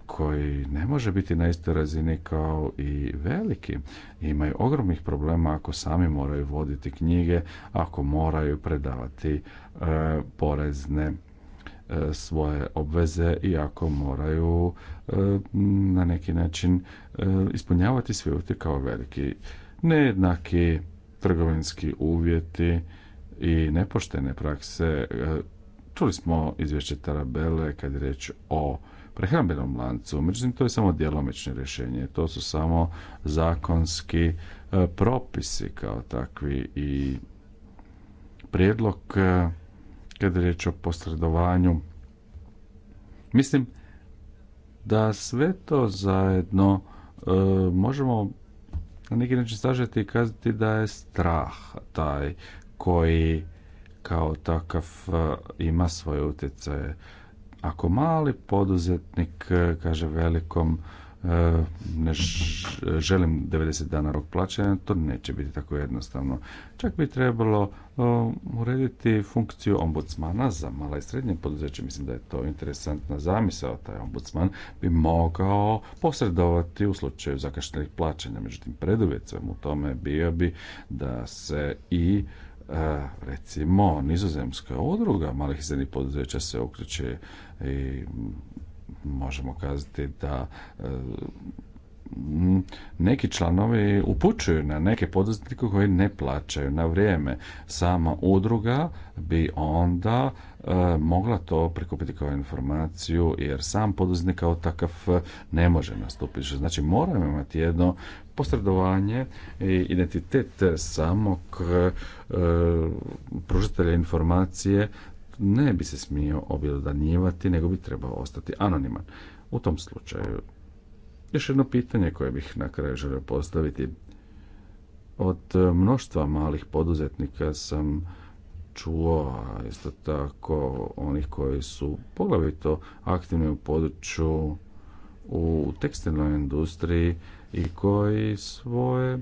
koji ne može biti na istoj razini kao i veliki. Imaju ogromnih problema ako sami moraju voditi knjige, ako moraju predavati e, porezne e, svoje obveze i ako moraju na neki način ispunjavati sve uvjeti kao veliki. Nejednaki trgovinski uvjeti i nepoštene prakse Čuli smo izvješće Tarabele kad je reč o prehrambenom lancu, međutim to je samo djelomično rješenje, to su samo zakonski e, propisi kao takvi i prijedlog e, kad je riječ o posredovanju. Mislim da sve to zajedno e, možemo na neki način stažati i kazati da je strah taj koji kao takav e, ima svoje utjecaje. Ako mali poduzetnik e, kaže velikom e, ne želim 90 dana rok plaćanja, to neće biti tako jednostavno. Čak bi trebalo urediti funkciju ombudsmana za mala i srednje poduzeće. Mislim da je to interesantna zamisao. Taj ombudsman bi mogao posredovati u slučaju zakašnjelih plaćanja. Međutim, preduvjet u tome bio bi da se i E, recimo nizozemska udruga malih i srednjih poduzeća se okreće i možemo kazati da e, Mm, neki članovi upućuju na neke poduzetnike koji ne plaćaju na vrijeme. Sama udruga bi onda e, mogla to prikupiti kao informaciju jer sam poduzetnik kao takav ne može nastupiti. Znači moramo imati jedno posredovanje i identitet samog e, informacije ne bi se smio objelodanjivati nego bi trebao ostati anoniman. U tom slučaju još jedno pitanje koje bih na kraju želio postaviti. Od e, mnoštva malih poduzetnika sam čuo, a isto tako onih koji su poglavito aktivni u području u tekstilnoj industriji i koji svoje e,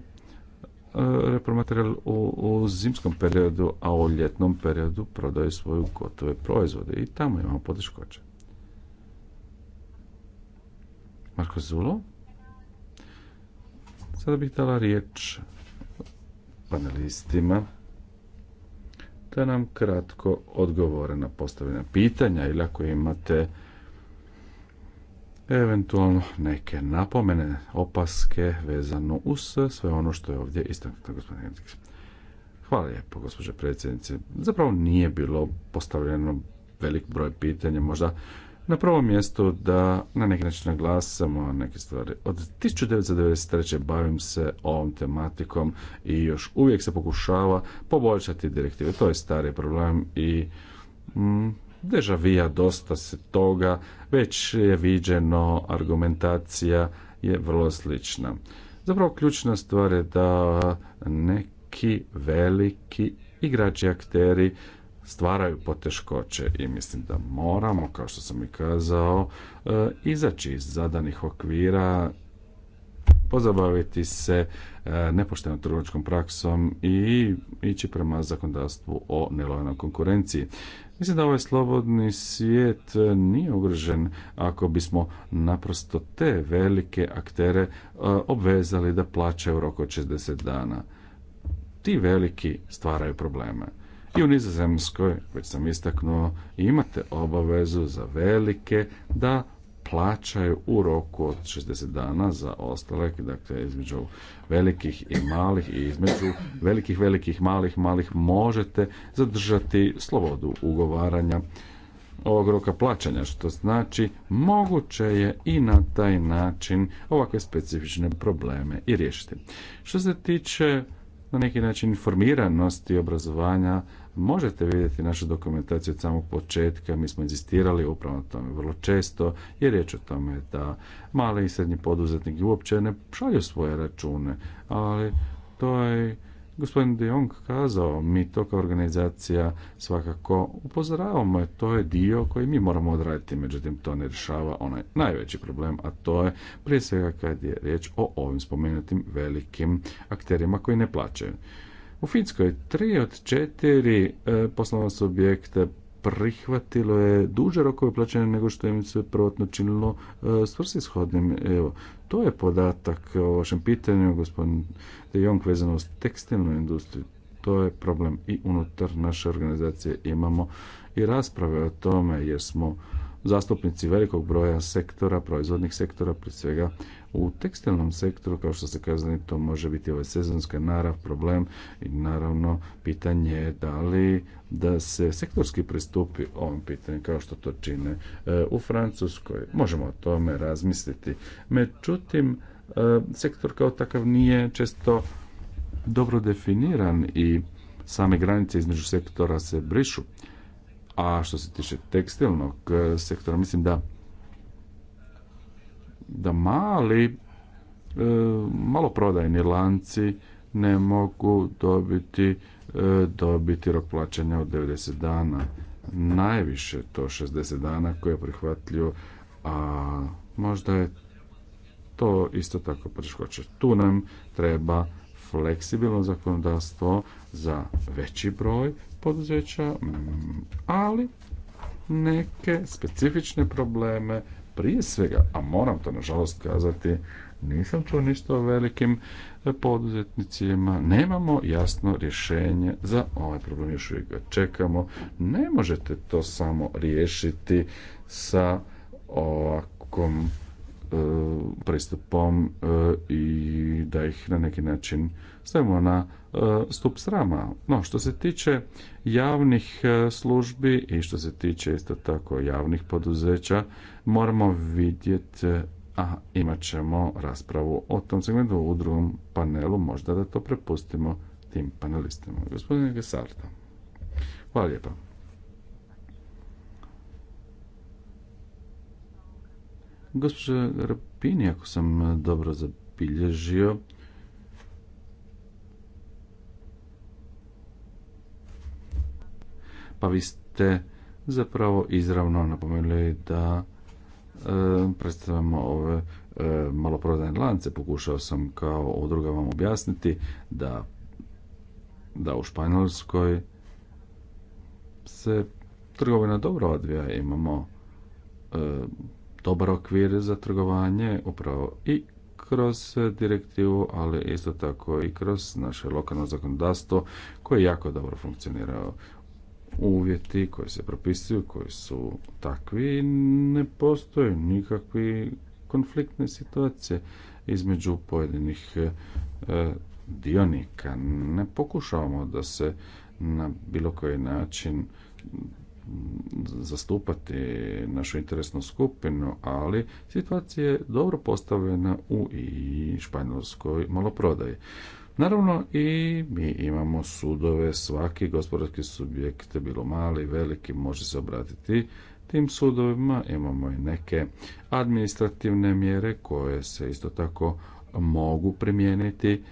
repromaterijal u, u zimskom periodu, a u ljetnom periodu prodaju svoju gotove proizvode i tamo imamo poteškoće. Marko Zulo. Sada bih dala riječ panelistima da nam kratko odgovore na postavljena pitanja ili ako imate eventualno neke napomene, opaske vezano uz sve ono što je ovdje istaknuto gospodin Hvala lijepo, gospođo predsjednice. Zapravo nije bilo postavljeno velik broj pitanja, možda na prvom mjestu da na neki način naglasamo neke stvari. Od 1993. bavim se ovom tematikom i još uvijek se pokušava poboljšati direktive. To je stari problem i mm, dežavija dosta se toga, već je viđeno, argumentacija je vrlo slična. Zapravo ključna stvar je da neki veliki igrači, akteri stvaraju poteškoće i mislim da moramo, kao što sam i kazao, e, izaći iz zadanih okvira, pozabaviti se e, nepoštenom trgovačkom praksom i ići prema zakonodavstvu o nelojalnoj konkurenciji. Mislim da ovaj slobodni svijet nije ugrožen ako bismo naprosto te velike aktere e, obvezali da plaćaju u roku od 60 dana. Ti veliki stvaraju probleme. I u Nizozemskoj, već sam istaknuo, imate obavezu za velike da plaćaju u roku od 60 dana za ostale, dakle između velikih i malih i između velikih, velikih, malih, malih možete zadržati slobodu ugovaranja ovog roka plaćanja, što znači moguće je i na taj način ovakve specifične probleme i riješiti. Što se tiče na neki način informiranosti obrazovanja Možete vidjeti našu dokumentaciju od samog početka, mi smo inzistirali upravo na tome vrlo često, jer riječ o tome da mali i srednji poduzetnik uopće ne šalju svoje račune, ali to je gospodin De Jong kazao, mi to kao organizacija svakako upozoravamo, to je dio koji mi moramo odraditi, međutim to ne rješava onaj najveći problem, a to je prije svega kad je riječ o ovim spomenutim velikim akterima koji ne plaćaju. U Finskoj tri od četiri e, poslovna subjekta prihvatilo je duže rokove plaćanja nego što im se prvotno činilo e, svrsishodnim. Evo, to je podatak o vašem pitanju, gospodin De Jong, vezano uz tekstilnu industriju. To je problem i unutar naše organizacije imamo i rasprave o tome jer smo zastupnici velikog broja sektora, proizvodnih sektora, prije svega u tekstilnom sektoru, kao što se kazali, to može biti ovaj sezonski narav problem i naravno pitanje je da li da se sektorski pristupi ovom pitanju kao što to čine eh, u Francuskoj. Možemo o tome razmisliti. Međutim, eh, sektor kao takav nije često dobro definiran i same granice između sektora se brišu. A što se tiče tekstilnog e, sektora, mislim da da mali e, maloprodajni lanci ne mogu dobiti e, dobiti rok plaćanja od 90 dana. Najviše to 60 dana koje je prihvatljivo, a možda je to isto tako preškoće. Tu nam treba fleksibilno zakonodavstvo za veći broj poduzeća, ali neke specifične probleme prije svega, a moram to nažalost kazati, nisam čuo ništa o velikim poduzetnicima, nemamo jasno rješenje za ovaj problem, još uvijek ga čekamo, ne možete to samo riješiti sa ovakvom e, pristupom e, i da ih na neki način stavimo na e, stup srama. No, što se tiče javnih e, službi i što se tiče isto tako javnih poduzeća, moramo vidjeti e, a imat ćemo raspravu o tom segmentu u drugom panelu, možda da to prepustimo tim panelistima. Gospodine Gesarta, hvala lijepa. Gospodine Rapini, ako sam dobro zabilježio, pa vi ste zapravo izravno napomenuli da e, predstavljamo ove e, maloprodajne lance. Pokušao sam kao udruga vam objasniti da, da u Španjolskoj se trgovina dobro odvija. Imamo e, dobar okvir za trgovanje upravo i kroz direktivu, ali isto tako i kroz naše lokalno zakonodavstvo koje jako dobro funkcionira uvjeti koji se propisuju, koji su takvi, ne postoje nikakvi konfliktne situacije između pojedinih e, dionika. Ne pokušavamo da se na bilo koji način zastupati našu interesnu skupinu, ali situacija je dobro postavljena u i španjolskoj maloprodaji. Naravno i mi imamo sudove, svaki gospodarski subjekt, bilo mali, veliki, može se obratiti tim sudovima, imamo i neke administrativne mjere koje se isto tako mogu primijeniti,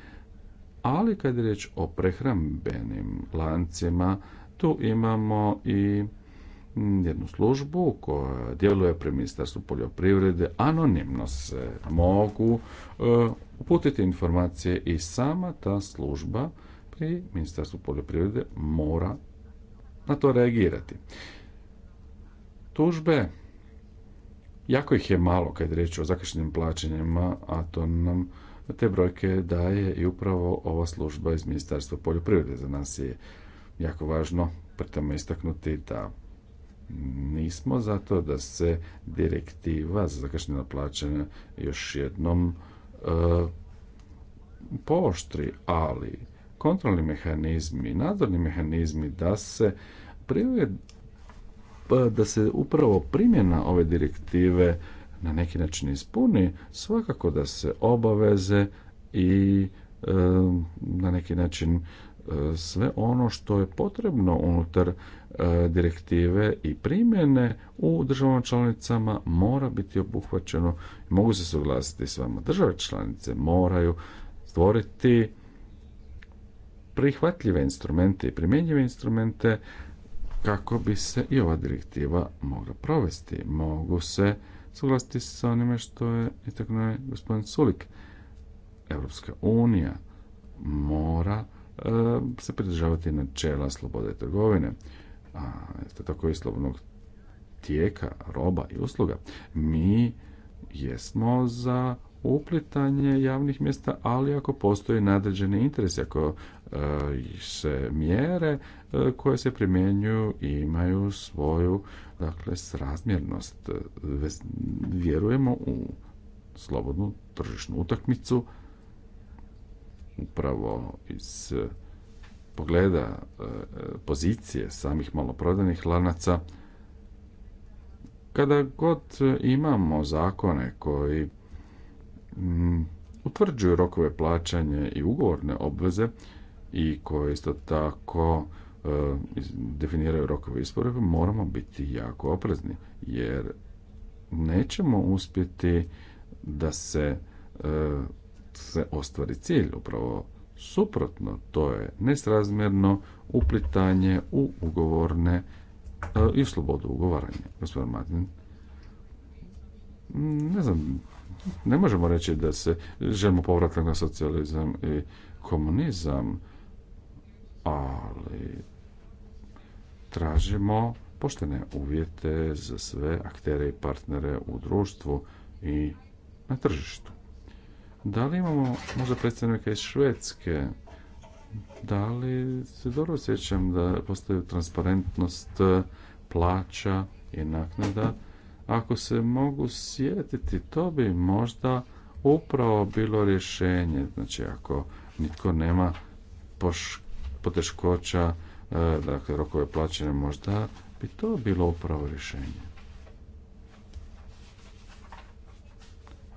ali kad je riječ o prehrambenim lancima, tu imamo i jednu službu koja djeluje pri Ministarstvu poljoprivrede, anonimno se mogu e, uputiti informacije i sama ta služba pri Ministarstvu poljoprivrede mora na to reagirati. Tužbe, jako ih je malo kad je o zakašnjenim plaćanjima, a to nam te brojke daje i upravo ova služba iz Ministarstva poljoprivrede. Za nas je jako važno pritom istaknuti da nismo za da se direktiva za zakašnjena plaćanja još jednom e, pooštri, ali kontrolni mehanizmi, nadzorni mehanizmi da se prije, pa da se upravo primjena ove direktive na neki način ispuni, svakako da se obaveze i e, na neki način sve ono što je potrebno unutar e, direktive i primjene u državama članicama mora biti obuhvaćeno i mogu se suglasiti s vama. Države članice moraju stvoriti prihvatljive instrumente i primjenjive instrumente kako bi se i ova direktiva mogla provesti. Mogu se suglasiti sa onime što je i gospodin Sulik. Europska unija mora E, se pridržavati načela slobode trgovine, a isto tako i slobodnog tijeka, roba i usluga. Mi jesmo za uplitanje javnih mjesta, ali ako postoji nadređeni interes, ako e, se mjere e, koje se primjenjuju imaju svoju dakle srazmjernost. Vjerujemo u slobodnu tržišnu utakmicu upravo iz eh, pogleda eh, pozicije samih maloprodajnih lanaca, kada god imamo zakone koji mm, utvrđuju rokove plaćanja i ugovorne obveze i koje isto tako eh, definiraju rokove isporuke, moramo biti jako oprezni jer nećemo uspjeti da se se ostvari cilj. Upravo suprotno, to je nesrazmjerno uplitanje u ugovorne eh, i slobodu ugovaranja. Gospodin Martin, ne znam, ne možemo reći da se želimo povratak na socijalizam i komunizam, ali tražimo poštene uvjete za sve aktere i partnere u društvu i na tržištu. Da li imamo možda predstavnika iz Švedske? Da li se dobro sjećam da postoji transparentnost plaća i naknada? Ako se mogu sjetiti, to bi možda upravo bilo rješenje. Znači, ako nitko nema poteškoća, e, dakle, rokove plaćanja, možda bi to bilo upravo rješenje.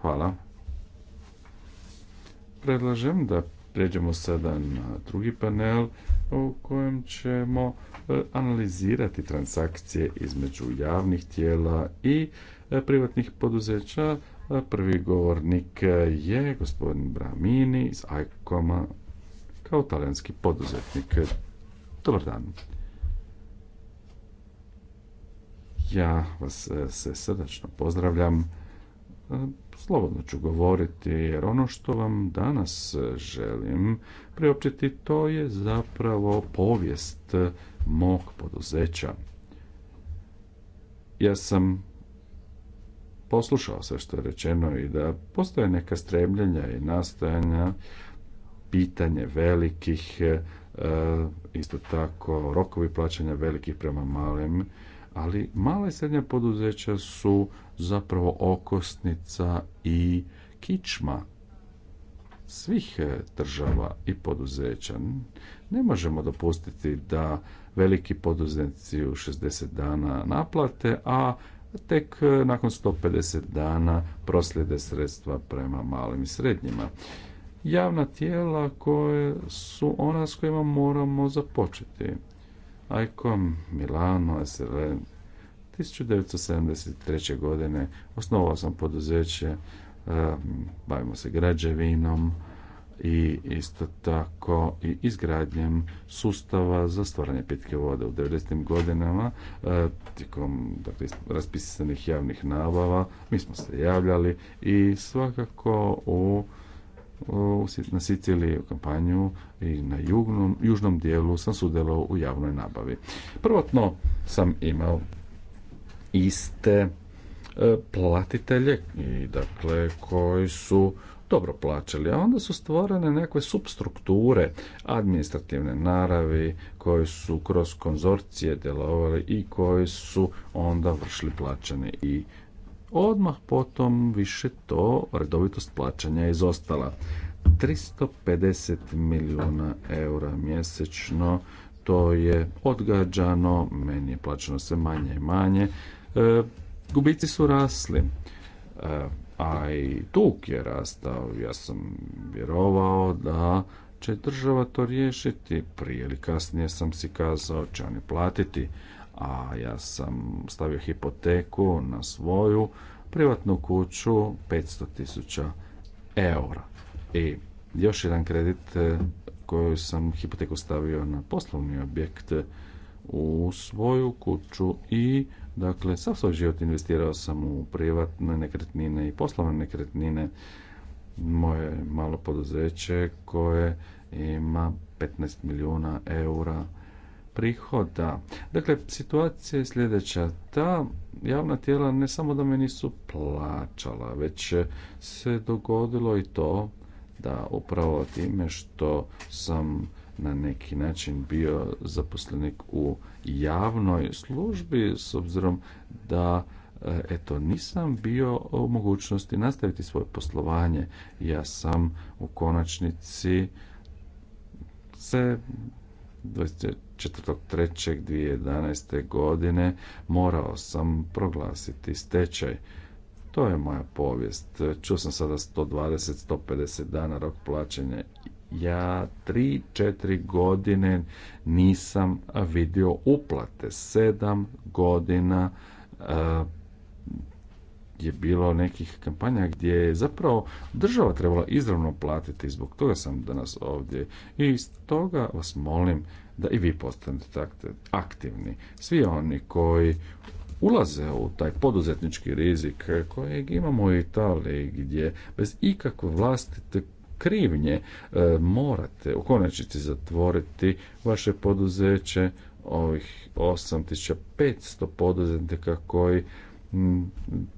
Hvala predlažem da pređemo sada na drugi panel u kojem ćemo e, analizirati transakcije između javnih tijela i e, privatnih poduzeća. E, prvi govornik je gospodin Bramini iz ICOM-a kao talijanski poduzetnik. Dobar dan. Ja vas se srdačno pozdravljam slobodno ću govoriti jer ono što vam danas želim priopćiti to je zapravo povijest mog poduzeća. Ja sam poslušao sve što je rečeno i da postoje neka stremljenja i nastojanja, pitanje velikih, e, isto tako rokovi plaćanja velikih prema malim, ali male i srednja poduzeća su zapravo okosnica i kičma svih e, država i poduzeća. Ne možemo dopustiti da veliki poduzetnici u 60 dana naplate, a tek e, nakon 150 dana proslijede sredstva prema malim i srednjima. Javna tijela koje su ona s kojima moramo započeti. AIKOM, Milano SR. 1973. godine osnovao sam poduzeće bavimo se građevinom i isto tako i izgradnjem sustava za stvaranje pitke vode u 90. godinama e, tijekom dakle, raspisanih javnih nabava mi smo se javljali i svakako u na Siciliji u kampanju i na jugnom, južnom dijelu sam sudjelovao u javnoj nabavi. Prvotno sam imao iste e, platitelje i dakle koji su dobro plaćali, a onda su stvorene neke substrukture administrativne naravi koje su kroz konzorcije djelovali i koji su onda vršili plaćanje i odmah potom više to redovitost plaćanja je izostala. 350 milijuna eura mjesečno to je odgađano, meni je plaćeno sve manje i manje. E, gubici su rasli, e, a i tuk je rastao. Ja sam vjerovao da će država to riješiti. Prije ili kasnije sam si kazao će oni platiti, a ja sam stavio hipoteku na svoju privatnu kuću 500.000 eura. I još jedan kredit e, koju sam hipoteku stavio na poslovni objekt u svoju kuću i dakle sav svoj život investirao sam u privatne nekretnine i poslovne nekretnine moje malo poduzeće koje ima 15 milijuna eura prihoda. Dakle, situacija je sljedeća. Ta javna tijela ne samo da me nisu plaćala, već se dogodilo i to da upravo time što sam na neki način bio zaposlenik u javnoj službi s obzirom da e, eto nisam bio u mogućnosti nastaviti svoje poslovanje. Ja sam u konačnici se 4.3.2011. godine morao sam proglasiti stečaj. To je moja povijest. Čuo sam sada 120, 150 dana rok plaćanja. Ja 3-4 godine nisam vidio uplate. 7 godina e, je bilo nekih kampanja gdje je zapravo država trebala izravno platiti. Zbog toga sam danas ovdje. I stoga vas molim da i vi postanete aktivni. Svi oni koji ulaze u taj poduzetnički rizik kojeg imamo u Italiji gdje bez ikakve vlastite krivnje e, morate u konačnici zatvoriti vaše poduzeće ovih 8500 poduzetnika koji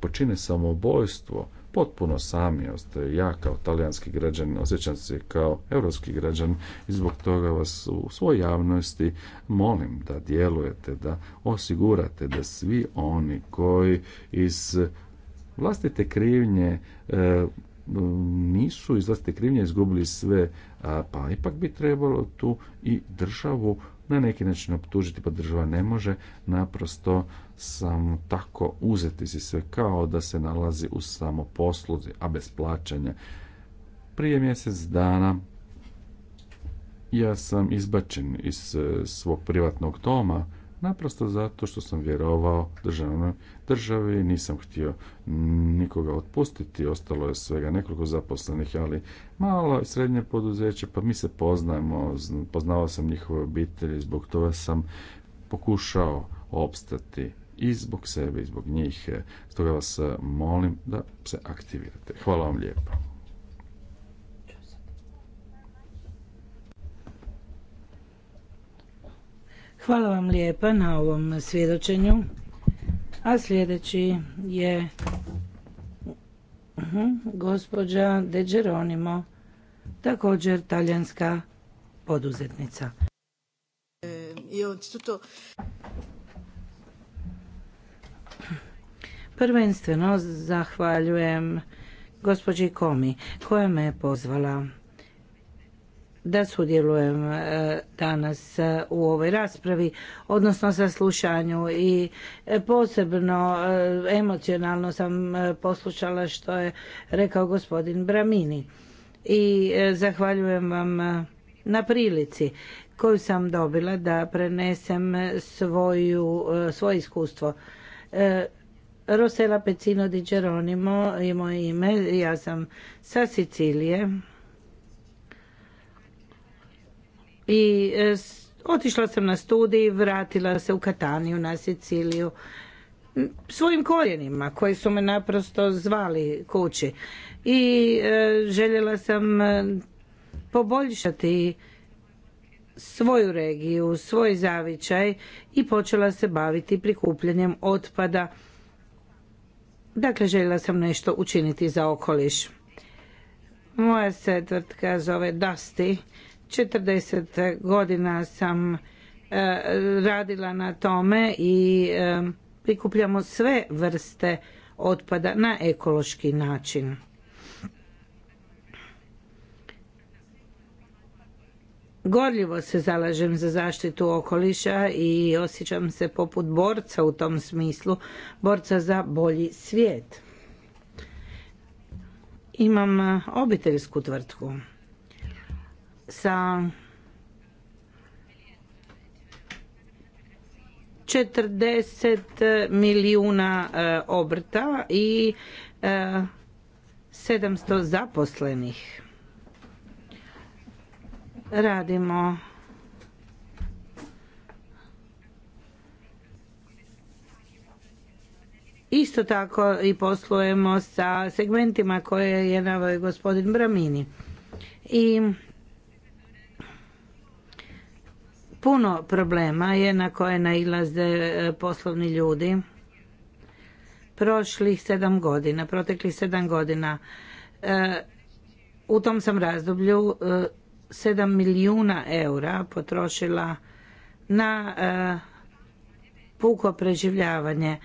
počine samoubojstvo potpuno sami, ostaje ja kao talijanski građan, osjećam se kao europski građan i zbog toga vas u svojoj javnosti molim da djelujete, da osigurate da svi oni koji iz vlastite krivnje e, nisu iz vlastite krivnje izgubili sve, pa ipak bi trebalo tu i državu na neki način optužiti, pa država ne može naprosto sam tako uzeti si sve kao da se nalazi u samoposluzi, a bez plaćanja. Prije mjesec dana ja sam izbačen iz eh, svog privatnog doma, naprosto zato što sam vjerovao državnoj državi, nisam htio nikoga otpustiti, ostalo je svega nekoliko zaposlenih, ali malo i srednje poduzeće, pa mi se poznajemo, poznavao sam njihove obitelji, zbog toga sam pokušao opstati i zbog sebe i zbog njih. E, stoga vas e, molim da se aktivirate. Hvala vam lijepo. Hvala vam lijepa na ovom svjedočenju. A sljedeći je mhm, gospođa De Geronimo, također talijanska poduzetnica. Eh, Prvenstveno zahvaljujem gospođi Komi koja me je pozvala da sudjelujem e, danas e, u ovoj raspravi, odnosno saslušanju i e, posebno emocionalno sam poslušala što je rekao gospodin Bramini i zahvaljujem vam na prilici koju sam dobila da prenesem svoju, svoje iskustvo. Rosela Pecino di Geronimo je moje ime, ja sam sa Sicilije i e, otišla sam na studij, vratila se u Kataniju na Siciliju svojim korijenima koji su me naprosto zvali kući i e, željela sam e, poboljšati svoju regiju, svoj zavičaj i počela se baviti prikupljanjem otpada. Dakle, željela sam nešto učiniti za okoliš. Moja se tvrtka zove Dusty 40 godina sam e, radila na tome i e, prikupljamo sve vrste otpada na ekološki način. Gorljivo se zalažem za zaštitu okoliša i osjećam se poput borca u tom smislu, borca za bolji svijet. Imam e, obiteljsku tvrtku sa 40 milijuna e, obrta i 700 e, zaposlenih. Radimo Isto tako i poslujemo sa segmentima koje je navoj gospodin Bramini. I Puno problema je na koje nailaze e, poslovni ljudi prošlih sedam godina, proteklih sedam godina. E, u tom sam razdoblju e, sedam milijuna eura potrošila na puko preživljavanje.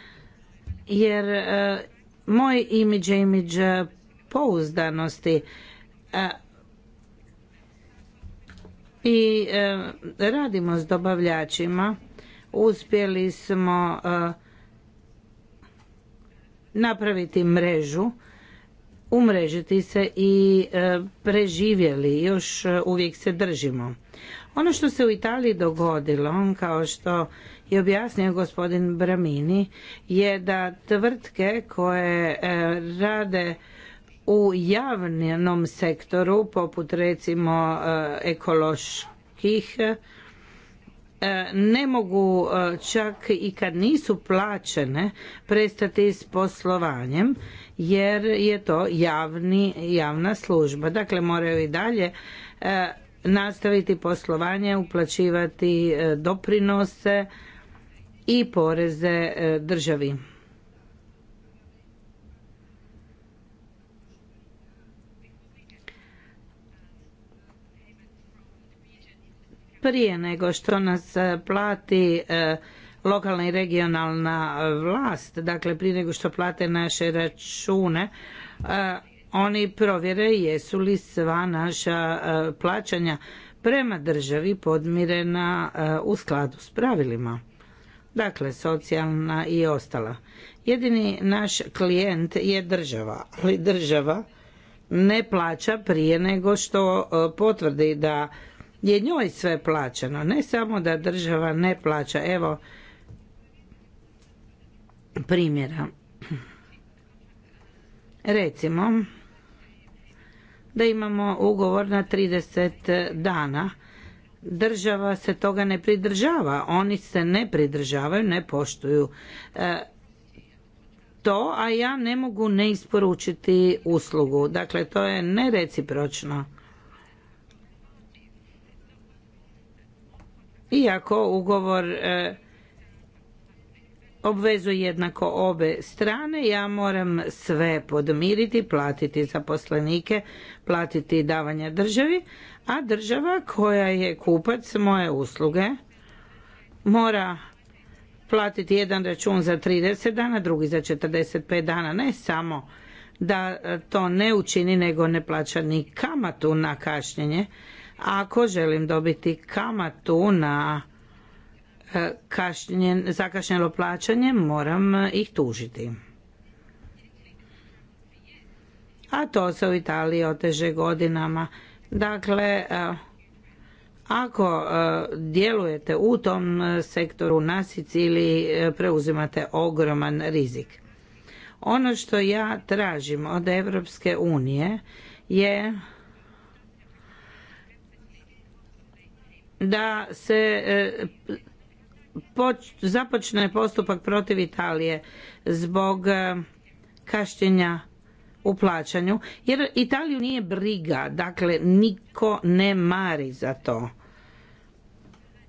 Jer moj imidž je imidž pouzdanosti i e, radimo s dobavljačima. Uspjeli smo e, napraviti mrežu, umrežiti se i e, preživjeli, još uvijek se držimo. Ono što se u Italiji dogodilo, kao što je objasnio gospodin Bramini, je da tvrtke koje rade u javnom sektoru poput recimo e, ekoloških e, ne mogu e, čak i kad nisu plaćene prestati s poslovanjem jer je to javni, javna služba. Dakle, moraju i dalje nastaviti poslovanje, uplaćivati doprinose i poreze državi. prije nego što nas e, plati e, lokalna i regionalna vlast, dakle prije nego što plate naše račune, e, oni provjere jesu li sva naša plaćanja prema državi podmirena u skladu s pravilima. Dakle, socijalna i ostala. Jedini naš klijent je država, ali država ne plaća prije nego što potvrdi da je njoj sve plaćeno, ne samo da država ne plaća. Evo primjera. Recimo da imamo ugovor na 30 dana. Država se toga ne pridržava, oni se ne pridržavaju, ne poštuju e, to, a ja ne mogu ne isporučiti uslugu. Dakle, to je nerecipročno. iako ugovor e, obvezuje jednako obe strane, ja moram sve podmiriti, platiti zaposlenike, platiti davanja državi, a država koja je kupac moje usluge mora platiti jedan račun za 30 dana, drugi za 45 dana, ne samo da to ne učini, nego ne plaća ni kamatu na kašnjenje ako želim dobiti kamatu na e, zakašnjelo plaćanje, moram e, ih tužiti. A to se u Italiji oteže godinama. Dakle, e, ako djelujete u tom sektoru na Siciliji, preuzimate ogroman rizik. Ono što ja tražim od Europske unije je da se e, započne postupak protiv Italije zbog e, kašnjenja u plaćanju jer Italiju nije briga, dakle niko ne mari za to.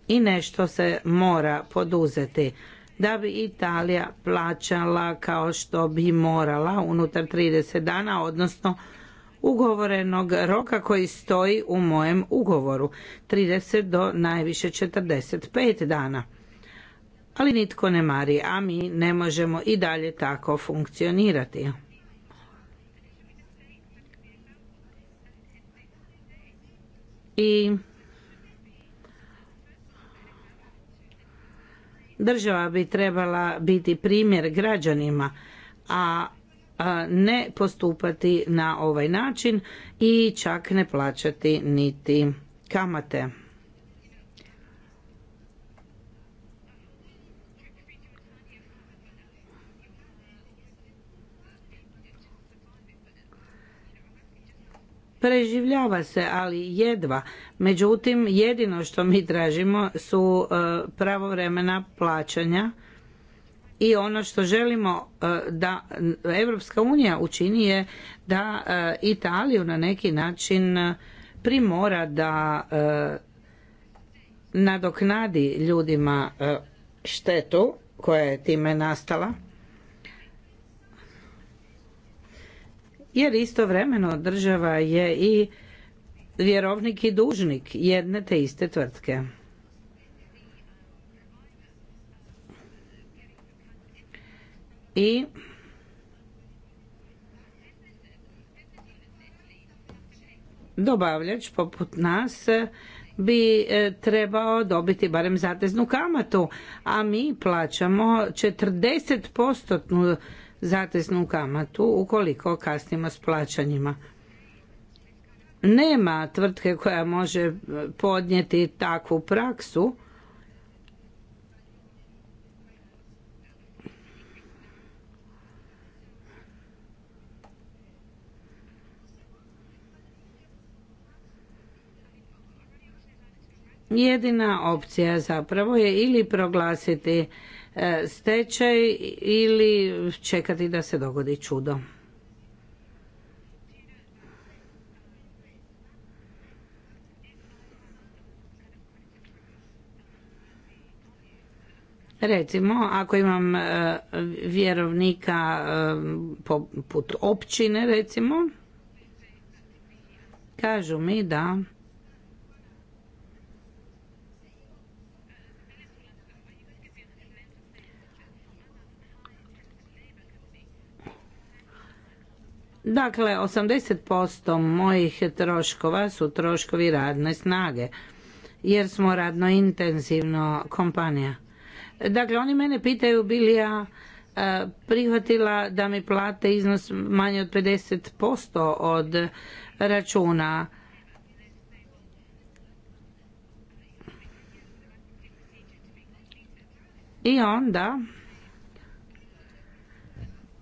I nešto se mora poduzeti da bi Italija plaćala kao što bi morala unutar 30 dana, odnosno ugovorenog roka koji stoji u mojem ugovoru 30 do najviše 45 dana. Ali nitko ne mari, a mi ne možemo i dalje tako funkcionirati. I država bi trebala biti primjer građanima, a ne postupati na ovaj način i čak ne plaćati niti kamate. preživljava se, ali jedva. Međutim, jedino što mi tražimo su e, pravovremena plaćanja i ono što želimo e, da Europska unija učini je da e, Italiju na neki način e, primora da nadoknadi ljudima štetu koja je time nastala. Jer istovremeno država je i vjerovnik i dužnik jedne te iste tvrtke. i dobavljač poput nas bi e, trebao dobiti barem zateznu kamatu, a mi plaćamo 40% zateznu kamatu ukoliko kasnimo s plaćanjima. Nema tvrtke koja može podnijeti takvu praksu jedina opcija zapravo je ili proglasiti e, stečaj ili čekati da se dogodi čudo. Recimo, ako imam e, vjerovnika e, poput općine, recimo, kažu mi da Dakle, 80% mojih troškova su troškovi radne snage, jer smo radno intenzivno kompanija. Dakle, oni mene pitaju li ja e, prihvatila da mi plate iznos manje od 50% od računa. I onda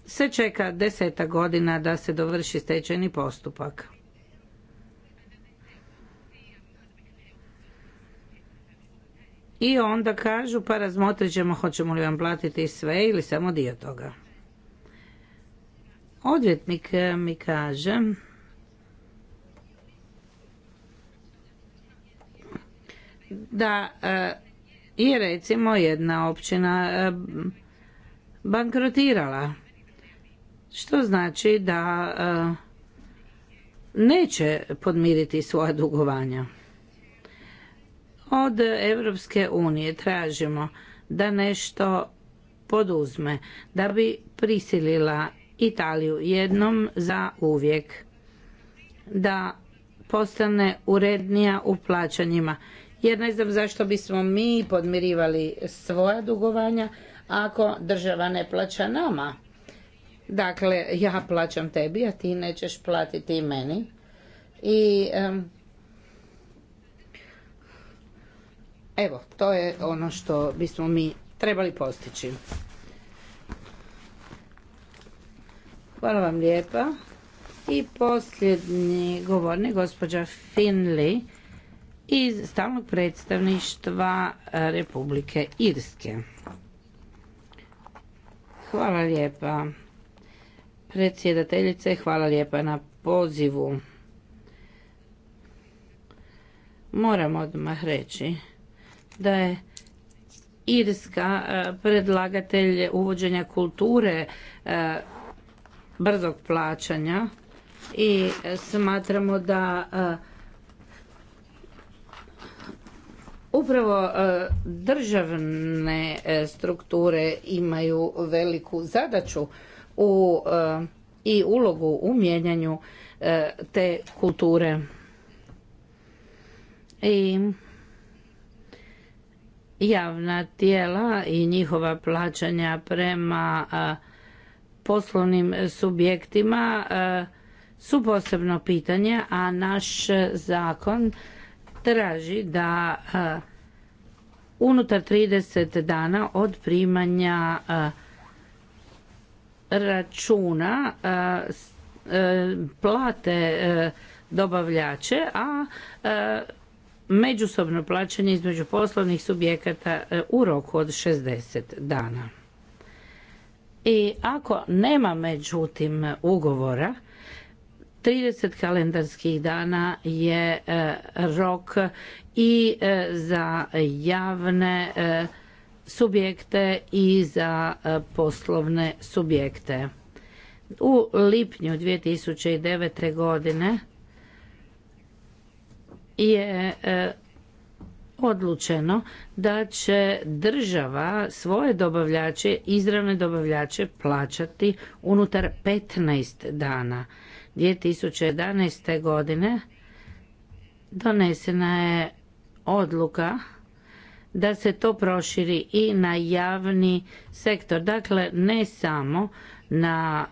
se čeka deseta godina da se dovrši stečajni postupak. I onda kažu pa razmotrit ćemo hoćemo li vam platiti sve ili samo dio toga. Odvjetnik eh, mi kaže da eh, je recimo jedna općina eh, bankrotirala što znači da e, neće podmiriti svoja dugovanja. Od Europske unije tražimo da nešto poduzme da bi prisilila Italiju jednom za uvijek da postane urednija u plaćanjima. Jer ne znam zašto bismo mi podmirivali svoja dugovanja ako država ne plaća nama. Dakle, ja plaćam tebi, a ti nećeš platiti meni. I evo, to je ono što bismo mi trebali postići. Hvala vam lijepa. I posljednji govornik, gospođa Finley iz stalnog predstavništva e, Republike Irske. Hvala lijepa. Predsjedateljice, hvala lijepa na pozivu. Moram odmah reći da je Irska e, predlagatelj uvođenja kulture e, brzog plaćanja i smatramo da e, upravo državne strukture imaju veliku zadaću u, e, i ulogu u mijenjanju e, te kulture. I javna tijela i njihova plaćanja prema e, poslovnim subjektima su posebno pitanje, a naš zakon traži da unutar 30 dana od primanja računa e, plate e, dobavljače, a e, međusobno plaćanje između poslovnih subjekata u roku od 60 dana. I ako nema međutim ugovora, 30 kalendarskih dana je rok i za javne subjekte i za e, poslovne subjekte. U lipnju 2009. godine je e, odlučeno da će država svoje dobavljače, izravne dobavljače plaćati unutar 15 dana. 2011. godine donesena je odluka da se to proširi i na javni sektor. Dakle, ne samo na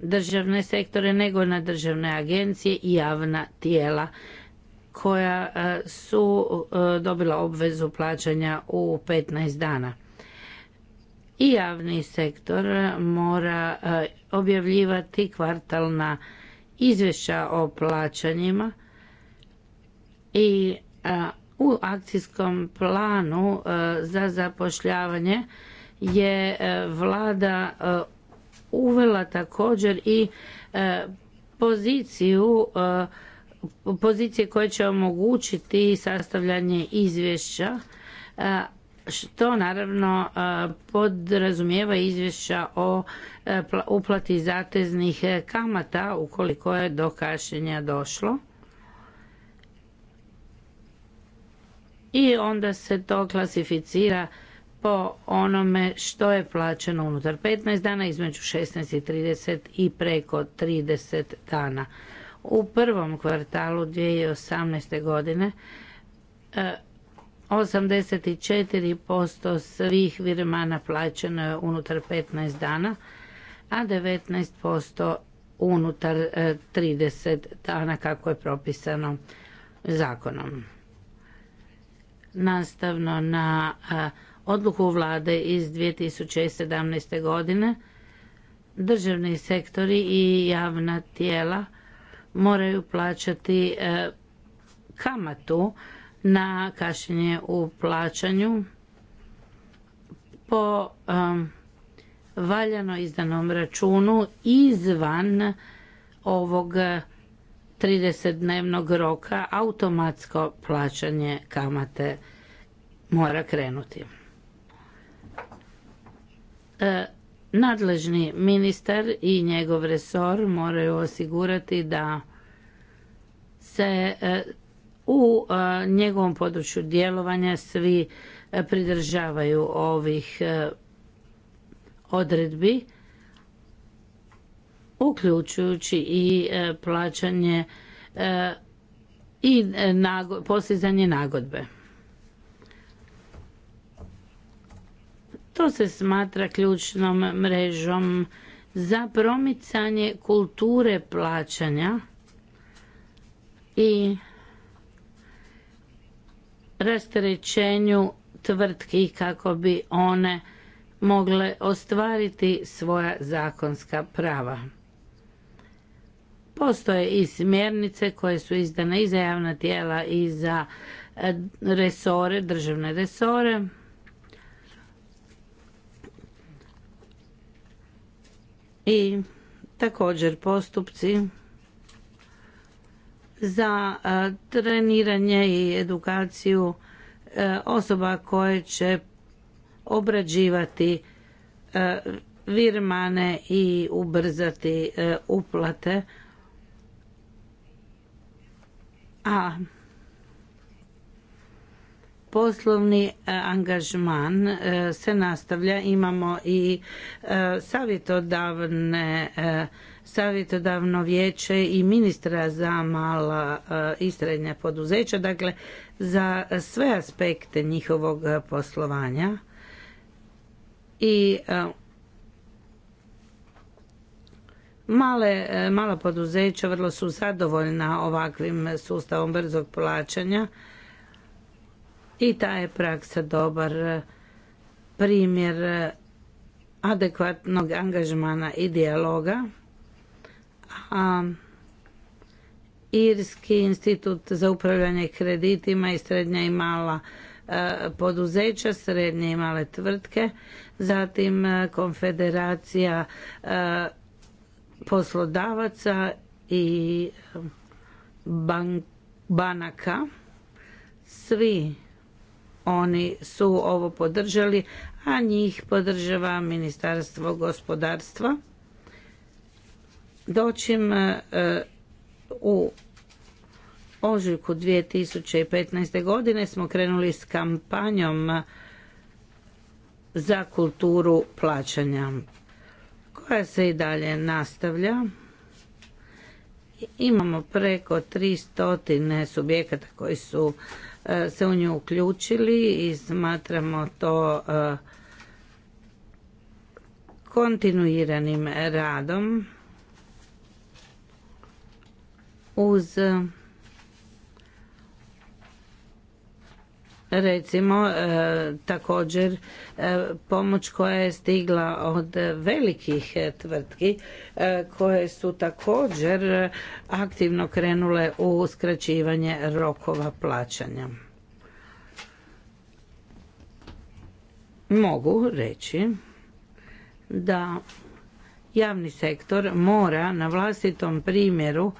državne sektore, nego na državne agencije i javna tijela koja su dobila obvezu plaćanja u 15 dana. I javni sektor mora objavljivati kvartalna izvješća o plaćanjima i u akcijskom planu e, za zapošljavanje je e, vlada e, uvela također i poziciju pozicije koje će omogućiti sastavljanje izvješća što naravno podrazumijeva izvješća o uplati zateznih kamata ukoliko je do kašnjenja došlo i onda se to klasificira po onome što je plaćeno unutar 15 dana, između 16 i 30 i preko 30 dana. U prvom kvartalu 2018. godine 84% e, svih virmana plaćeno je unutar 15 dana, a 19% unutar 30 e, dana kako je propisano zakonom nastavno na odluku vlade iz 2017. godine državni sektori i javna tijela moraju plaćati e, kamatu na kašnjenje u plaćanju po valjano izdanom računu izvan ovog 30 dnevnog roka automatsko plaćanje kamate mora krenuti. E, nadležni ministar i njegov resor moraju osigurati da se e, u e, njegovom području djelovanja svi pridržavaju ovih odredbi uključujući i e, plaćanje e, i e, postizanje nagodbe. To se smatra ključnom mrežom za promicanje kulture plaćanja i rasterećenju tvrtki kako bi one mogle ostvariti svoja zakonska prava. Postoje i smjernice koje su izdane i za javna tijela i za e, resore, državne resore. I također postupci za e, treniranje i edukaciju e, osoba koje će obrađivati virmane i ubrzati uplate a poslovni e, angažman e, se nastavlja. Imamo i e, savjetodavne savjetodavno vijeće i ministra za mala i srednja poduzeća, dakle za sve aspekte njihovog poslovanja i E, mala poduzeća vrlo su zadovoljna ovakvim sustavom brzog plaćanja i ta je praksa dobar e, primjer e, adekvatnog angažmana i dijaloga. A Irski institut za upravljanje kreditima i srednja i mala poduzeća, srednje i male tvrtke, zatim konfederacija poslodavaca i um, banaka. Svi oni su ovo podržali, a njih podržava Ministarstvo gospodarstva. Doćim uh, u ožujku 2015. godine smo krenuli s kampanjom za kulturu plaćanja koja se i dalje nastavlja. Imamo preko 300 subjekata koji su e, se u nju uključili i smatramo to e, kontinuiranim radom uz recimo e, također e, pomoć koja je stigla od velikih e, tvrtki koje su također aktivno krenule u skraćivanje rokova plaćanja. Mogu reći da javni sektor mora na vlastitom primjeru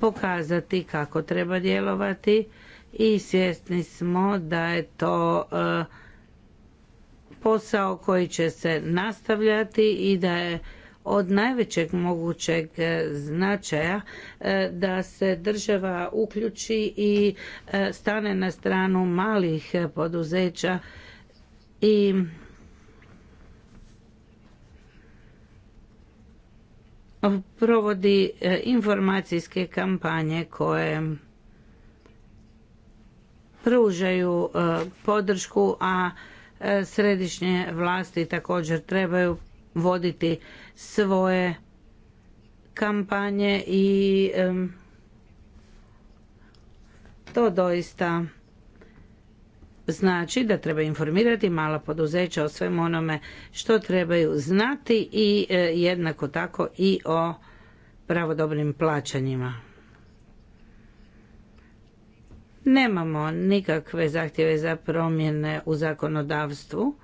pokazati kako treba djelovati i svjesni smo da je to e, posao koji će se nastavljati i da je od najvećeg mogućeg e, značaja e, da se država uključi i stane na stranu malih poduzeća i provodi informacijske kampanje koje pružaju e, podršku, a e, središnje vlasti također trebaju voditi svoje kampanje i to doista znači da treba informirati mala poduzeća o svemu onome što trebaju znati i e, jednako tako i o pravodobnim plaćanjima nemamo nikakve zahtjeve za promjene u zakonodavstvu.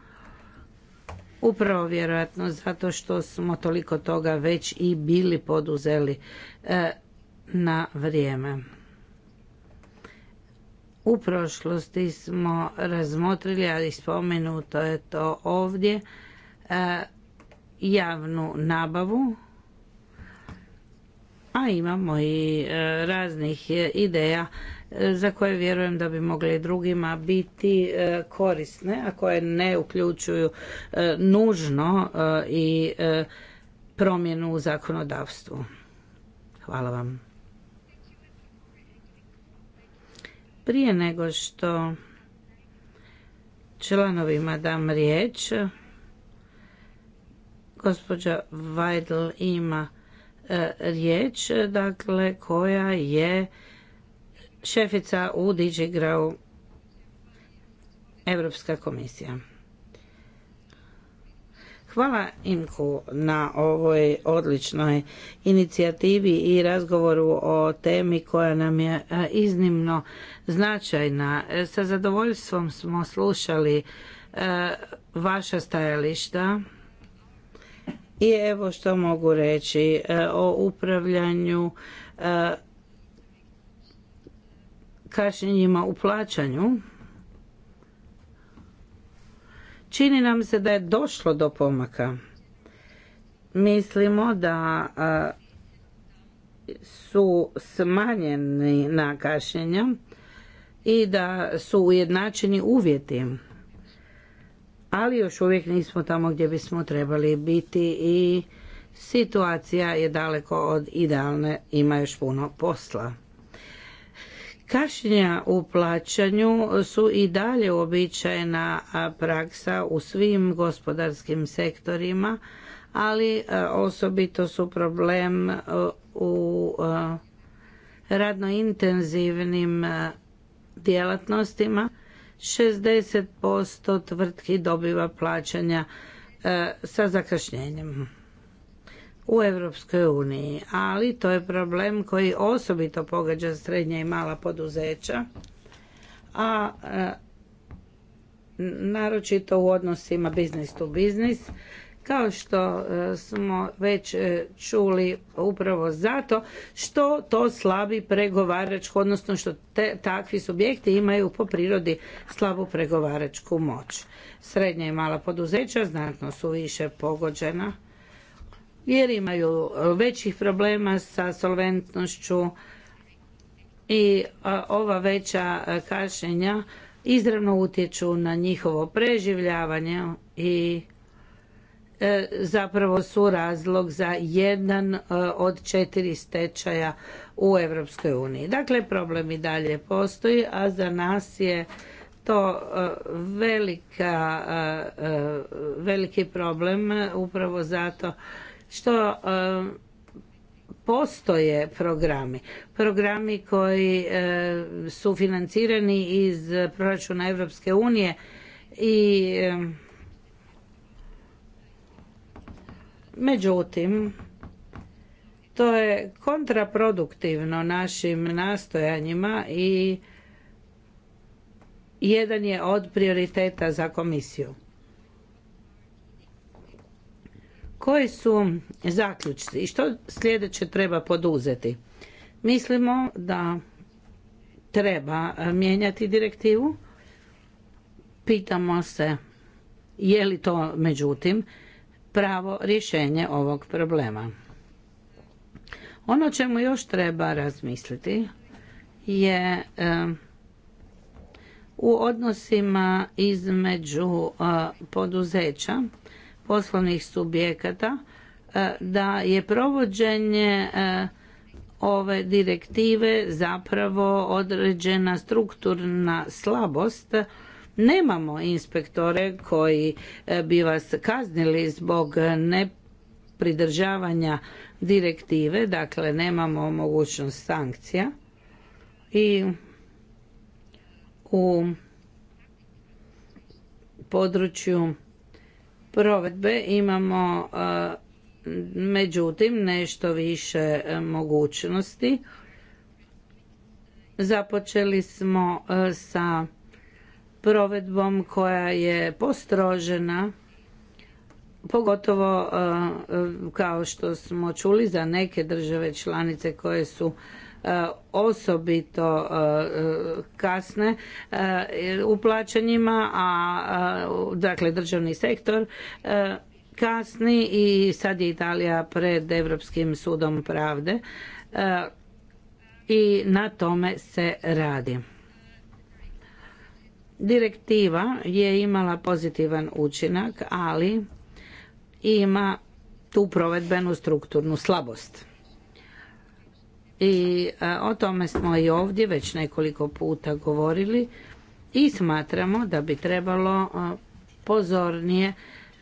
Upravo vjerojatno zato što smo toliko toga već i bili poduzeli e, na vrijeme. U prošlosti smo razmotrili, ali spomenuto je to ovdje, e, javnu nabavu, a imamo i e, raznih ideja za koje vjerujem da bi mogle i drugima biti e, korisne, a koje ne uključuju e, nužno e, i promjenu u zakonodavstvu. Hvala vam. Prije nego što članovima dam riječ, gospođa Vajdl ima riječ, dakle, koja je šefica u DigiGrow Europska komisija. Hvala Inku na ovoj odličnoj inicijativi i razgovoru o temi koja nam je iznimno značajna. Sa zadovoljstvom smo slušali e, vaša stajališta i evo što mogu reći e, o upravljanju e, kašnjenjima u plaćanju, čini nam se da je došlo do pomaka. Mislimo da su smanjeni na kašnjenja i da su ujednačeni uvjeti. Ali još uvijek nismo tamo gdje bismo trebali biti i situacija je daleko od idealne, ima još puno posla. Kašnjenja u plaćanju su i dalje uobičajena praksa u svim gospodarskim sektorima, ali e, osobito su problem e, u e, radno intenzivnim djelatnostima. 60% tvrtki dobiva plaćanja sa zakašnjenjem u Europskoj uniji, ali to je problem koji osobito pogađa srednja i mala poduzeća, a e, naročito u odnosima business to business, kao što e, smo već e, čuli upravo zato što to slabi pregovaračku, odnosno što te, takvi subjekti imaju po prirodi slabu pregovaračku moć. Srednja i mala poduzeća znatno su više pogođena jer imaju e, većih problema sa solventnošću i e, ova veća e, kašnjenja izravno utječu na njihovo preživljavanje i zapravo su razlog za jedan od četiri stečaja u Europskoj uniji. Dakle, problem i dalje postoji, a za nas je to velika, veliki problem upravo zato što postoje programi. Programi koji su financirani iz proračuna Europske unije i međutim to je kontraproduktivno našim nastojanjima i jedan je od prioriteta za komisiju. Koji su zaključci i što sljedeće treba poduzeti? Mislimo da treba eh, mijenjati direktivu. Pitamo se je li to međutim pravo rješenje ovog problema. Ono čemu još treba razmisliti je eh, u odnosima između eh, poduzeća poslovnih subjekata e, da je provođenje e, ove direktive zapravo određena strukturna slabost nemamo inspektore koji e, bi vas kaznili zbog nepridržavanja direktive dakle nemamo mogućnost sankcija i u području provedbe imamo e, međutim nešto više e, mogućnosti. Započeli smo e, sa provedbom koja je postrožena pogotovo kao što smo čuli za neke države članice koje su E, osobito e, kasne e, u plaćanjima, a dakle državni sektor kasni i sad je Italija pred Europskim sudom pravde i na tome se radi. Direktiva je imala pozitivan učinak, ali ima tu provedbenu strukturnu slabost i e, o tome smo i ovdje već nekoliko puta govorili i smatramo da bi trebalo e, pozornije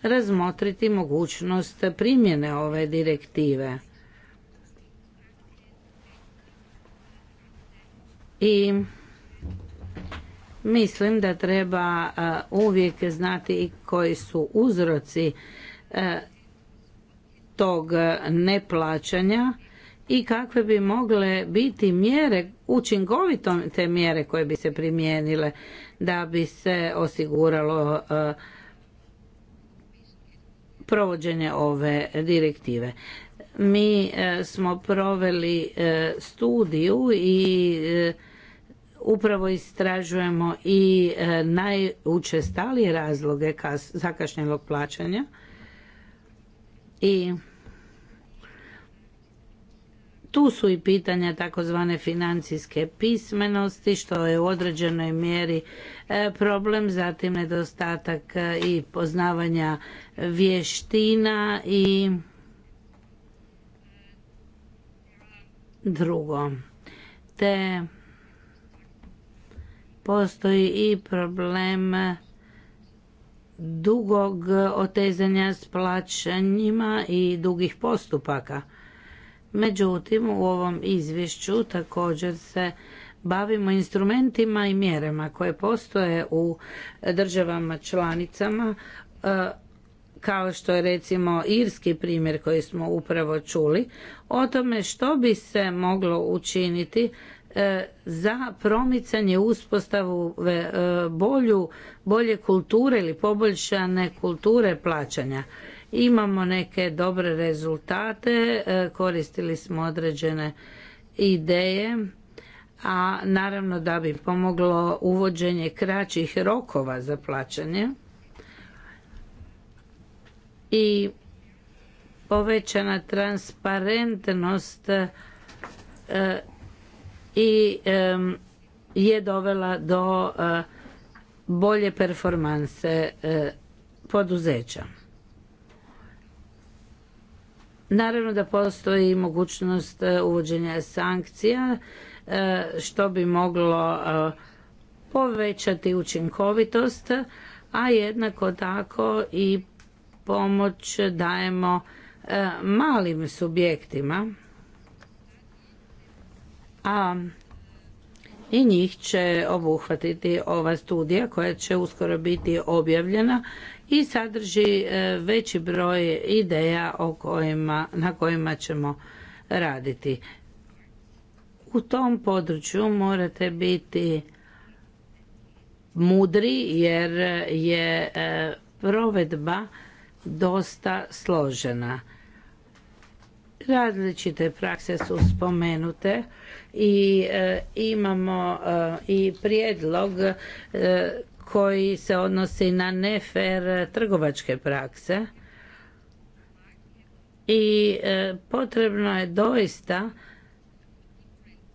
razmotriti mogućnost primjene ove direktive. I mislim da treba e, uvijek znati koji su uzroci tog neplaćanja i kakve bi mogle biti mjere, učinkovito te mjere koje bi se primijenile da bi se osiguralo e, provođenje ove direktive. Mi e, smo proveli e, studiju i upravo istražujemo i najučestalije razloge zakašnjelog plaćanja i tu su i pitanja takozvane financijske pismenosti, što je u određenoj mjeri e, problem, zatim nedostatak e, i poznavanja vještina i drugo. Te postoji i problem dugog otezanja s plaćanjima i dugih postupaka. Međutim, u ovom izvješću također se bavimo instrumentima i mjerama koje postoje u državama članicama e, kao što je recimo irski primjer koji smo upravo čuli o tome što bi se moglo učiniti e, za promicanje uspostavu e, bolju, bolje kulture ili poboljšane kulture plaćanja. Imamo neke dobre rezultate, e, koristili smo određene ideje, a naravno da bi pomoglo uvođenje kraćih rokova za plaćanje i povećana transparentnost e, i e, je dovela do bolje performanse poduzeća. Naravno da postoji mogućnost e, uvođenja sankcija e, što bi moglo e, povećati učinkovitost, a jednako tako i pomoć dajemo malim subjektima, a i njih će obuhvatiti ova studija koja će uskoro biti objavljena i sadrži e, veći broj ideja o kojima, na kojima ćemo raditi. U tom području morate biti mudri jer je e, provedba dosta složena. Različite prakse su spomenute i e, imamo i prijedlog koji se odnosi na nefer trgovačke prakse i e, potrebno je doista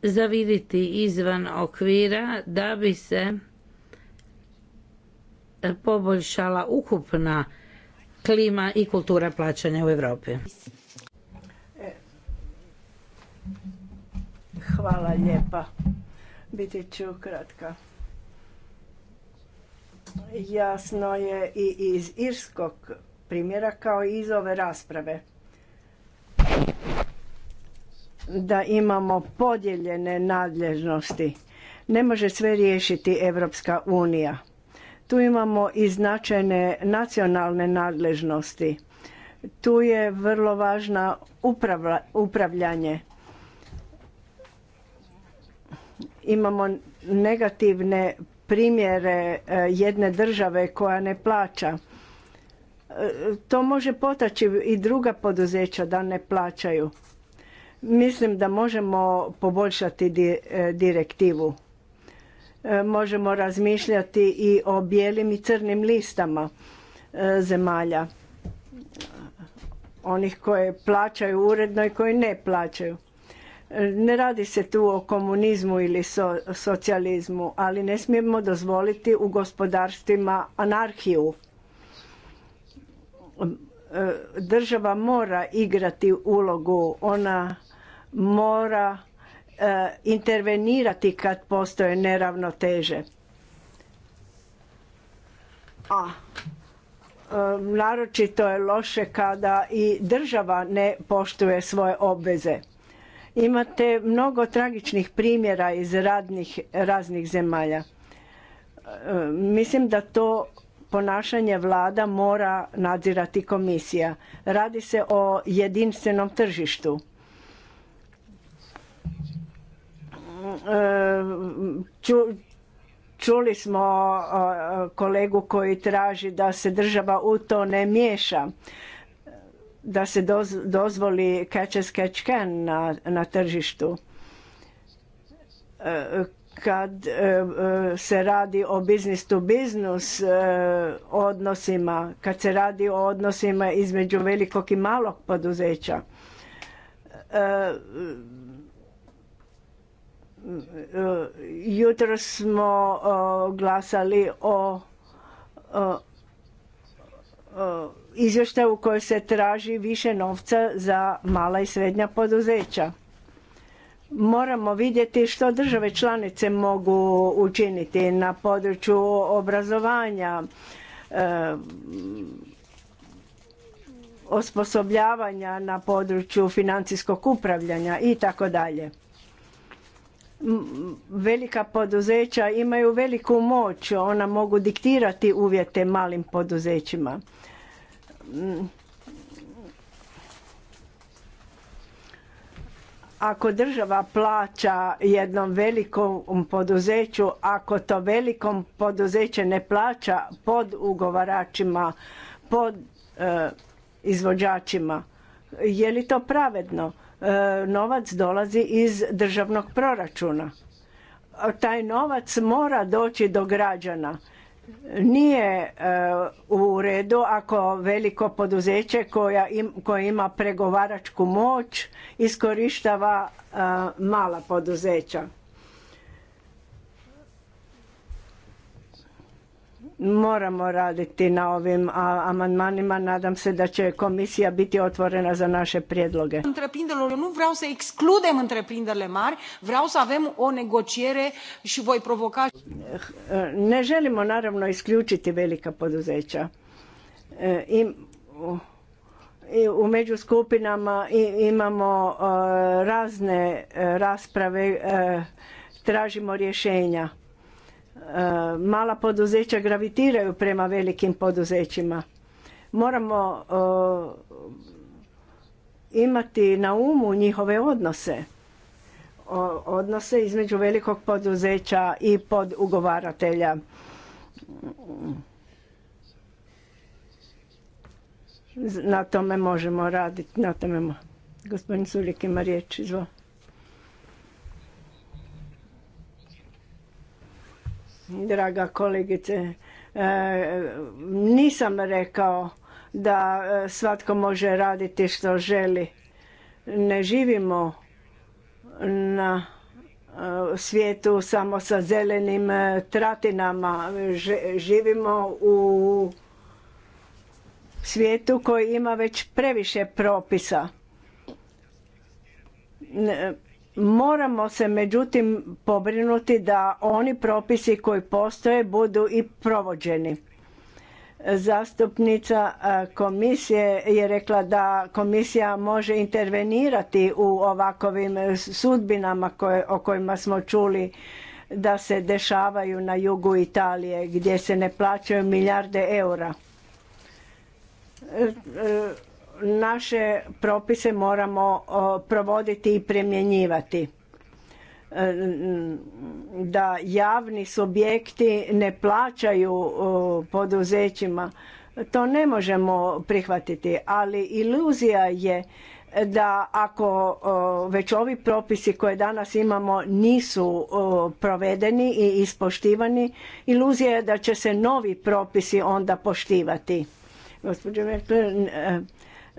zaviditi izvan okvira da bi se e, poboljšala ukupna klima i kultura plaćanja u Europi. Hvala lijepa. Biti ću kratka. Jasno je i iz irskog primjera kao i iz ove rasprave da imamo podijeljene nadležnosti. Ne može sve riješiti Evropska unija. Tu imamo i značajne nacionalne nadležnosti. Tu je vrlo važno upravljanje. Imamo negativne primjere e, jedne države koja ne plaća. E, to može potaći i druga poduzeća da ne plaćaju. Mislim da možemo poboljšati e, direktivu. Možemo razmišljati i o bijelim i crnim listama zemalja. Onih koje plaćaju uredno i koji ne plaćaju ne radi se tu o komunizmu ili socijalizmu, ali ne smijemo dozvoliti u gospodarstvima anarhiju. Država mora igrati ulogu, ona mora e, intervenirati kad postoje neravnoteže. A e, naročito je loše kada i država ne poštuje svoje obveze Imate mnogo tragičnih primjera iz radnih, raznih zemalja. E, mislim da to ponašanje vlada mora nadzirati komisija. Radi se o jedinstvenom tržištu. E, čuli smo e, kolegu koji traži da se država u to ne miješa da se dozvoli catch as catch can na, na tržištu e, kad e, e, se radi o business to business odnosima, kad se radi o odnosima između velikog i malog poduzeća. Jutro smo glasali o E, izvještaj u kojoj se traži više novca za mala i srednja poduzeća. Moramo vidjeti što države članice mogu učiniti na području obrazovanja, e, osposobljavanja na području financijskog upravljanja i tako dalje. Velika poduzeća imaju veliku moć, ona mogu diktirati uvjete malim poduzećima ako država plaća jednom velikom poduzeću, ako to velikom poduzeće ne plaća pod ugovaračima, pod e, izvođačima, je li to pravedno? E, novac dolazi iz državnog proračuna. Taj novac mora doći do građana nije e, u redu ako veliko poduzeće koja koje ima pregovaračku moć iskorištava e, mala poduzeća moramo raditi na ovim amandmanima. Nadam se da će komisija biti otvorena za naše prijedloge. nu vreau să excludem întreprinderile mari, vreau să avem o negociere și voi Ne želimo naravno isključiti velika poduzeća. E, I, i u i imamo e, razne e, rasprave, tražimo rješenja E, mala poduzeća gravitiraju prema velikim poduzećima. Moramo e, imati na umu njihove odnose. Odnose između velikog poduzeća i ugovaratelja. Na tome možemo raditi. Na tome Gospodin Sulik ima riječ. Izvolite. draga kolegice. E, nisam rekao da e, svatko može raditi što želi. Ne živimo na e, svijetu samo sa zelenim tratinama. Živimo u svijetu koji ima već previše propisa. Moramo se međutim pobrinuti da oni propisi koji postoje budu i provođeni. Zastupnica e, komisije je rekla da komisija može intervenirati u ovakovim sudbinama koje, o kojima smo čuli da se dešavaju na jugu Italije gdje se ne plaćaju milijarde eura. E, e, naše propise moramo provoditi i primjenjivati e, da javni subjekti ne plaćaju poduzećima to ne možemo prihvatiti ali iluzija je da ako već ovi propisi koje danas imamo nisu provedeni i ispoštivani iluzija je da će se novi propisi onda poštivati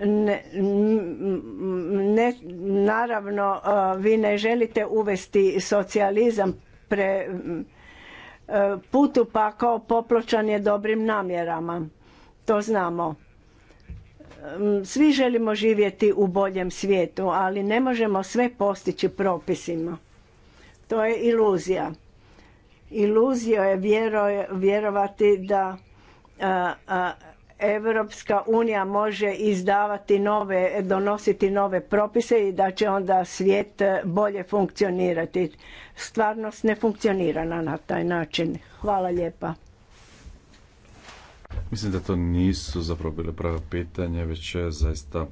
ne, naravno vi ne želite uvesti socijalizam pre putu pa kao popločan je dobrim namjerama. To znamo. Svi želimo živjeti u boljem svijetu, ali ne možemo sve postići propisima. To je iluzija. Iluzija je vjerovati da Europska unija može izdavati nove, donositi nove propise i da će onda svijet e, bolje funkcionirati. Stvarnost ne funkcionira na taj način. Hvala lijepa. Mislim da to nisu zapravo bile prava pitanje, već e, zaista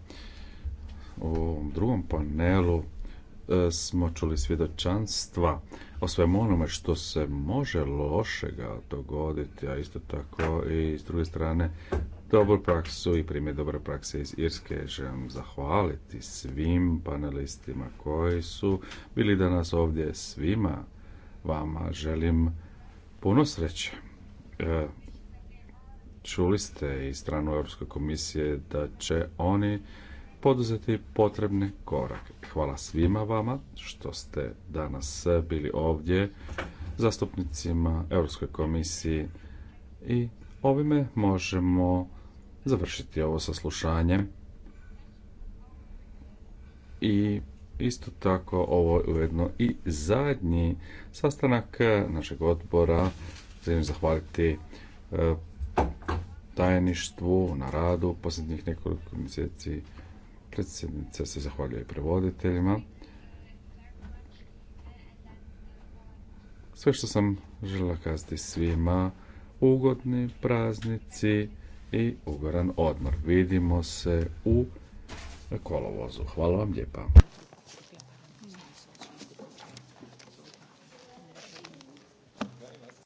u ovom drugom panelu e, smo čuli svjedočanstva o svemu onome što se može lošega dogoditi, a isto tako i s druge strane dobru praksu i primjer dobre prakse iz Irske. Želim zahvaliti svim panelistima koji su bili danas ovdje svima vama. Želim puno sreće. E, čuli ste i stranu Europske komisije da će oni poduzeti potrebne korake. Hvala svima vama što ste danas bili ovdje zastupnicima Europskoj komisije i ovime možemo završiti ovo saslušanje. I isto tako ovo je ujedno i zadnji sastanak našeg odbora. Želim zahvaliti e, tajništvu na radu posljednjih nekoliko mjeseci. Predsjednica se zahvaljuje prevoditeljima. Sve što sam želila kazati svima, ugodni praznici, i ugoran odmor. Vidimo se u kolovozu. Hvala vam lijepa.